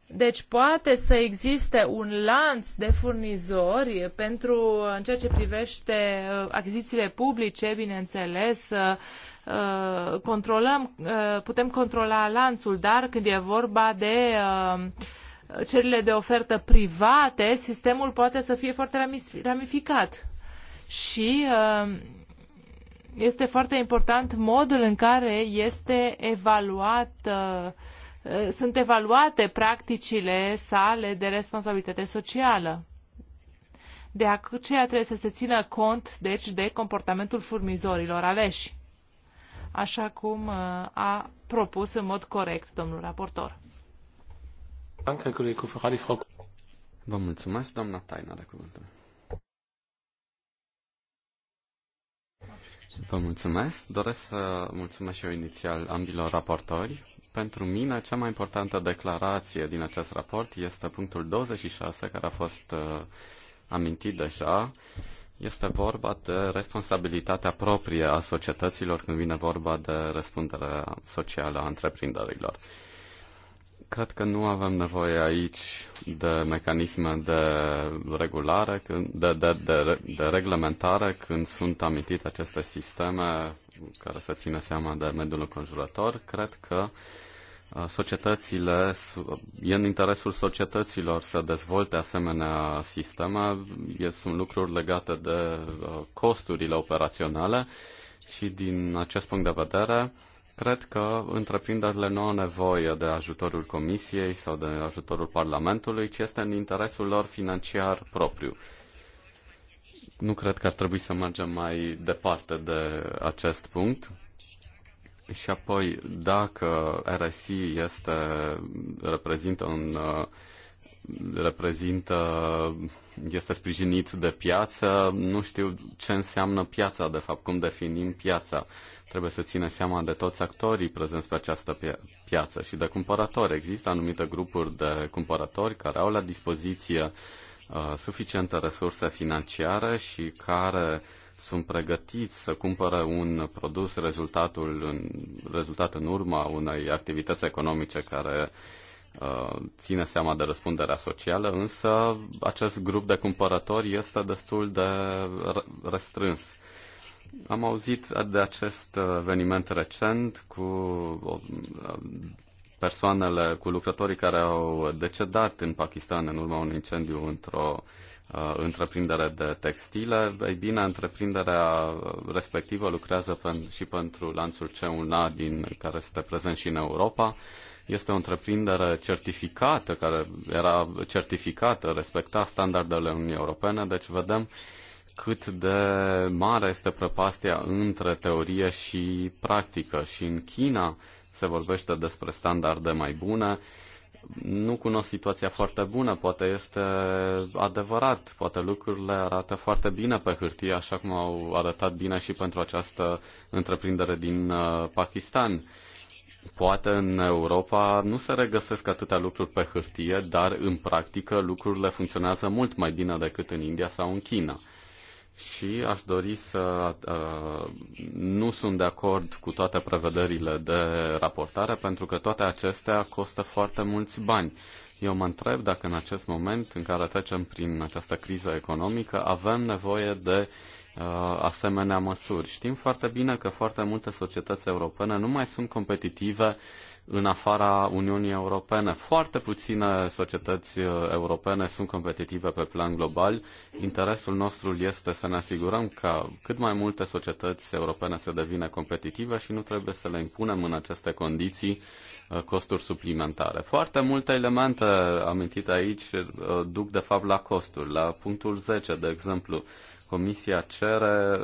Deci poate să existe un lanț de furnizori pentru, în ceea ce privește uh, achizițiile publice, bineînțeles, uh, uh, controlăm, putem controla lanțul, dar când e vorba de cerile de ofertă private, sistemul poate să fie foarte ramificat. Și este foarte important modul în care este evaluat uh, Eh, sunt evaluate practicile sale de responsabilitate socială. De aceea trebuie să se țină cont, deci, de comportamentul furnizorilor aleși, așa cum eh, a propus în mod corect domnul raportor. Vă mulțumesc, doamna Taina, de cuvântul. Vă mulțumesc. Doresc să mulțumesc și eu inițial ambilor raportori pentru mine, cea mai importantă declarație din acest raport este punctul 26, care a fost uh, amintit deja. Este vorba de responsabilitatea proprie a societăților când vine vorba de răspunderea socială a întreprinderilor. Cred că nu avem nevoie aici de mecanisme de regulare, de, de, de, de reglementare când sunt amintite aceste sisteme care să țină seama de mediul înconjurător. Cred că uh, Uh, societățile, e în interesul societăților să dezvolte asemenea sisteme, sunt lucruri legate de uh, costurile operaționale și din acest punct de vedere cred că întreprinderile nu au nevoie de ajutorul Comisiei sau de ajutorul Parlamentului, ci este în interesul lor financiar propriu. Nu cred că ar trebui să mergem mai departe de acest punct și apoi, dacă RSI este, reprezintă un reprezintă, este sprijinit de piață, nu știu ce înseamnă piața, de fapt, cum definim piața. Trebuie să ține seama de toți actorii prezenți pe această piață și de cumpărători. Există anumite grupuri de cumpărători care au la dispoziție uh, suficiente resurse financiare și care uh, sunt pregătiți să cumpere un produs rezultatul în, rezultat în urma unei activități economice care uh, ține seama de răspunderea socială, însă acest grup de cumpărători este destul de restrâns. Am auzit de acest eveniment recent cu persoanele, cu lucrătorii care au decedat în Pakistan în urma unui incendiu într-o Uh, întreprindere de textile, ei bine, întreprinderea respectivă lucrează și pentru lanțul C1A din care este prezent și în Europa. Este o întreprindere certificată, care era certificată, respecta standardele Uniunii Europene, deci vedem cât de mare este prăpastia între teorie și practică. Și în China se vorbește despre standarde mai bune, nu cunosc situația foarte bună, poate este adevărat, poate lucrurile arată foarte bine pe hârtie, așa cum au arătat bine și pentru această întreprindere din uh, Pakistan. Poate în Europa nu se regăsesc atâtea lucruri pe hârtie, dar în practică lucrurile funcționează mult mai bine decât în India sau în China și aș dori să uh, nu sunt de acord cu toate prevederile de raportare pentru că toate acestea costă foarte mulți bani. Eu mă întreb dacă în acest moment în care trecem prin această criză economică avem nevoie de uh, asemenea măsuri. Știm foarte bine că foarte multe societăți europene nu mai sunt competitive uh, în afara Uniunii Europene. Foarte puține societăți uh, europene sunt competitive pe plan global. Interesul nostru este să ne asigurăm că cât mai multe societăți europene să devină competitive și nu trebuie să le impunem în aceste condiții uh, costuri suplimentare. Foarte multe elemente amintite aici uh, duc de fapt la costuri. La punctul 10, de exemplu, Comisia cere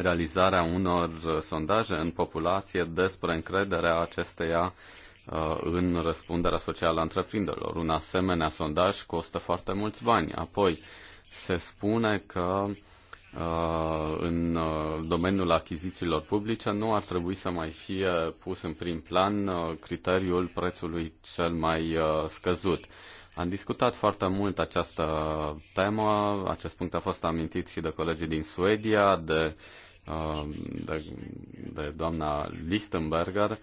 realizarea unor uh, sondaje în populație despre încrederea acesteia uh, în răspunderea socială a întreprinderilor. Un asemenea sondaj costă foarte mulți bani. Apoi, se spune că uh, în domeniul achizițiilor publice nu ar trebui să mai fie pus în prim plan criteriul prețului cel mai scăzut. Am discutat foarte mult această temă, acest punct a fost amintit și de colegii din Suedia, de uh, Uh, de, de doamna Lichtenberger,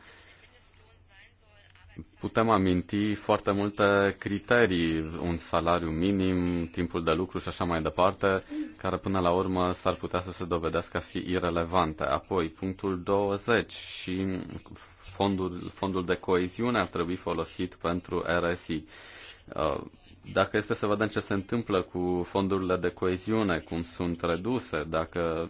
putem aminti foarte multe criterii, un salariu minim, timpul de lucru și așa mai departe, care până la urmă s-ar putea să se dovedească a fi irelevante. Apoi, punctul 20 și fondul, fondul de coeziune ar trebui folosit pentru RSI. Uh, dacă este să vedem ce se întâmplă cu fondurile de coeziune, cum sunt reduse, dacă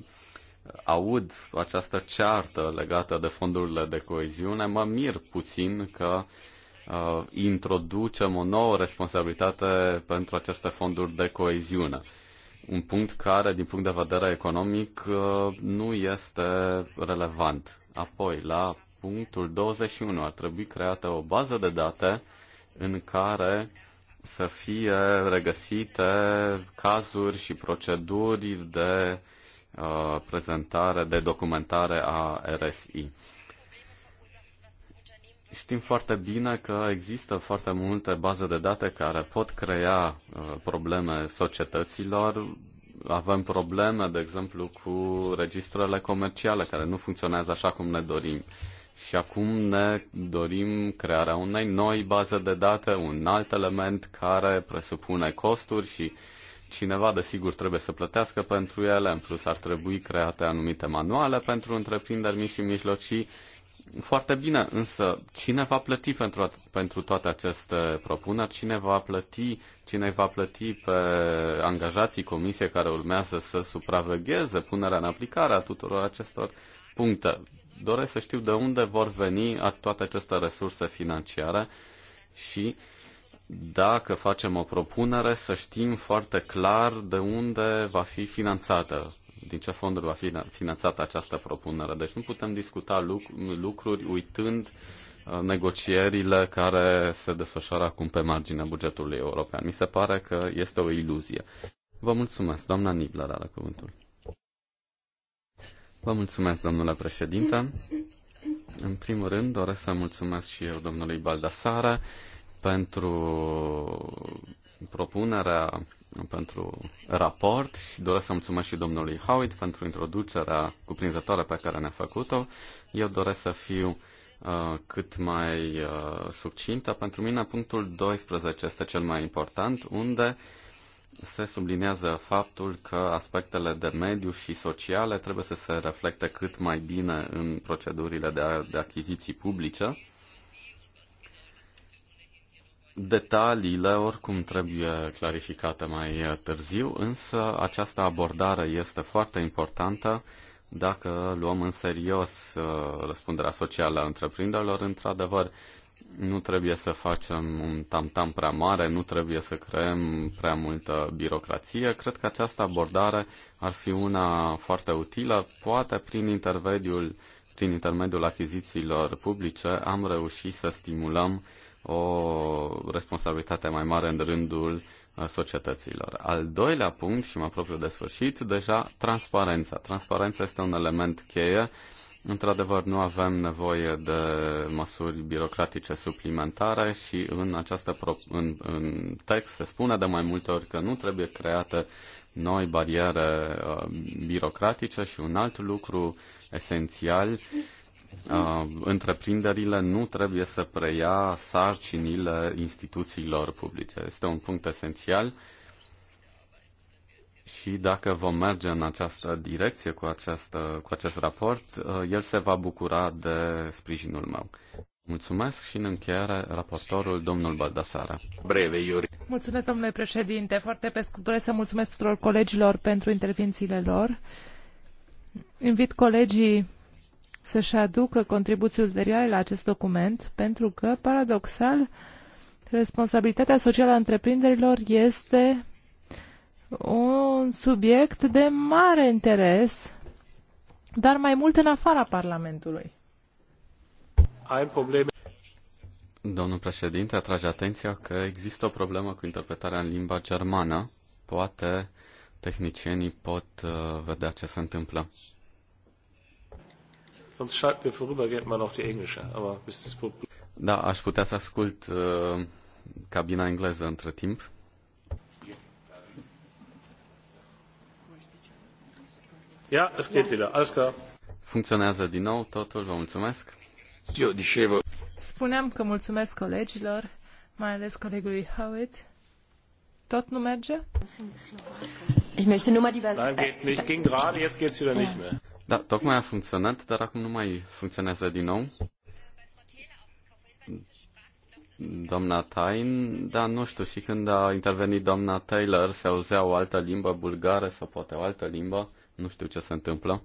aud această ceartă legată de fondurile de coeziune, mă mir puțin că uh, introducem o nouă responsabilitate pentru aceste fonduri de coeziune. Un punct care, din punct de vedere economic, uh, nu este relevant. Apoi, la punctul 21 ar trebui creată o bază de date în care să fie regăsite cazuri și proceduri de uh, Uh, prezentare, de documentare a RSI. Știm foarte bine că există foarte multe baze de date care pot crea uh, probleme societăților. Avem probleme, de exemplu, cu registrele comerciale care nu funcționează așa cum ne dorim. Și acum ne dorim crearea unei noi baze de date, un alt element care presupune costuri și uh, cineva, de sigur trebuie să plătească pentru ele, în plus ar trebui create anumite manuale pentru întreprinderi mici și mijlocii. Foarte bine, însă cine va plăti pentru, pentru toate aceste propuneri? Cine va plăti, cine va plăti pe angajații comisiei care urmează să supravegheze punerea în aplicare a tuturor acestor puncte? Doresc să știu de unde vor veni toate aceste resurse financiare și uh, dacă facem o propunere, să știm foarte clar de unde va fi finanțată, din ce fonduri va fi finanțată această propunere. Deci nu putem discuta lucruri uitând uh, negocierile care se desfășoară acum pe marginea bugetului european. Mi se pare că este o iluzie. Vă mulțumesc, doamna Nibler are cuvântul. Vă mulțumesc, domnule președinte. În primul rând, doresc să mulțumesc și eu domnului Baldasara pentru propunerea pentru raport și doresc să mulțumesc și domnului Howitt pentru introducerea cuprinzătoare pe care ne-a făcut-o. Eu doresc să fiu uh, cât mai uh, succintă. Pentru mine punctul 12 este cel mai important, unde se subliniază faptul că aspectele de mediu și sociale trebuie să se reflecte cât mai bine în procedurile de, a, de achiziții publice Detaliile oricum trebuie clarificate mai târziu, însă această abordare este foarte importantă dacă luăm în serios uh, răspunderea socială a întreprinderilor, într-adevăr, nu trebuie să facem un tamtam -tam prea mare, nu trebuie să creăm prea multă birocrație. Cred că această abordare ar fi una foarte utilă. Poate prin intermediul, prin intermediul achizițiilor publice am reușit să stimulăm o responsabilitate mai mare în rândul uh, societăților. Al doilea punct, și mă apropiu de sfârșit, deja transparența. Transparența este un element cheie. Într-adevăr, nu avem nevoie de măsuri birocratice suplimentare și în, această pro- în, în text se spune de mai multe ori că nu trebuie create noi bariere uh, birocratice și un alt lucru esențial uh, Uh, întreprinderile nu trebuie să preia sarcinile instituțiilor publice. Este un punct esențial și dacă vom merge în această direcție cu, această, cu acest raport, uh, el se va bucura de sprijinul meu. Mulțumesc și în încheiere raportorul domnul Baldasara. Breve, Iuri. Mulțumesc, domnule președinte. Foarte pe scurt doresc să mulțumesc tuturor colegilor pentru intervențiile lor. Invit colegii să-și aducă contribuții ulterioare la acest document, pentru că, paradoxal, responsabilitatea socială a întreprinderilor este un subiect de mare interes, dar mai mult în afara Parlamentului. Ai probleme. Domnul președinte, atrage atenția că există o problemă cu interpretarea în limba germană. Poate tehnicienii pot uh, vedea ce se întâmplă. Sonst vorübergehend mal noch die englische, aber bis das Problem... Da, aș putea să ascult uh, cabina engleză între timp. Ia, es geht wieder. Alles klar. Funcționează din nou totul, vă mulțumesc. Eu dicevo. Spuneam că mulțumesc colegilor, mai ales colegului Howitt. Tot nu merge? Ich möchte nur mal die Nein, geht nicht. Ging gerade, jetzt geht's wieder nicht mehr. Da, tocmai a funcționat, dar acum nu mai funcționează din nou. Doamna Tain, da, nu știu, și când a intervenit doamna Taylor, se auzea o altă limbă bulgară sau poate o altă limbă, nu știu ce se întâmplă.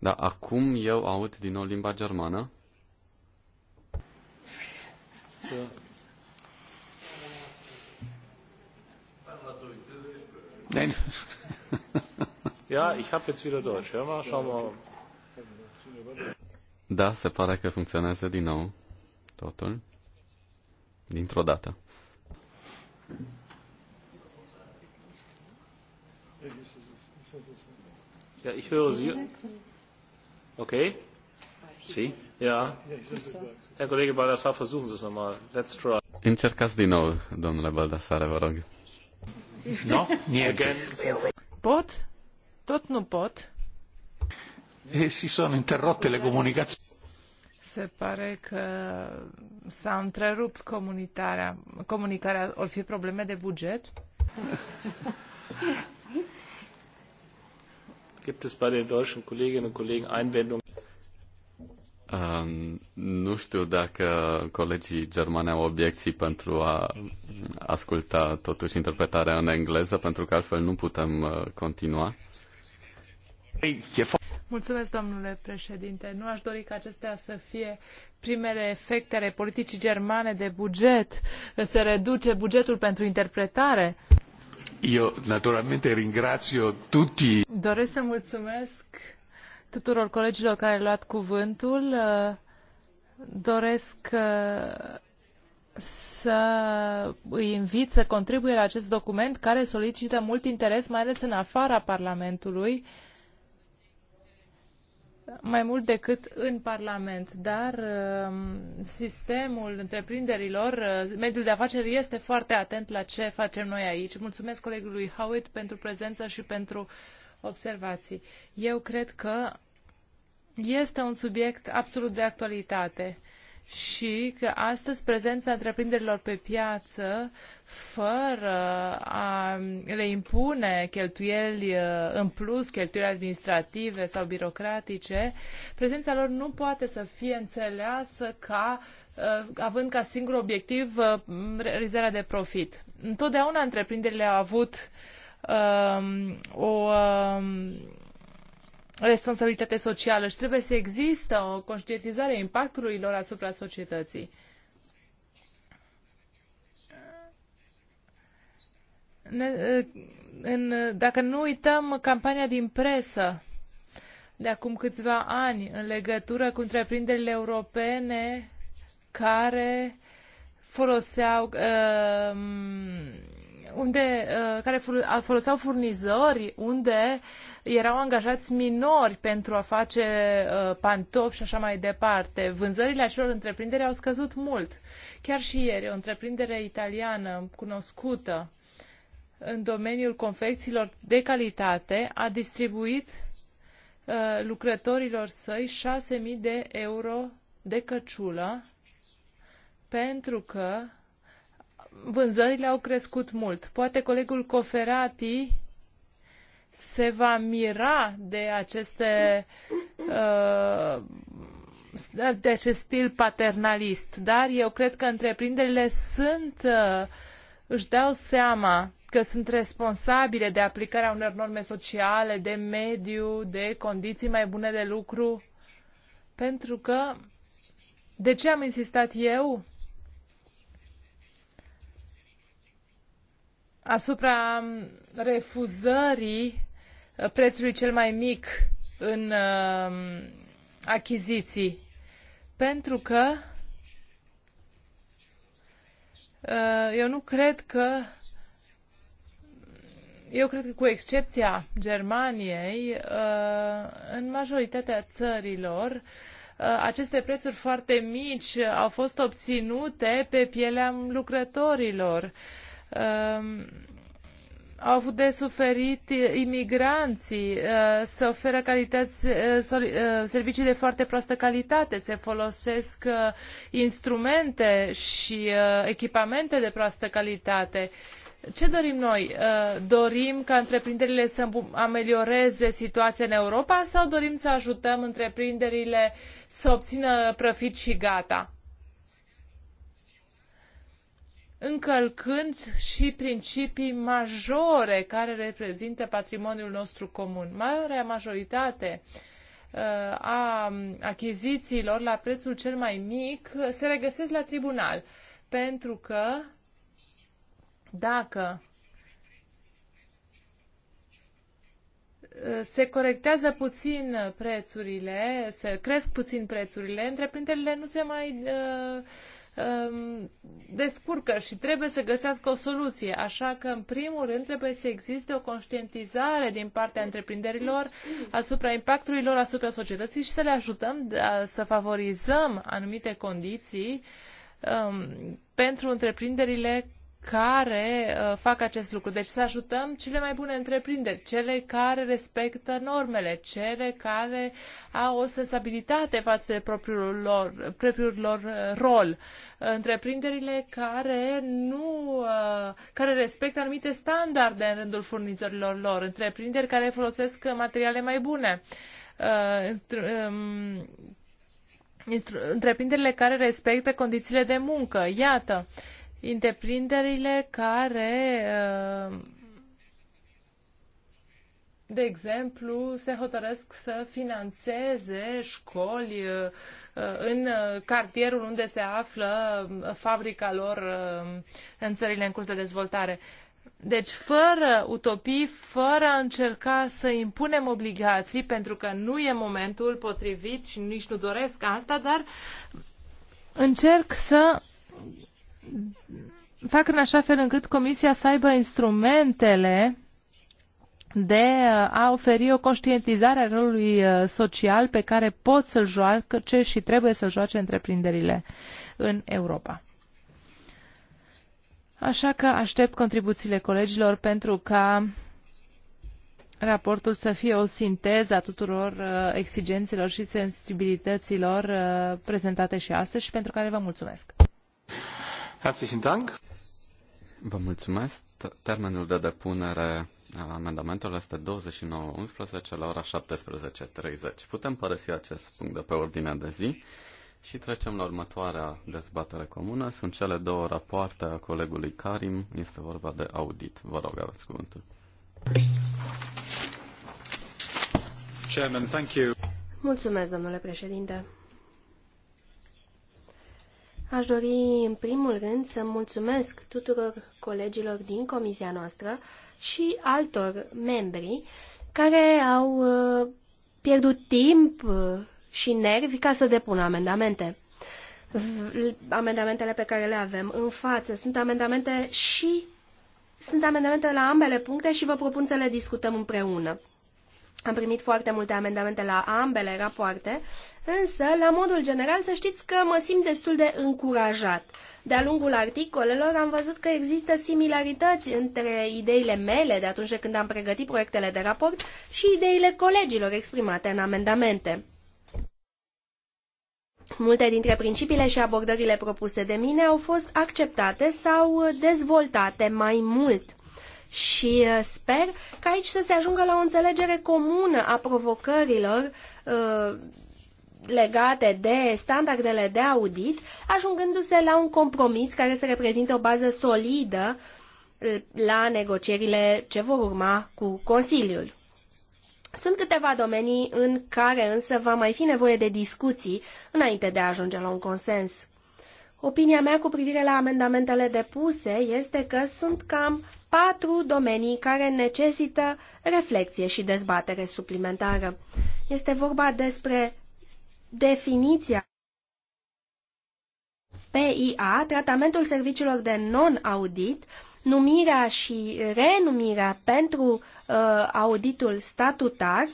Da, acum eu aud din nou limba germană. Da, se pare că funcționează din nou totul. Dintr-o dată. Ja, ich höre Sie. Okay. Sie? Ja. Herr Kollege Baldassar, versuchen Sie es nochmal. Let's try. Încercați din nou, domnule Baldassare, vă rog. No, nie again. Pot? Tot nu pot. E si sono interrotte le comunicazioni. Se pare că s-a întrerupt comunicarea. Comunicarea, or fi probleme de buget? Gibt es bei den deutschen Kolleginnen und Kollegen Einwendungen? nu știu dacă colegii germani au obiecții pentru a asculta totuși interpretarea în engleză, pentru că altfel nu putem uh, continua. Mulțumesc, domnule președinte. Nu aș dori ca acestea să fie primele efecte ale politicii germane de buget. Se reduce bugetul pentru interpretare. Eu, naturalmente, ringrazio tutti. Doresc să mulțumesc tuturor colegilor care au luat cuvântul. Uh, doresc uh, să îi invit să contribuie la acest document care solicită mult interes, mai ales în afara Parlamentului, mai mult decât în Parlament. Dar um, sistemul întreprinderilor, uh, mediul de afaceri este foarte atent la ce facem noi aici. Mulțumesc colegului Howitt pentru prezență și pentru observații. Eu cred că este un subiect absolut de actualitate și că astăzi prezența întreprinderilor pe piață, fără a le impune cheltuieli uh, în plus, cheltuieli administrative sau birocratice, prezența lor nu poate să fie înțeleasă ca uh, având ca singur obiectiv uh, realizarea de profit. Întotdeauna întreprinderile au avut um, o um, responsabilitate socială și trebuie să există o conștientizare a impactului lor asupra societății. Ne, în, dacă nu uităm campania din presă de acum câțiva ani în legătură cu întreprinderile europene care foloseau uh, unde, uh, care foloseau furnizori, unde erau angajați minori pentru a face uh, pantofi și așa mai departe. Vânzările acelor întreprinderi au scăzut mult. Chiar și ieri, o întreprindere italiană cunoscută în domeniul confecțiilor de calitate a distribuit uh, lucrătorilor săi 6.000 de euro de căciulă pentru că vânzările au crescut mult. Poate colegul Coferati se va mira de aceste uh, de acest stil paternalist, dar eu cred că întreprinderile sunt uh, își dau seama că sunt responsabile de aplicarea unor norme sociale, de mediu, de condiții mai bune de lucru, pentru că de ce am insistat eu asupra um, refuzării uh, prețului cel mai mic în um, achiziții. Pentru că uh, eu nu cred că eu cred că cu excepția Germaniei, uh, în majoritatea țărilor, aceste prețuri foarte mici au fost obținute pe pielea lucrătorilor uh, au avut de suferit imigranții, uh, se oferă calități, uh, uh, servicii de foarte proastă calitate, se folosesc instrumente și echipamente de proastă calitate. Ce dorim noi? Dorim ca întreprinderile să amelioreze situația în Europa sau dorim să ajutăm întreprinderile să obțină profit și gata? încălcând și principii majore care reprezintă patrimoniul nostru comun. Marea majoritate uh, a achizițiilor la prețul cel mai mic se regăsesc la tribunal, pentru că dacă uh, se corectează puțin prețurile, se cresc puțin prețurile, întreprinderile nu se mai uh, descurcă și trebuie să găsească o soluție. Așa că, în primul rând, trebuie să existe o conștientizare din partea întreprinderilor asupra impactului lor asupra societății și să le ajutăm să favorizăm anumite condiții um, pentru întreprinderile care uh, fac acest lucru. Deci să ajutăm cele mai bune întreprinderi, cele care respectă normele, cele care au o sensibilitate față de propriul lor, propriul lor uh, rol, întreprinderile care nu uh, care respectă anumite standarde în rândul furnizorilor lor, întreprinderi care folosesc materiale mai bune um, întreprinderile care respectă condițiile de muncă. Iată, întreprinderile care, de exemplu, se hotărăsc să financeze școli uh, în cartierul unde se află fabrica lor uh, în țările în curs de dezvoltare. Deci, fără utopii, fără a încerca să impunem obligații, pentru că nu e momentul potrivit și nici nu doresc asta, dar încerc să fac în așa fel încât Comisia să aibă instrumentele de uh, a oferi o conștientizare a rolului uh, social pe care pot să-l joace și trebuie să-l joace întreprinderile în Europa. Așa că aștept contribuțiile colegilor pentru ca raportul să fie o sinteză a tuturor uh, exigențelor și sensibilităților prezentate și astăzi și pentru care vă mulțumesc. Herzlichen Dank. Vă mulțumesc. Termenul de depunere a amendamentelor este 29.11 la ora 17.30. Putem părăsi acest punct de pe ordinea de zi și trecem la următoarea dezbatere comună. Sunt cele două rapoarte a colegului Karim. Este vorba de audit. Vă rog, aveți cuvântul. Chairman, thank you. Mulțumesc, domnule președinte. Aș dori în primul rând să mulțumesc tuturor colegilor din comisia noastră și altor membri care au uh, pierdut timp uh, și nervi ca să depună amendamente. Amendamentele pe care le avem în față sunt amendamente și sunt amendamente la ambele puncte și vă propun să le discutăm împreună. Am primit foarte multe amendamente la ambele rapoarte, însă, la modul general, să știți că mă simt destul de încurajat. De-a lungul articolelor am văzut că există similarități între ideile mele de atunci când am pregătit proiectele de raport și ideile colegilor exprimate în amendamente. Multe dintre principiile și abordările propuse de mine au fost acceptate sau dezvoltate mai mult și uh, sper că aici să se ajungă la o înțelegere comună a provocărilor uh, legate de standardele de audit, ajungându-se la un compromis care să reprezinte o bază solidă uh, la negocierile ce vor urma cu Consiliul. Sunt câteva domenii în care însă va mai fi nevoie de discuții înainte de a ajunge la un consens. Opinia mea cu privire la amendamentele depuse este că sunt cam patru domenii care necesită reflexie și dezbatere suplimentară. Este vorba despre definiția PIA, tratamentul serviciilor de non-audit, numirea și renumirea pentru uh, auditul statutar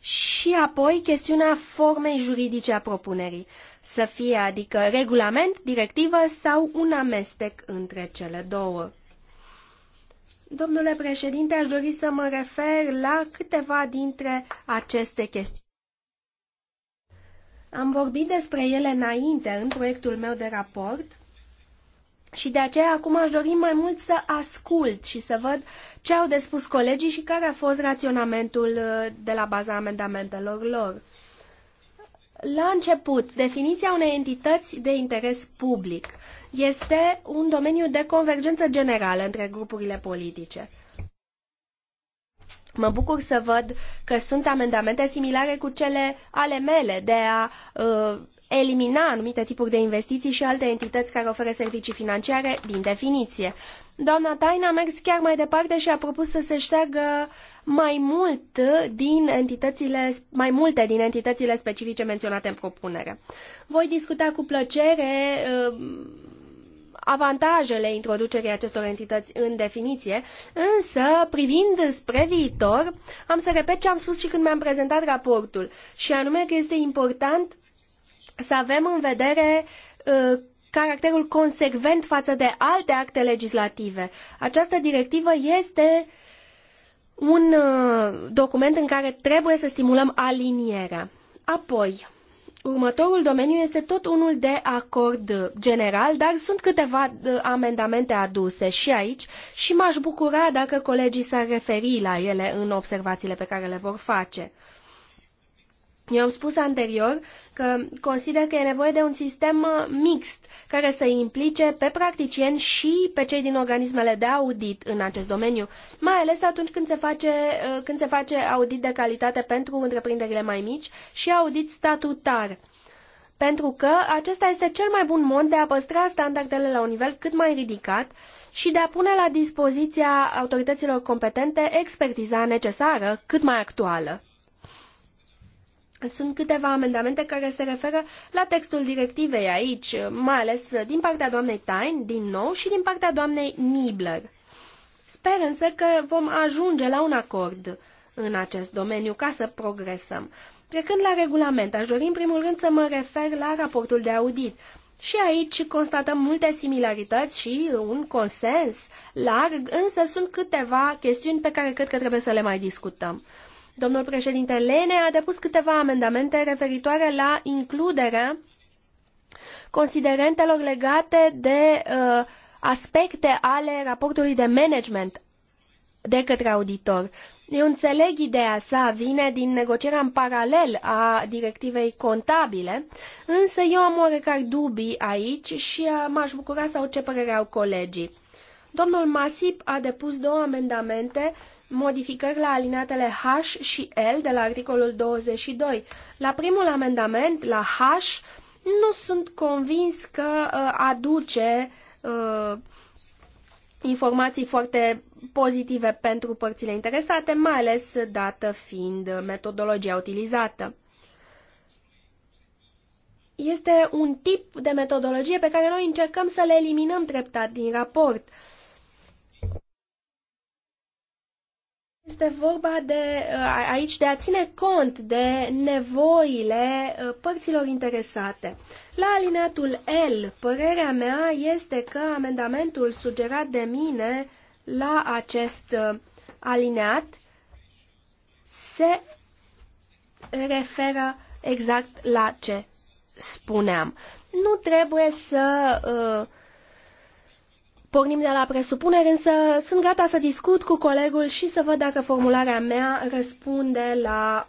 și apoi chestiunea formei juridice a propunerii să fie, adică regulament, directivă sau un amestec între cele două. Domnule președinte, aș dori să mă refer la câteva dintre aceste chestiuni. Am vorbit despre ele înainte în proiectul meu de raport și de aceea acum aș dori mai mult să ascult și să văd ce au de spus colegii și care a fost raționamentul uh, de la baza amendamentelor lor. La început, definiția unei entități de interes public este un domeniu de convergență generală între grupurile politice. Mă bucur să văd că sunt amendamente similare cu cele ale mele de a uh, elimina anumite tipuri de investiții și alte entități care oferă servicii financiare din definiție. Doamna Tain a mers chiar mai departe și a propus să se șteargă mai mult din entitățile, mai multe din entitățile specifice menționate în propunere. Voi discuta cu plăcere uh, avantajele introducerii acestor entități în definiție, însă, privind spre viitor, am să repet ce am spus și când mi-am prezentat raportul, și anume că este important să avem în vedere uh, caracterul consecvent față de alte acte legislative. Această directivă este un uh, document în care trebuie să stimulăm alinierea. Apoi, următorul domeniu este tot unul de acord general, dar sunt câteva uh, amendamente aduse și aici și m-aș bucura dacă colegii s-ar referi la ele în observațiile pe care le vor face. Uh, eu am spus anterior că consider că e nevoie de un sistem uh, mixt care să implice pe practicieni și pe cei din organismele de audit în acest domeniu, mai ales atunci când se face, uh, când se face audit de calitate pentru întreprinderile mai mici și audit statutar. Pentru că acesta este cel mai bun mod de a păstra standardele la un nivel cât mai ridicat și de a pune la dispoziția autorităților competente expertiza necesară, cât mai actuală. Sunt câteva amendamente care se referă la textul directivei aici, mai ales din partea doamnei Tain, din nou, și din partea doamnei Nibler. Sper însă că vom ajunge la un acord în acest domeniu ca să progresăm. Trecând la regulament, aș dori în primul rând să mă refer la raportul de audit. Și aici constatăm multe similarități și un consens larg, însă sunt câteva chestiuni pe care cred că trebuie să le mai discutăm. Domnul președinte Lene a depus câteva amendamente referitoare la includerea considerentelor legate de uh, aspecte ale raportului de management de către auditor. Eu înțeleg ideea sa, vine din negocierea în paralel a directivei contabile, însă eu am oarecare dubii aici și uh, m-aș bucura să aud ce părere au colegii. Domnul Masip a depus două amendamente modificări la alineatele H și L de la articolul 22. La primul amendament, la H, nu sunt convins că uh, aduce uh, informații foarte pozitive pentru părțile interesate, mai ales dată fiind metodologia utilizată. Este un tip de metodologie pe care noi încercăm să le eliminăm treptat din raport. Uh, Este vorba de, aici de a ține cont de nevoile ă, părților interesate. La alineatul L, părerea mea este că amendamentul sugerat de mine la acest ă, alineat se referă exact la ce spuneam. Nu trebuie să uh, Pornim de la presupuneri, însă sunt gata să discut cu colegul și să văd dacă formularea mea răspunde la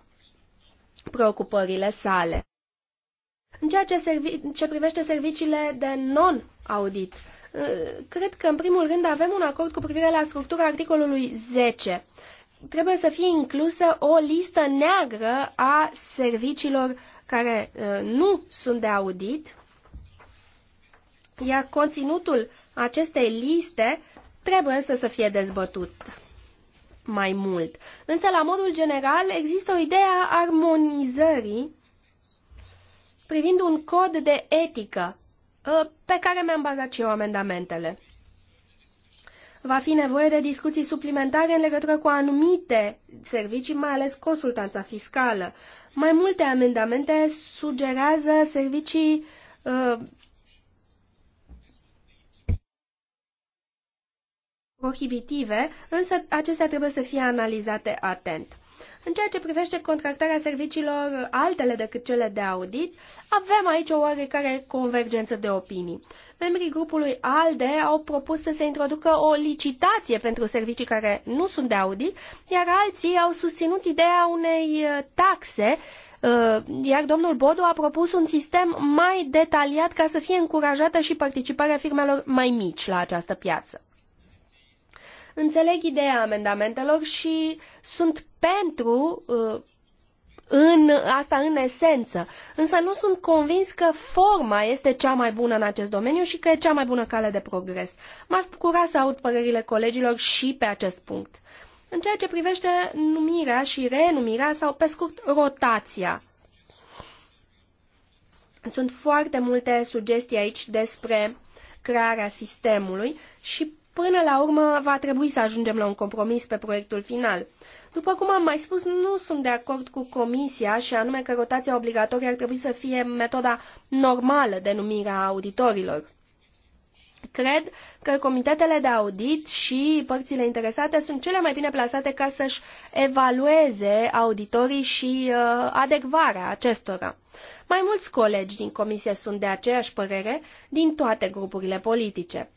preocupările sale. În ceea ce, servi- ce privește serviciile de non-audit, eh, cred că în primul rând avem un acord cu privire la structura articolului 10. Trebuie să fie inclusă o listă neagră a serviciilor care eh, nu sunt de audit, iar conținutul aceste liste trebuie însă să fie dezbătut mai mult. Însă, la modul general, există o idee a armonizării privind un cod de etică ă, pe care mi-am bazat și eu amendamentele. Va fi nevoie de discuții suplimentare în legătură cu anumite servicii, mai ales consultanța fiscală. Mai multe amendamente sugerează servicii uh, prohibitive, însă acestea trebuie să fie analizate atent. În ceea ce privește contractarea serviciilor altele decât cele de audit, avem aici o oarecare convergență de opinii. Membrii grupului ALDE au propus să se introducă o licitație pentru servicii care nu sunt de audit, iar alții au susținut ideea unei uh, taxe uh, iar domnul Bodu a propus un sistem mai detaliat ca să fie încurajată și participarea firmelor mai mici la această piață. Înțeleg ideea amendamentelor și sunt pentru uh, în asta în esență, însă nu sunt convins că forma este cea mai bună în acest domeniu și că e cea mai bună cale de progres. M-aș bucura să aud părerile colegilor și pe acest punct. În ceea ce privește numirea și renumirea sau, pe scurt, rotația. Sunt foarte multe sugestii aici despre crearea sistemului și Până la urmă, va trebui să ajungem la un compromis pe proiectul final. După cum am mai spus, nu sunt de acord cu Comisia și anume că rotația obligatorie ar trebui să fie metoda normală de numire a auditorilor. Cred că comitetele de audit și părțile interesate sunt cele mai bine plasate ca să-și evalueze auditorii și uh, adecvarea acestora. Mai mulți colegi din comisie sunt de aceeași părere din toate grupurile politice.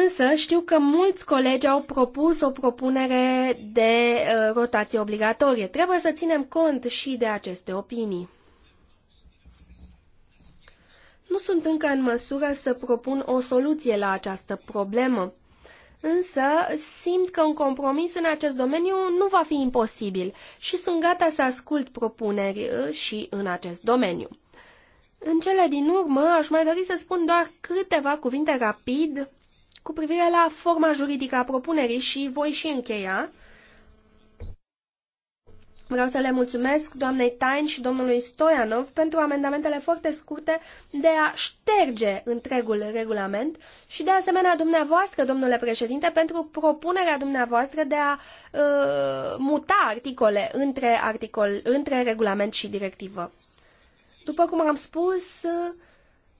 Însă știu că mulți colegi au propus o propunere de uh, rotație obligatorie. Trebuie să ținem cont și de aceste opinii. Nu sunt încă în măsură să propun o soluție la această problemă, însă simt că un compromis în acest domeniu nu va fi imposibil și sunt gata să ascult propuneri uh, și în acest domeniu. În cele din urmă, aș mai dori să spun doar câteva cuvinte rapid cu privire la forma juridică a propunerii și voi și încheia, vreau să le mulțumesc doamnei Tain și domnului Stoianov pentru amendamentele foarte scurte de a șterge întregul regulament și de asemenea dumneavoastră, domnule președinte, pentru propunerea dumneavoastră de a uh, muta articole între, articol, între regulament și directivă. După cum am spus, uh,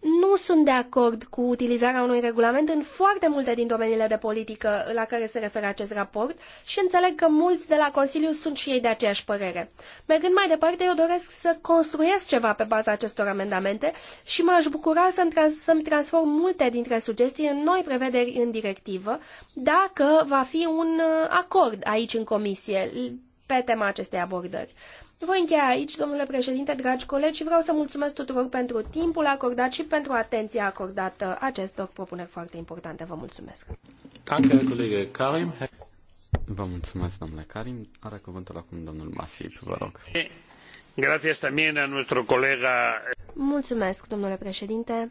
nu sunt de acord cu utilizarea unui regulament în foarte multe din domeniile de politică la care se referă acest raport și înțeleg că mulți de la Consiliu sunt și ei de aceeași părere. Mergând mai departe, eu doresc să construiesc ceva pe baza acestor amendamente și m-aș bucura să-mi, trans- să transform multe dintre sugestii în noi prevederi în directivă, dacă va fi un uh, acord aici în comisie pe tema acestei abordări. Voi încheia aici, domnule președinte, dragi colegi, și vreau să mulțumesc tuturor pentru timpul acordat și pentru atenția acordată acestor propuneri foarte importante. Vă mulțumesc. Danke, colegă Karim. Vă mulțumesc, domnule Karim. Are cuvântul acum domnul Masip, vă rog. Gracias también a nuestro colega. Mulțumesc, domnule președinte.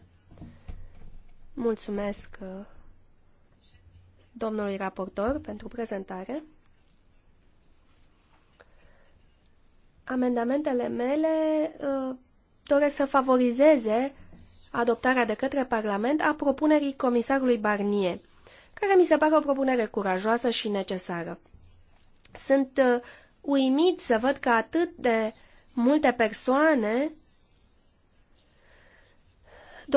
Mulțumesc uh, domnului raportor pentru prezentare. amendamentele mele uh, doresc să favorizeze adoptarea de către Parlament a propunerii comisarului Barnier, care mi se pare o propunere curajoasă și necesară. Sunt uh, uimit să văd că atât de multe persoane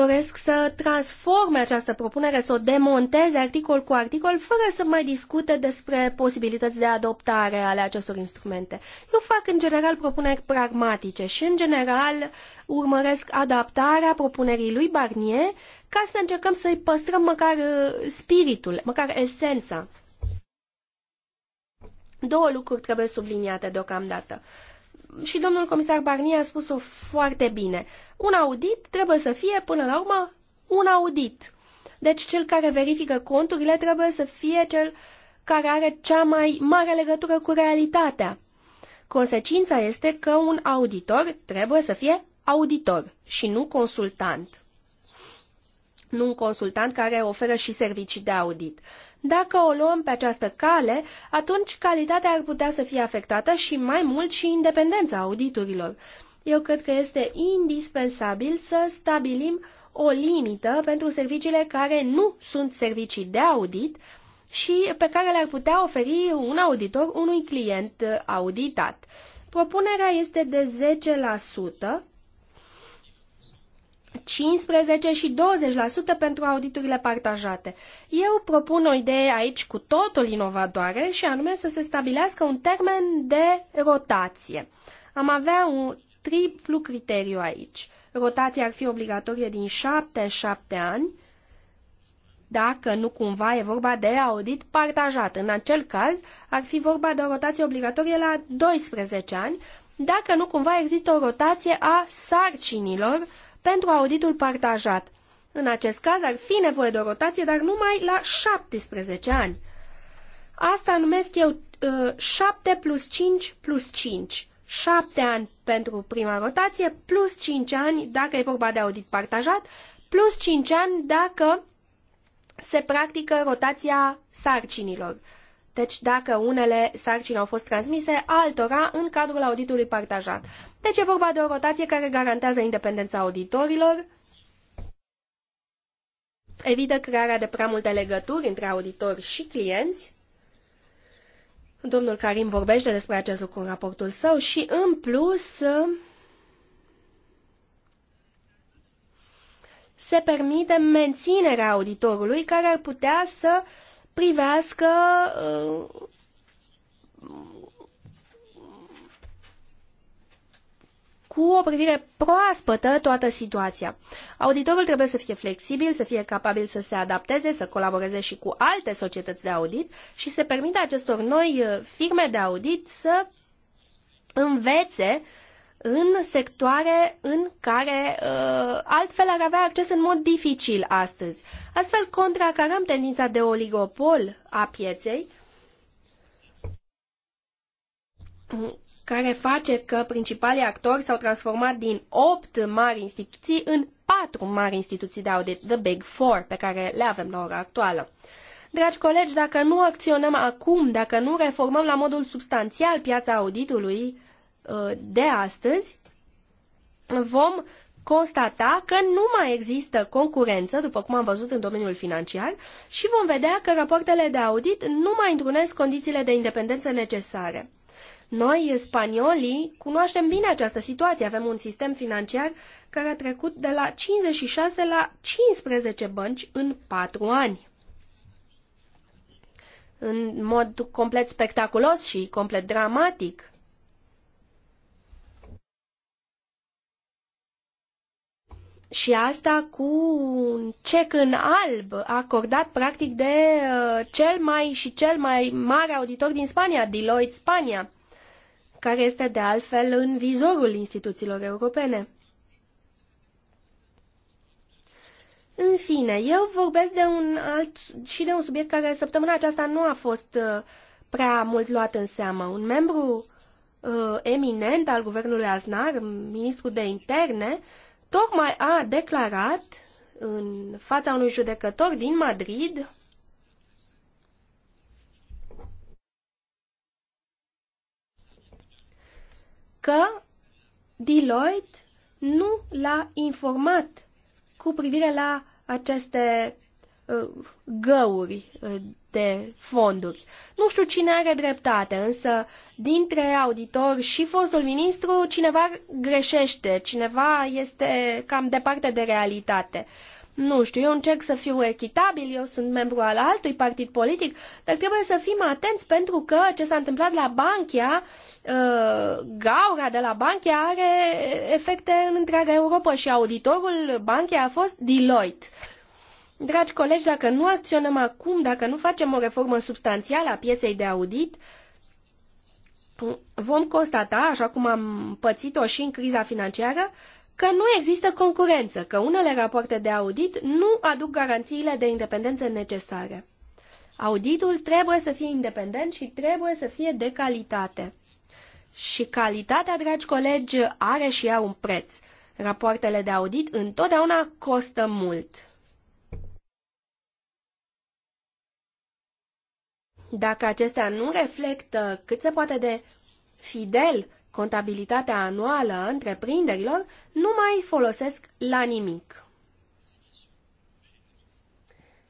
doresc să transforme această propunere, să o demonteze articol cu articol, fără să mai discute despre posibilități de adoptare ale acestor instrumente. Eu fac în general propuneri pragmatice și în general urmăresc adaptarea propunerii lui Barnier ca să încercăm să-i păstrăm măcar uh, spiritul, măcar esența. Două lucruri trebuie subliniate deocamdată și domnul comisar Barnier a spus-o foarte bine. Un audit trebuie să fie, până la urmă, un audit. Deci cel care verifică conturile trebuie să fie cel care are cea mai mare legătură cu realitatea. Consecința este că un auditor trebuie să fie auditor și nu consultant. Nu un consultant care oferă și servicii de audit. Dacă o luăm pe această cale, atunci calitatea ar putea să fie afectată și mai mult și independența auditurilor. Eu cred că este indispensabil să stabilim o limită pentru serviciile care nu sunt servicii de audit și pe care le-ar putea oferi un auditor unui client auditat. Propunerea este de 15 și 20% pentru auditurile partajate. Eu propun o idee aici cu totul inovatoare și anume să se stabilească un termen de rotație. Am avea un triplu criteriu aici. Rotația ar fi obligatorie din 7 în 7 ani, dacă nu cumva e vorba de audit partajat. În acel caz ar fi vorba de o rotație obligatorie la 12 ani, dacă nu cumva există o rotație a sarcinilor pentru auditul partajat. În acest caz ar fi nevoie de o rotație, dar numai la 17 ani. Asta numesc eu uh, 7 plus 5 plus 5. 7 ani pentru prima rotație, plus 5 ani dacă e vorba de audit partajat, plus 5 ani dacă se practică rotația sarcinilor. Uh, deci dacă unele sarcini au fost transmise, altora în cadrul auditului partajat. Deci e vorba de o rotație care garantează independența auditorilor, evită crearea de prea multe legături între auditori și clienți. Domnul Karim vorbește despre acest lucru în raportul său și, în plus, se permite menținerea auditorului care ar putea să uh, privească uh, cu o privire proaspătă toată situația. Auditorul trebuie să fie flexibil, să fie capabil să se adapteze, să colaboreze și cu alte societăți de audit și să permită acestor noi uh, firme de audit să învețe uh, în sectoare în care uh, altfel ar avea acces în mod dificil astăzi. Astfel contracarăm tendința de oligopol a pieței care face că principalii actori s-au transformat din opt mari instituții în patru mari instituții de audit, The Big Four, pe care le avem la ora actuală. Dragi colegi, dacă nu acționăm acum, dacă nu reformăm la modul substanțial piața auditului, Uh, de astăzi, vom constata că nu mai există concurență, după cum am văzut în domeniul financiar, și vom vedea că rapoartele de audit nu mai întrunesc condițiile de independență necesare. Noi, spaniolii, cunoaștem bine această situație. Avem un sistem financiar care a trecut de la 56 la 15 bănci în 4 ani. În mod complet spectaculos și complet dramatic. și asta cu un cec în alb acordat practic de uh, cel mai și cel mai mare auditor din Spania, Deloitte Spania, care este de altfel în vizorul instituțiilor europene. În fine, eu vorbesc de un alt, și de un subiect care săptămâna aceasta nu a fost uh, prea mult luat în seamă. Un membru uh, eminent al guvernului Aznar, ministru de interne, uh, tocmai a declarat în fața unui judecător din Madrid că Deloitte nu l-a informat cu privire la aceste Uh, găuri uh, de fonduri. Nu știu cine are dreptate, însă dintre auditori și fostul ministru cineva greșește, cineva este cam departe de realitate. Nu știu, eu încerc să fiu echitabil, eu sunt membru al altui partid politic, dar trebuie să fim atenți pentru că ce s-a întâmplat la Banchia, uh, gaura de la Banchia are efecte în întreaga Europa și auditorul Banchia a fost Deloitte. Dragi colegi, dacă nu acționăm acum, dacă nu facem o reformă substanțială a pieței de audit, vom constata, așa cum am pățit-o și în criza financiară, că nu există concurență, că unele rapoarte de audit nu aduc garanțiile de independență necesare. Auditul trebuie să fie independent și trebuie să fie de calitate. Și calitatea, dragi colegi, are și ea un preț. Rapoartele de audit întotdeauna costă mult. Dacă acestea nu reflectă cât se poate de fidel contabilitatea anuală a întreprinderilor, nu mai folosesc la nimic.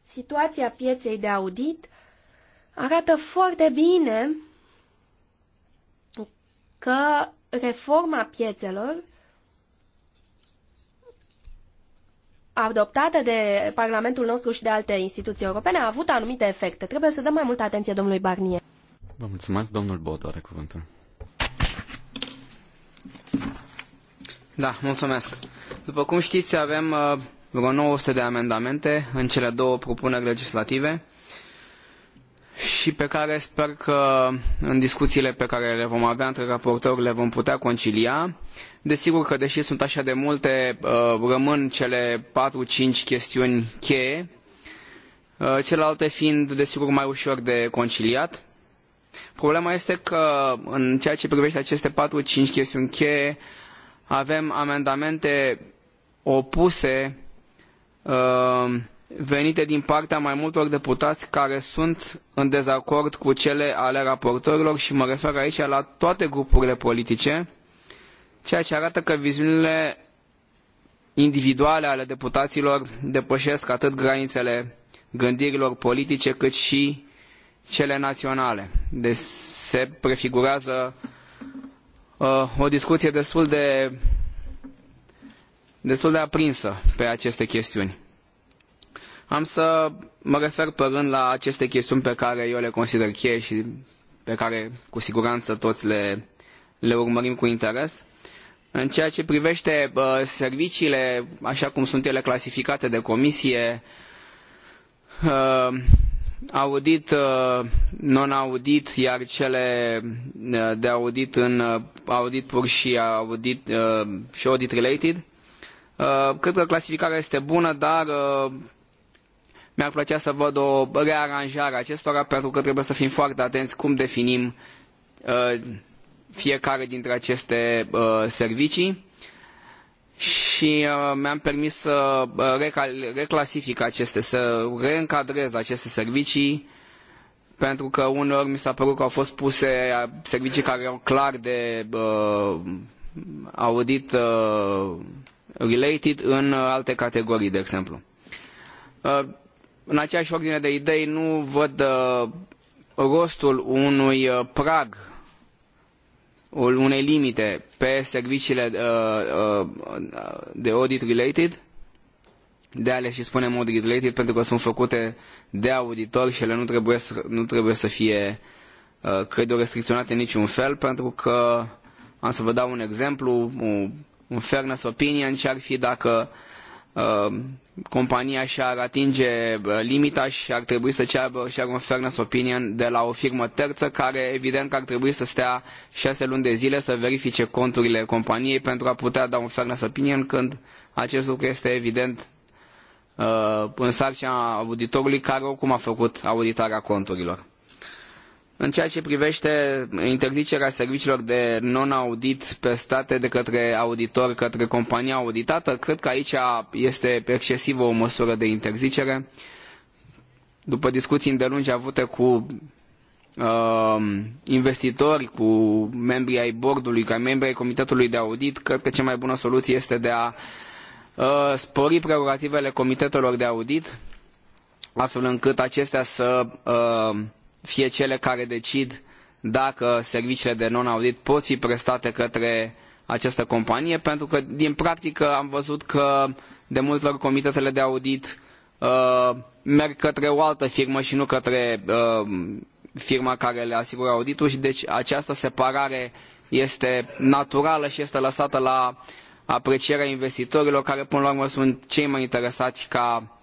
Situația pieței de audit arată foarte bine că reforma piețelor adoptată de Parlamentul nostru și de alte instituții europene a avut anumite efecte. Trebuie să dăm mai multă atenție domnului Barnier. Vă mulțumesc, domnul Bodo are cuvântul. Da, mulțumesc. După cum știți, avem uh, vreo 900 de amendamente în cele două propuneri legislative și pe care sper că în discuțiile pe care le vom avea între raportori le vom putea concilia. Desigur că, deși sunt așa de multe, uh, rămân cele patru cinci chestiuni cheie, uh, celelalte fiind, desigur, mai ușor de conciliat. Problema este că, în ceea ce privește aceste patru cinci chestiuni cheie, avem amendamente opuse uh, venite din partea mai multor deputați care sunt în dezacord cu cele ale raportorilor și mă refer aici la toate grupurile politice, ceea ce arată că viziunile individuale ale deputaților depășesc atât granițele gândirilor politice cât și cele naționale. Deci se prefigurează uh, o discuție destul de, destul de aprinsă pe aceste chestiuni. Am să mă refer pe rând la aceste chestiuni pe care eu le consider cheie și pe care cu siguranță toți le, le urmărim cu interes. În ceea ce privește uh, serviciile, așa cum sunt ele clasificate de comisie, uh, audit, uh, non-audit, iar cele ă, de audit în audit pur și audit și audit related, cred că clasificarea este bună, dar mi-ar plăcea să văd o rearanjare a acestora pentru că trebuie să fim foarte atenți cum definim uh, fiecare dintre aceste uh, servicii și uh, mi-am permis să uh, recal, reclasific aceste, să reîncadrez aceste servicii pentru că uneori mi s-a părut că au fost puse uh, servicii care au clar de uh, audit uh, related în uh, alte categorii, de exemplu în aceeași ordine de idei nu văd uh, rostul unui uh, prag unei limite pe serviciile uh, de audit related de ales și spunem audit related pentru că sunt făcute de auditori și ele nu trebuie să, nu trebuie să fie cred eu restricționate în niciun fel pentru că am să vă dau un exemplu un fairness opinion ce ar fi dacă uh, Uh, compania și-ar atinge uh, limita și ar trebui să ceară și ar un fairness opinion de la o firmă terță care evident că ar trebui să stea șase luni de zile să verifice conturile companiei pentru a putea da un fairness opinion când acest lucru este evident uh, în sarcina auditorului care oricum a făcut auditarea conturilor. În ceea ce privește interzicerea serviciilor de non-audit prestate de către auditor către compania auditată, cred că aici este excesivă o măsură de interzicere. După discuții îndelungi avute cu uh, investitori, cu membrii ai bordului, ca membrii ai comitetului de audit, cred că cea mai bună soluție este de a uh, spori prerogativele comitetelor de audit, astfel încât acestea să uh, fie cele care decid dacă serviciile de non-audit pot fi prestate către această companie, pentru că din practică am văzut că de multe ori comitetele de audit uh, merg către o altă firmă și nu către uh, firma care le asigură auditul și deci această separare este naturală și este lăsată la aprecierea investitorilor care până la urmă sunt cei mai interesați ca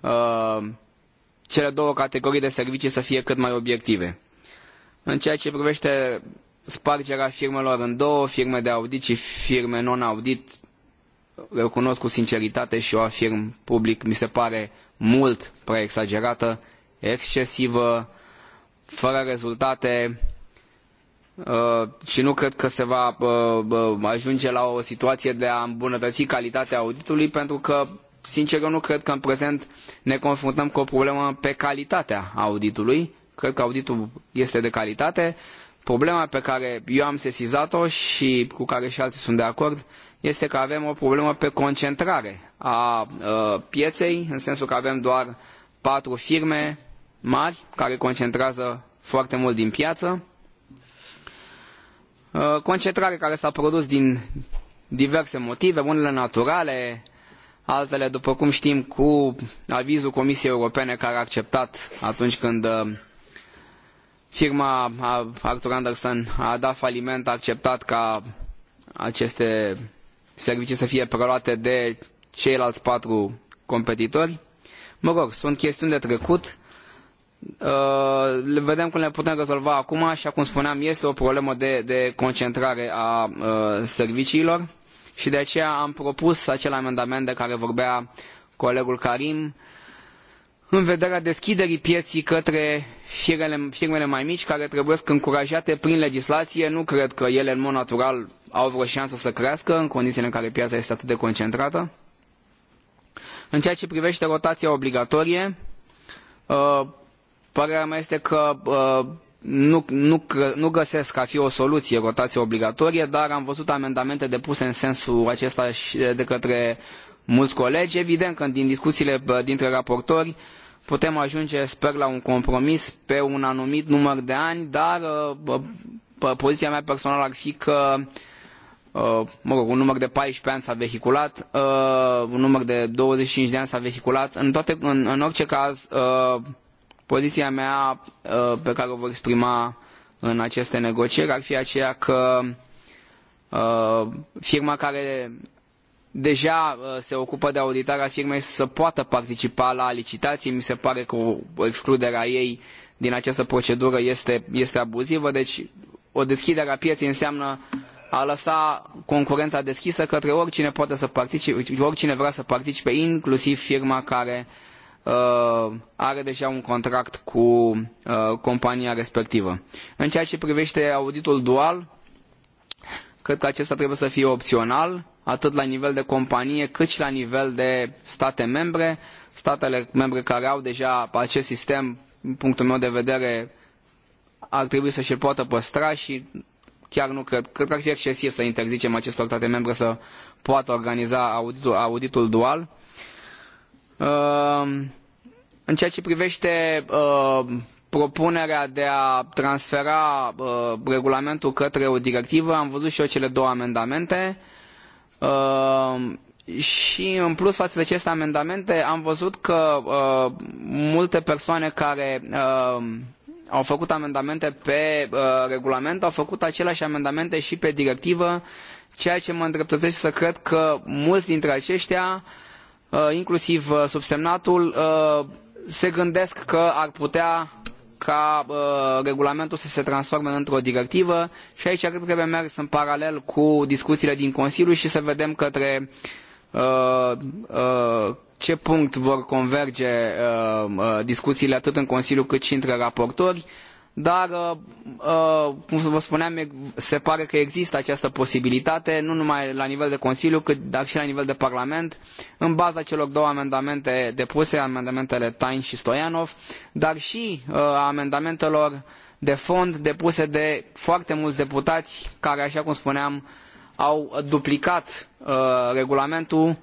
uh, cele două categorii de servicii să fie cât mai obiective. În ceea ce privește spargerea firmelor în două, firme de audit și firme non-audit, recunosc cu sinceritate și o afirm public, mi se pare mult prea exagerată, excesivă, fără rezultate uh, și nu cred că se va uh, uh, ajunge la o situație de a îmbunătăți calitatea auditului pentru că sincer eu nu cred că în prezent ne confruntăm cu o problemă pe calitatea auditului. Cred că auditul este de calitate. Problema pe care eu am sesizat-o și cu care și alții sunt de acord este că avem o problemă pe concentrare a uh, pieței, în sensul că avem doar patru firme mari care concentrează foarte mult din piață. Ă, concentrare care s-a produs din diverse motive, unele naturale, altele, după cum știm, cu avizul Comisiei Europene care a acceptat atunci când uh, firma Arthur Anderson a dat faliment, a acceptat ca aceste servicii să fie preluate de ceilalți patru competitori. Mă rog, sunt chestiuni de trecut. Uh, le vedem cum le putem rezolva acum și, cum spuneam, este o problemă de, de concentrare a uh, serviciilor și de aceea am propus acel amendament de care vorbea colegul Karim în vederea deschiderii pieții către firmele, firmele mai mici care trebuie încurajate prin legislație. Nu cred că ele în mod natural au vreo șansă să crească în condițiile în care piața este atât de concentrată. În ceea ce privește rotația obligatorie, uh, părerea mea este că uh, nu, nu, nu găsesc a fi o soluție rotația obligatorie, dar am văzut amendamente depuse în sensul acesta de către mulți colegi. Evident că din discuțiile dintre raportori putem ajunge, sper, la un compromis pe un anumit număr de ani, dar poziția mea personală ar fi că mă rog, un număr de 14 ani s-a vehiculat, un număr de 25 de ani s-a vehiculat. În, toate, în, în orice caz, Poziția mea uh, pe care o voi exprima în aceste negocieri ar fi aceea că uh, firma care deja uh, se ocupă de auditarea firmei să poată participa la licitații. Mi se pare că excluderea ei din această procedură este, este abuzivă, deci o deschidere a pieței înseamnă a lăsa concurența deschisă către oricine poate să participe, oricine vrea să participe, inclusiv firma care uh, Uh, are deja un contract cu uh, compania respectivă. În ceea ce privește auditul dual, cred că acesta trebuie să fie opțional, atât la nivel de companie cât și la nivel de state membre. Statele membre care au deja acest sistem, din punctul meu de vedere, ar trebui să și-l poată păstra și chiar nu cred. Cred că ar fi excesiv să interzicem acestor state membre să poată organiza auditul, auditul dual Ehm, în ceea ce privește ehm, propunerea de a transfera ehm, regulamentul către o directivă, am văzut și eu cele două amendamente. Și în plus față de aceste amendamente am văzut că uh, multe persoane care uh, au făcut amendamente pe uh, regulament au făcut aceleași amendamente și pe directivă, ceea ce mă îndreptățește să cred că mulți dintre aceștia uh, Uh, inclusiv uh, subsemnatul, uh, se gândesc că ar putea ca regulamentul să se transforme într-o directivă și aici cred că trebuie mers în paralel cu discuțiile din Consiliu și să vedem către ce punct vor converge discuțiile atât în Consiliu cât și între raportori. Uh, dar, uh, uh, cum vă spuneam, se pare că există această posibilitate, nu numai la nivel de Consiliu, cât dar și la nivel de Parlament, în baza celor două amendamente depuse, amendamentele Tain și Stoianov, dar și a uh, amendamentelor de fond depuse de foarte mulți deputați care, așa cum spuneam, au duplicat regulamentul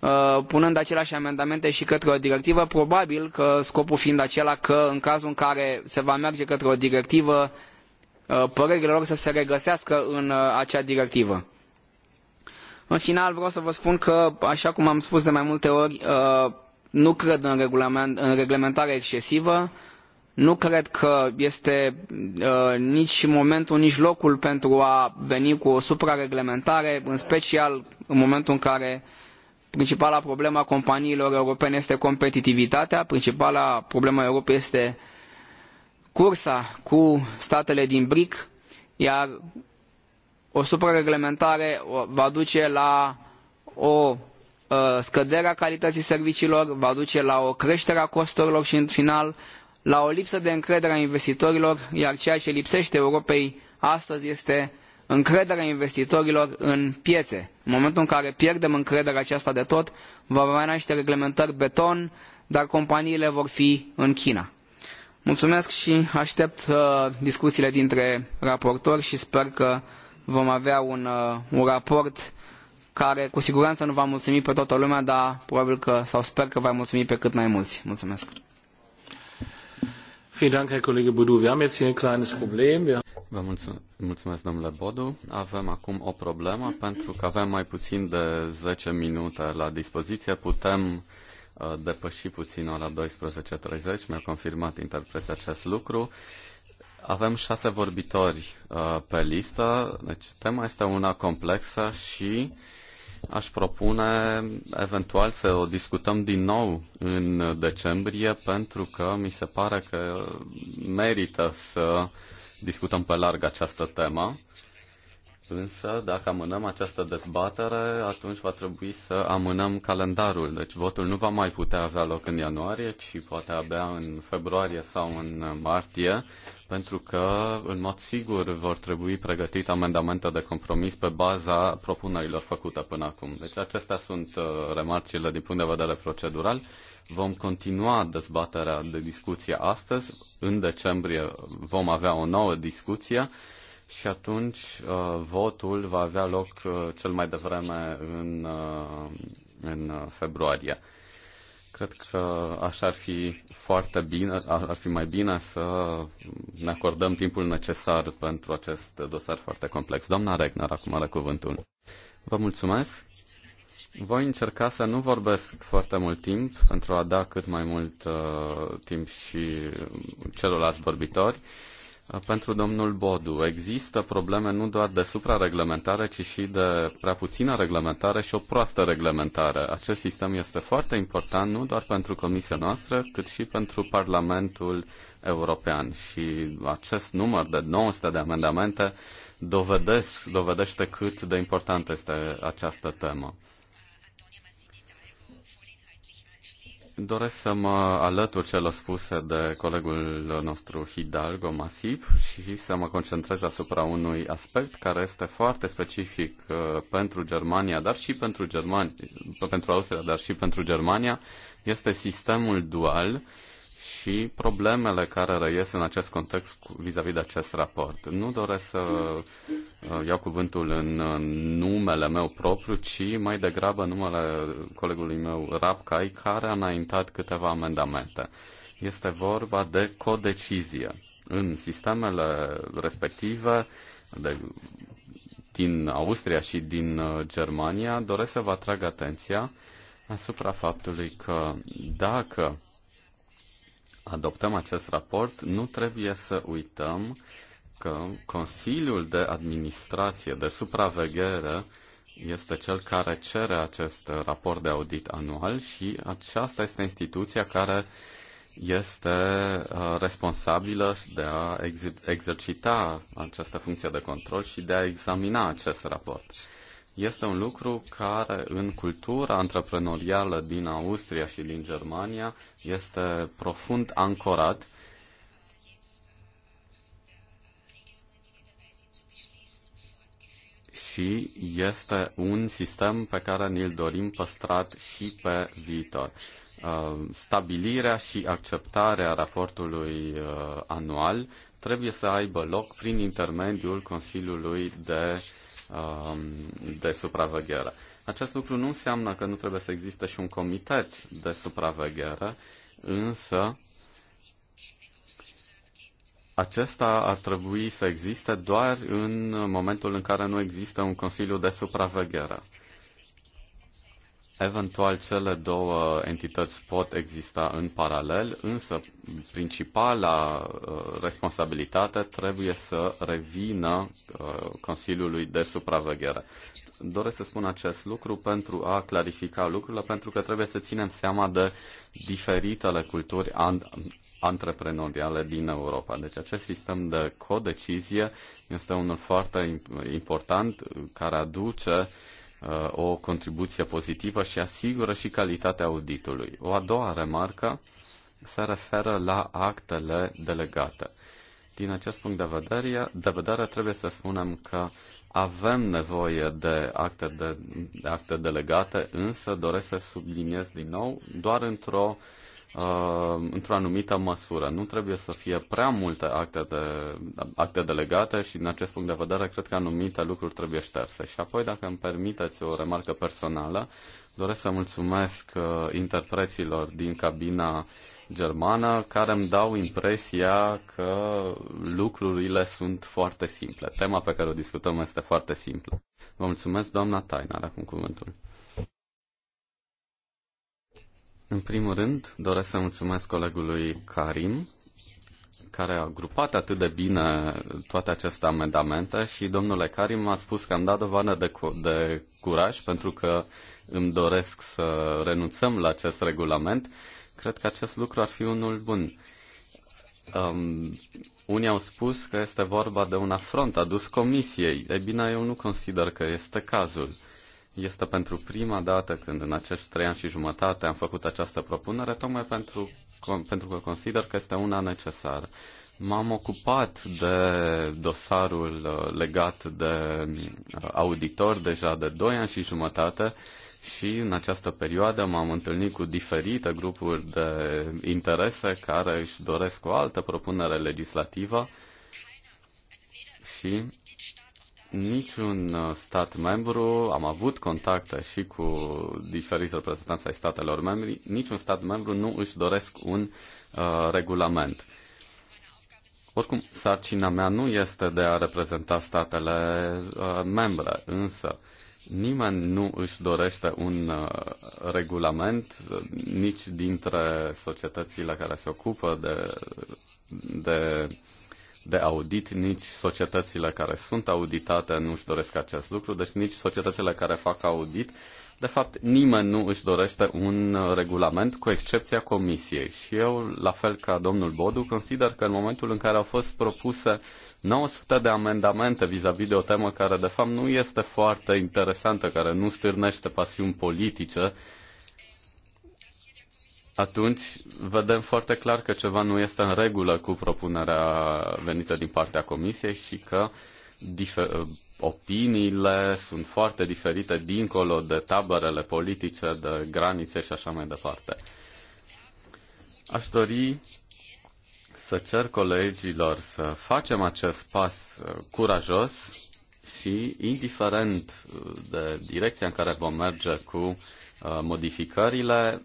Uh, punând aceleași amendamente și către o directivă, probabil că scopul fiind acela că în cazul în care se va merge către o directivă, uh, părerile lor să se regăsească în uh, acea directivă. În final vreau să vă spun că, așa cum am spus de mai multe ori, nu cred în, în reglementare excesivă, nu cred că este nici momentul, nici locul pentru a veni cu o suprareglementare, în special în momentul în care Principala problemă a companiilor europene este competitivitatea, principala problemă a Europei este cursa cu statele din BRIC, iar o suprareglementare va duce la o uh, scădere a calității serviciilor, va duce la o creștere a costurilor și, în final, la o lipsă de încredere a investitorilor, iar ceea ce lipsește Europei astăzi este încrederea investitorilor în piețe. În momentul în care pierdem încrederea aceasta de tot, va avea niște reglementări beton, dar companiile vor fi în China. Mulțumesc și aștept uh, discuțiile dintre raportori și sper că vom avea un, uh, un raport care cu siguranță nu va mulțumi pe toată lumea, dar probabil că, sau sper că va mulțumi pe cât mai mulți. Mulțumesc! Vielen Dank, Herr Kollege Boudou. Wir haben jetzt hier ein kleines Problem. Wir Vă mulțumesc, mulțumesc, domnule Bodu. Avem acum o problemă, pentru că avem mai puțin de 10 minute la dispoziție. Putem uh, depăși puțin ora 12.30, mi-a confirmat interpreția acest lucru. Avem șase vorbitori uh, pe listă, deci tema este una complexă și aș propune eventual să o discutăm din nou în decembrie, pentru că mi se pare că merită să uh, discutăm pe larg această temă. Însă, dacă amânăm această dezbatere, atunci va trebui să amânăm calendarul. Deci votul nu va mai putea avea loc în ianuarie, ci poate abia în februarie sau în martie, pentru că, în mod sigur, vor trebui pregătite amendamente de compromis pe baza propunerilor făcute până acum. Deci acestea sunt uh, remarcile din punct de vedere procedural Vom continua dezbaterea de discuție astăzi. În decembrie vom avea o nouă discuție și atunci uh, votul va avea loc uh, cel mai devreme în, uh, în februarie. Cred că așa ar fi foarte bine, ar fi mai bine să ne acordăm timpul necesar pentru acest dosar foarte complex. Doamna Regner, acum are cuvântul. Vă mulțumesc. Voi încerca să nu vorbesc foarte mult timp pentru a da cât mai mult uh, timp și celorlalți vorbitori. Uh, pentru domnul Bodu, există probleme nu doar de suprareglementare, ci și de prea puțină reglementare și o proastă reglementare. Acest sistem este foarte important nu doar pentru Comisia noastră, cât și pentru Parlamentul European. Și acest număr de 900 de amendamente dovedesc, dovedește cât de importantă este această temă. Doresc să mă alătur celor spuse de colegul nostru Hidalgo Masip și să mă concentrez asupra unui aspect care este foarte specific uh, pentru Germania, dar și pentru, Germani, pentru Austria, dar și pentru Germania, este sistemul dual și problemele care răies în acest context vis a -vis de acest raport. Nu doresc să Uh, iau cuvântul în uh, numele meu propriu, ci mai degrabă în numele colegului meu Rapcai, care a înaintat câteva amendamente. Este vorba de codecizie. În sistemele respective, de, din Austria și din uh, Germania, doresc să vă atrag atenția asupra faptului că dacă adoptăm acest raport, nu trebuie să uităm că Consiliul de Administrație, de Supraveghere, este cel care cere acest raport de audit anual și aceasta este instituția care este uh, responsabilă de a exercita această funcție de control și de a examina acest raport. Este un lucru care în cultura antreprenorială din Austria și din Germania este profund ancorat și este un sistem pe care ni-l dorim păstrat și pe viitor. Uh, stabilirea și acceptarea raportului uh, anual trebuie să aibă loc prin intermediul Consiliului de, um, de supraveghere. Acest lucru nu înseamnă că nu trebuie să existe și un comitet de supraveghere, însă acesta ar trebui să existe doar în momentul în care nu există un Consiliu de Supraveghere. Eventual, cele două entități pot exista în paralel, însă principala uh, responsabilitate trebuie să revină uh, Consiliului de Supraveghere. Doresc să spun acest lucru pentru a clarifica lucrurile, pentru că trebuie să ținem seama de diferitele culturi antreprenoriale din Europa. Deci acest sistem de codecizie este unul foarte important care aduce uh, o contribuție pozitivă și asigură și calitatea auditului. O a doua remarcă se referă la actele delegate. Din acest punct de vedere, de vedere trebuie să spunem că avem nevoie de acte, de, de acte delegate, însă doresc să subliniez din nou doar într-o uh, Uh, într-o anumită măsură. Nu trebuie să fie prea multe acte, de, acte delegate și din acest punct de vedere cred că anumite lucruri trebuie șterse. Și apoi, dacă îmi permiteți o remarcă personală, doresc să mulțumesc uh, interpreților din cabina germană care îmi dau impresia că lucrurile sunt foarte simple. Tema pe care o discutăm este foarte simplă. Vă mulțumesc, doamna Tainar, acum cuvântul. În primul rând, doresc să mulțumesc colegului Karim, care a grupat atât de bine toate aceste amendamente și, domnule Karim, a spus că am dat dovadă de, cu- de curaj pentru că îmi doresc să renunțăm la acest regulament. Cred că acest lucru ar fi unul bun. Um, unii au spus că este vorba de un afront adus comisiei. Ei bine, eu nu consider că este cazul. Uh, este pentru prima dată când în acești trei ani și jumătate am făcut această propunere, tocmai pentru, pentru că consider că este una necesară. M-am ocupat de dosarul uh, legat de uh, auditor deja de doi ani și jumătate și în această perioadă m-am întâlnit cu diferite grupuri de interese care își doresc o altă propunere legislativă și niciun uh, stat membru, am avut contacte și cu diferiți reprezentanți ai statelor membri, niciun stat membru nu își doresc un uh, regulament. Oricum, sarcina mea nu este de a reprezenta statele uh, membre, însă nimeni nu își dorește un uh, regulament, uh, nici dintre societățile care se ocupă de, de de audit, nici societățile care sunt auditate nu își doresc acest lucru, deci nici societățile care fac audit. De fapt, nimeni nu își dorește un regulament, cu excepția Comisiei. Și eu, la fel ca domnul Bodu, consider că în momentul în care au fost propuse 900 de amendamente vis-a-vis -vis de o temă care, de fapt, nu este foarte interesantă, care nu stârnește pasiuni politice, atunci vedem foarte clar că ceva nu este în regulă cu propunerea venită din partea Comisiei și că opiniile sunt foarte diferite dincolo de taberele politice, de granițe și așa mai departe. Aș dori să cer colegilor să facem acest pas uh, curajos și, indiferent uh, de direcția în care vom merge cu uh, modificările,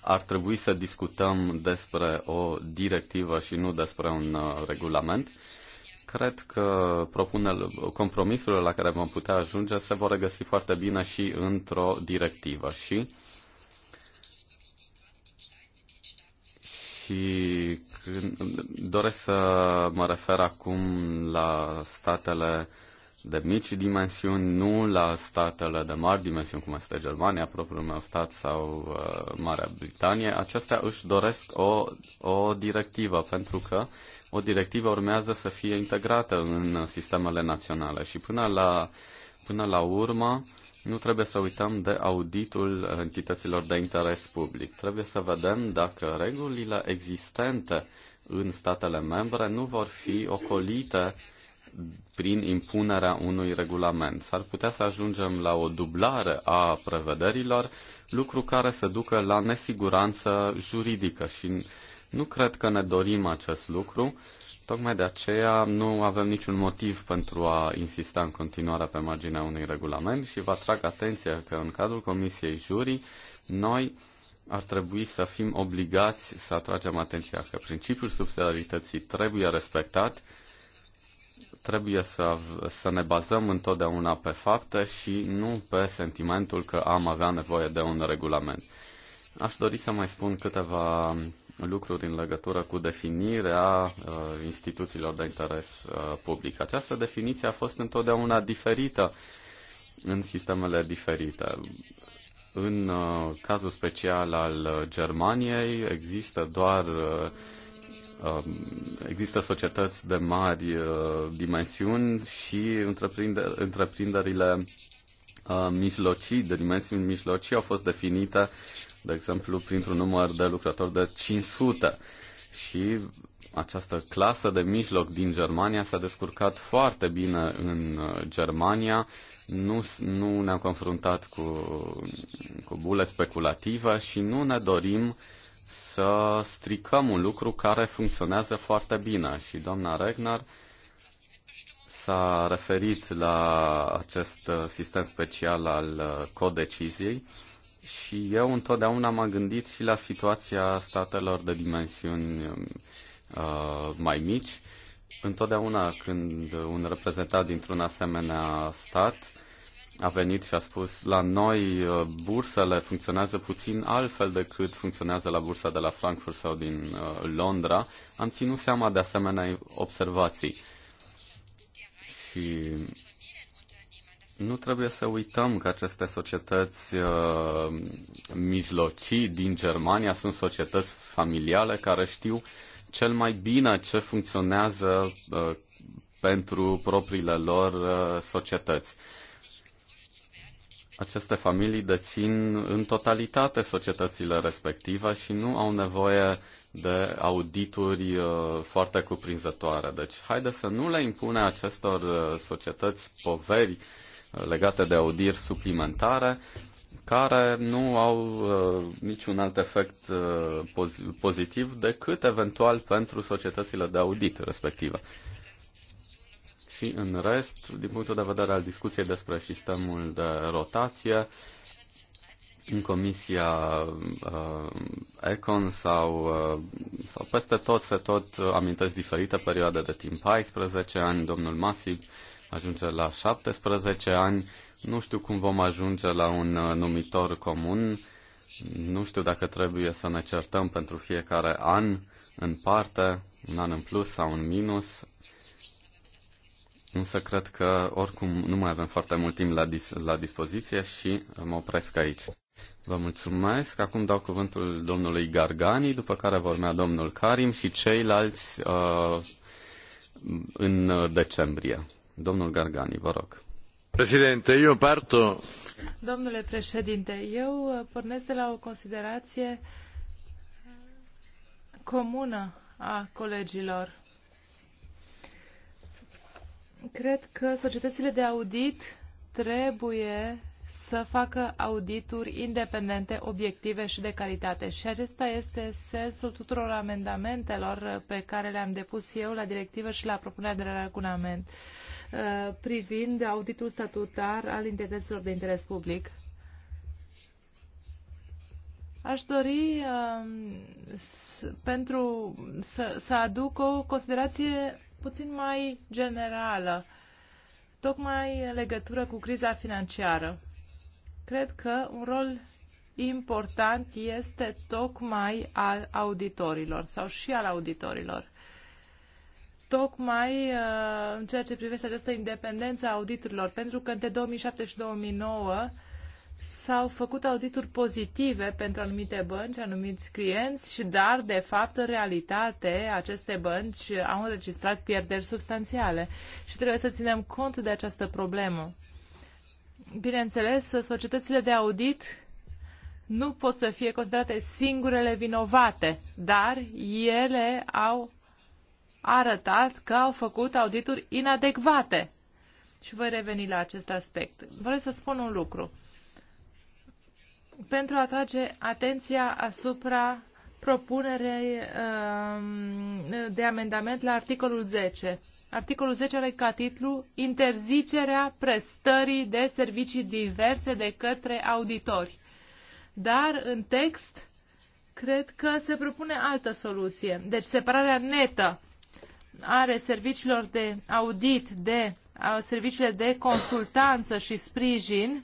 ar trebui să discutăm despre o directivă și nu despre un uh, regulament. Cred că compromisurile la care vom putea ajunge se vor regăsi foarte bine și într-o directivă și și doresc să mă refer acum la statele uh, de mici dimensiuni, nu la statele de mari dimensiuni, cum este Germania, propriul meu stat sau uh, Marea Britanie. Acestea își doresc o, o directivă, pentru că o directivă urmează să fie integrată în sistemele naționale și până la, până la urmă nu trebuie să uităm de auditul entităților de interes public. Trebuie să vedem dacă regulile existente în statele membre nu vor fi ocolite uh, prin impunerea unui regulament. S-ar putea să ajungem la o dublare a prevederilor, lucru care să ducă la nesiguranță juridică și nu cred că ne dorim acest lucru. Tocmai de aceea nu avem niciun motiv pentru a insista în continuare pe marginea unui regulament și vă atrag atenția că în cadrul Comisiei Jurii noi ar trebui să fim obligați să atragem atenția că principiul subsidiarității trebuie respectat trebuie să, să ne bazăm întotdeauna pe fapte și nu pe sentimentul că am avea nevoie de un regulament. Aș dori să mai spun câteva lucruri în legătură cu definirea uh, instituțiilor de interes uh, public. Această definiție a fost întotdeauna diferită în sistemele diferite. În uh, cazul special al uh, Germaniei există doar uh, Um, există societăți de mari uh, dimensiuni și întreprinderile uh, mijlocii, de dimensiuni mijlocii, au fost definite, de exemplu, printr-un număr de lucrători de 500. Și această clasă de mijloc din Germania s-a descurcat foarte bine în uh, Germania, nu, nu ne-am confruntat cu, cu bule speculative și nu ne dorim uh, să stricăm un lucru care funcționează foarte bine și doamna Regnar s-a referit la acest sistem special al codeciziei și eu întotdeauna m-am gândit și la situația statelor de dimensiuni uh, mai mici. Întotdeauna când un reprezentant dintr-un asemenea stat a venit și a spus la noi uh, bursele funcționează puțin altfel decât funcționează la bursa de la Frankfurt sau din uh, Londra, am ținut seama de asemenea observații. Și nu trebuie să uităm că aceste societăți uh, mijlocii din Germania sunt societăți familiale care știu cel mai bine ce funcționează uh, pentru propriile lor uh, societăți. Uh, aceste familii dețin în totalitate societățile respective și nu au nevoie de audituri uh, foarte cuprinzătoare. Deci, haide să nu le impune acestor uh, societăți poveri uh, legate de audiri suplimentare care nu au niciun alt efect pozitiv decât eventual pentru societățile de audit respective și în rest, din punctul de vedere al discuției despre sistemul de rotație, în comisia uh, Econ sau, uh, sau peste tot se tot amintesc diferite perioade de timp. 14 ani, domnul Masip ajunge la 17 ani. Nu știu cum vom ajunge la un uh, numitor comun. Nu știu dacă trebuie să ne certăm pentru fiecare an în parte, un an în plus sau în minus. Însă cred că oricum nu mai avem foarte mult timp la, dis- la dispoziție și mă opresc aici. Vă mulțumesc. Acum dau cuvântul domnului Gargani, după care vor urmea domnul Karim și ceilalți uh, în decembrie. Domnul Gargani, vă rog. Președinte, eu parto. Domnule președinte, eu uh, pornesc de la o considerație comună a colegilor Cred că societățile de audit trebuie să facă audituri independente, obiective și de calitate. Și acesta este sensul tuturor amendamentelor pe care le-am depus eu la directivă și la propunerea de regulament uh, privind auditul statutar al intereselor de interes public. Aș dori um, pentru să, să aduc o considerație puțin mai generală, tocmai în legătură cu criza financiară. Cred că un rol important este tocmai al auditorilor sau și al auditorilor. Tocmai uh, în ceea ce privește această independență a auditorilor, pentru că între 2007 și 2009 s-au făcut audituri pozitive pentru anumite bănci, anumiți clienți, și dar, de fapt, în realitate, aceste bănci au înregistrat pierderi substanțiale și trebuie să ținem cont de această problemă. Bineînțeles, societățile de audit nu pot să fie considerate singurele vinovate, dar ele au arătat că au făcut audituri inadecvate. Și voi reveni la acest aspect. Vreau să spun un lucru pentru a atrage atenția asupra propunerei um, de amendament la articolul 10. Articolul 10 are ca titlu Interzicerea prestării de servicii diverse de către auditori. Dar în text cred că se propune altă soluție. Deci separarea netă are serviciilor de audit de serviciile de consultanță și sprijin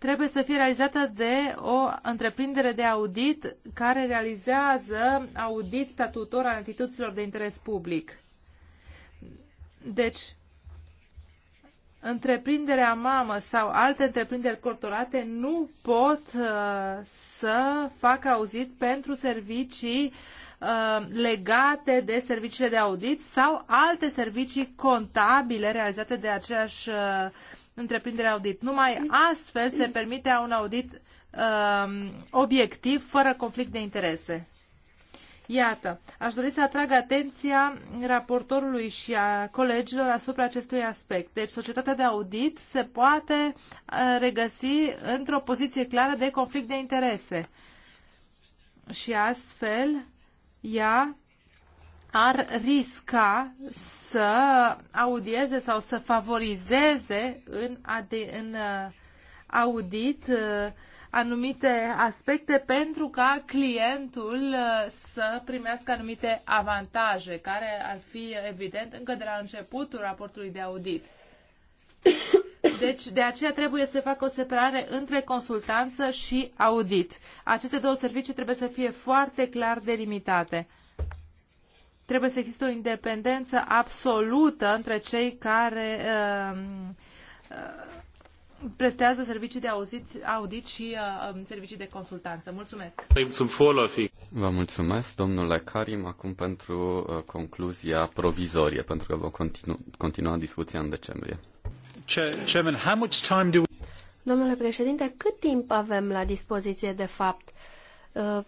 trebuie să fie realizată de o întreprindere de audit care realizează audit statutor al instituțiilor de interes public. Deci, întreprinderea mamă sau alte întreprinderi corporate nu pot uh, să facă auzit pentru servicii uh, legate de serviciile de audit sau alte servicii contabile realizate de aceeași uh, întreprindere audit. Numai astfel se permite un audit uh, obiectiv, fără conflict de interese. Iată, aș dori să atrag atenția raportorului și a colegilor asupra acestui aspect. Deci, societatea de audit se poate uh, regăsi într-o poziție clară de conflict de interese. Și astfel, ea ar risca să audieze sau să favorizeze în, ad- în uh, audit uh, anumite aspecte pentru ca clientul uh, să primească anumite avantaje care ar fi evident încă de la începutul raportului de audit. Deci, de aceea trebuie să facă o separare între consultanță și audit. Aceste două servicii trebuie să fie foarte clar delimitate. Trebuie să existe o independență absolută între cei care um, uh, prestează servicii de audit, audit și uh, um, servicii de consultanță. Mulțumesc! Vă mulțumesc, domnule Karim, acum pentru uh, concluzia provizorie, pentru că vom continu- continua discuția în decembrie. Chairman, how much time do we... Domnule președinte, cât timp avem la dispoziție de fapt? Uh,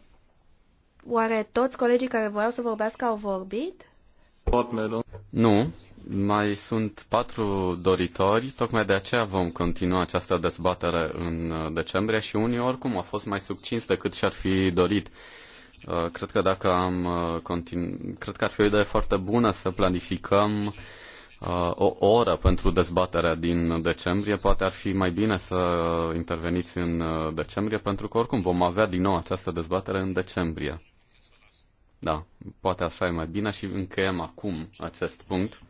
Oare toți colegii care voiau să vorbească au vorbit? Nu, mai sunt patru doritori, tocmai de aceea vom continua această dezbatere în uh, decembrie și unii oricum au fost mai succinți decât și-ar fi dorit. Uh, cred că dacă am uh, continu... cred că ar fi o idee foarte bună să planificăm o oră pentru dezbaterea din decembrie. Poate ar fi mai bine să interveniți în decembrie, pentru că oricum vom avea din nou această dezbatere în decembrie. Da, poate așa e mai bine și încheiem acum acest punct.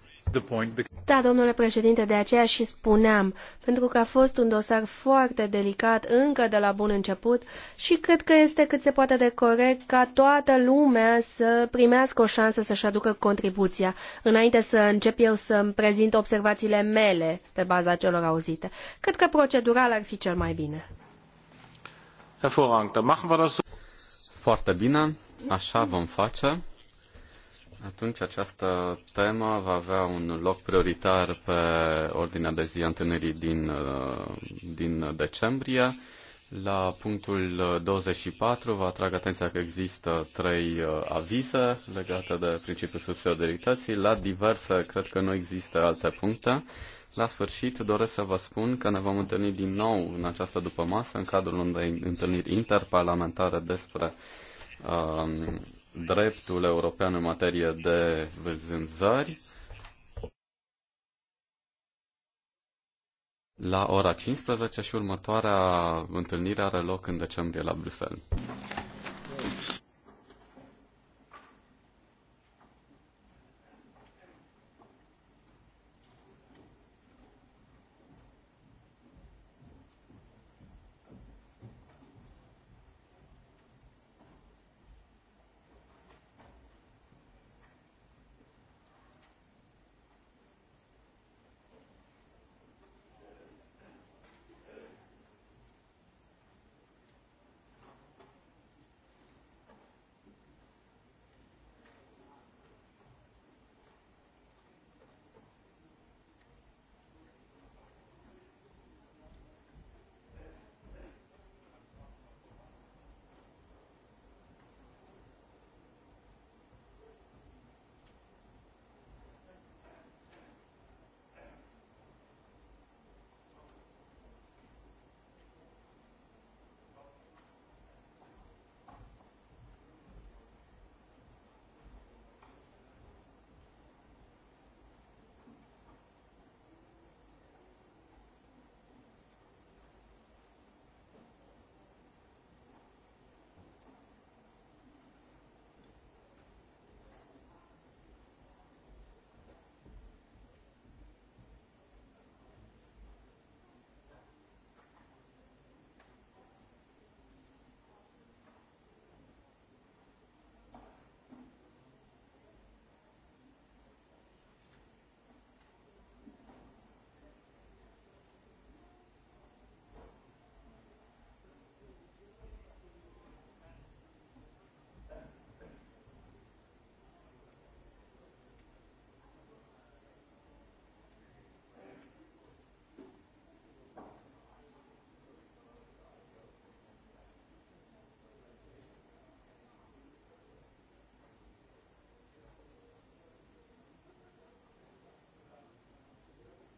Da, domnule președinte, de aceea și spuneam, pentru că a fost un dosar foarte delicat încă de la bun început și cred că este cât se poate de corect ca toată lumea să primească o șansă să-și aducă contribuția, înainte să încep eu să mi prezint observațiile mele pe baza celor auzite. Cred că procedural ar fi cel mai bine. Foarte bine, Așa vom face. Atunci această temă va avea un loc prioritar pe ordinea de zi a întâlnirii din, uh, din decembrie. La punctul 24 vă atrag atenția că există trei uh, avize legate de principiul subsidiarității. La diverse cred că nu există alte puncte. La sfârșit doresc să vă spun că ne vom întâlni din nou în această dupămasă în cadrul unei întâlniri interparlamentare despre uh, Um, dreptul european în materie de vânzări. La ora 15 și următoarea întâlnire are loc în decembrie la Bruxelles.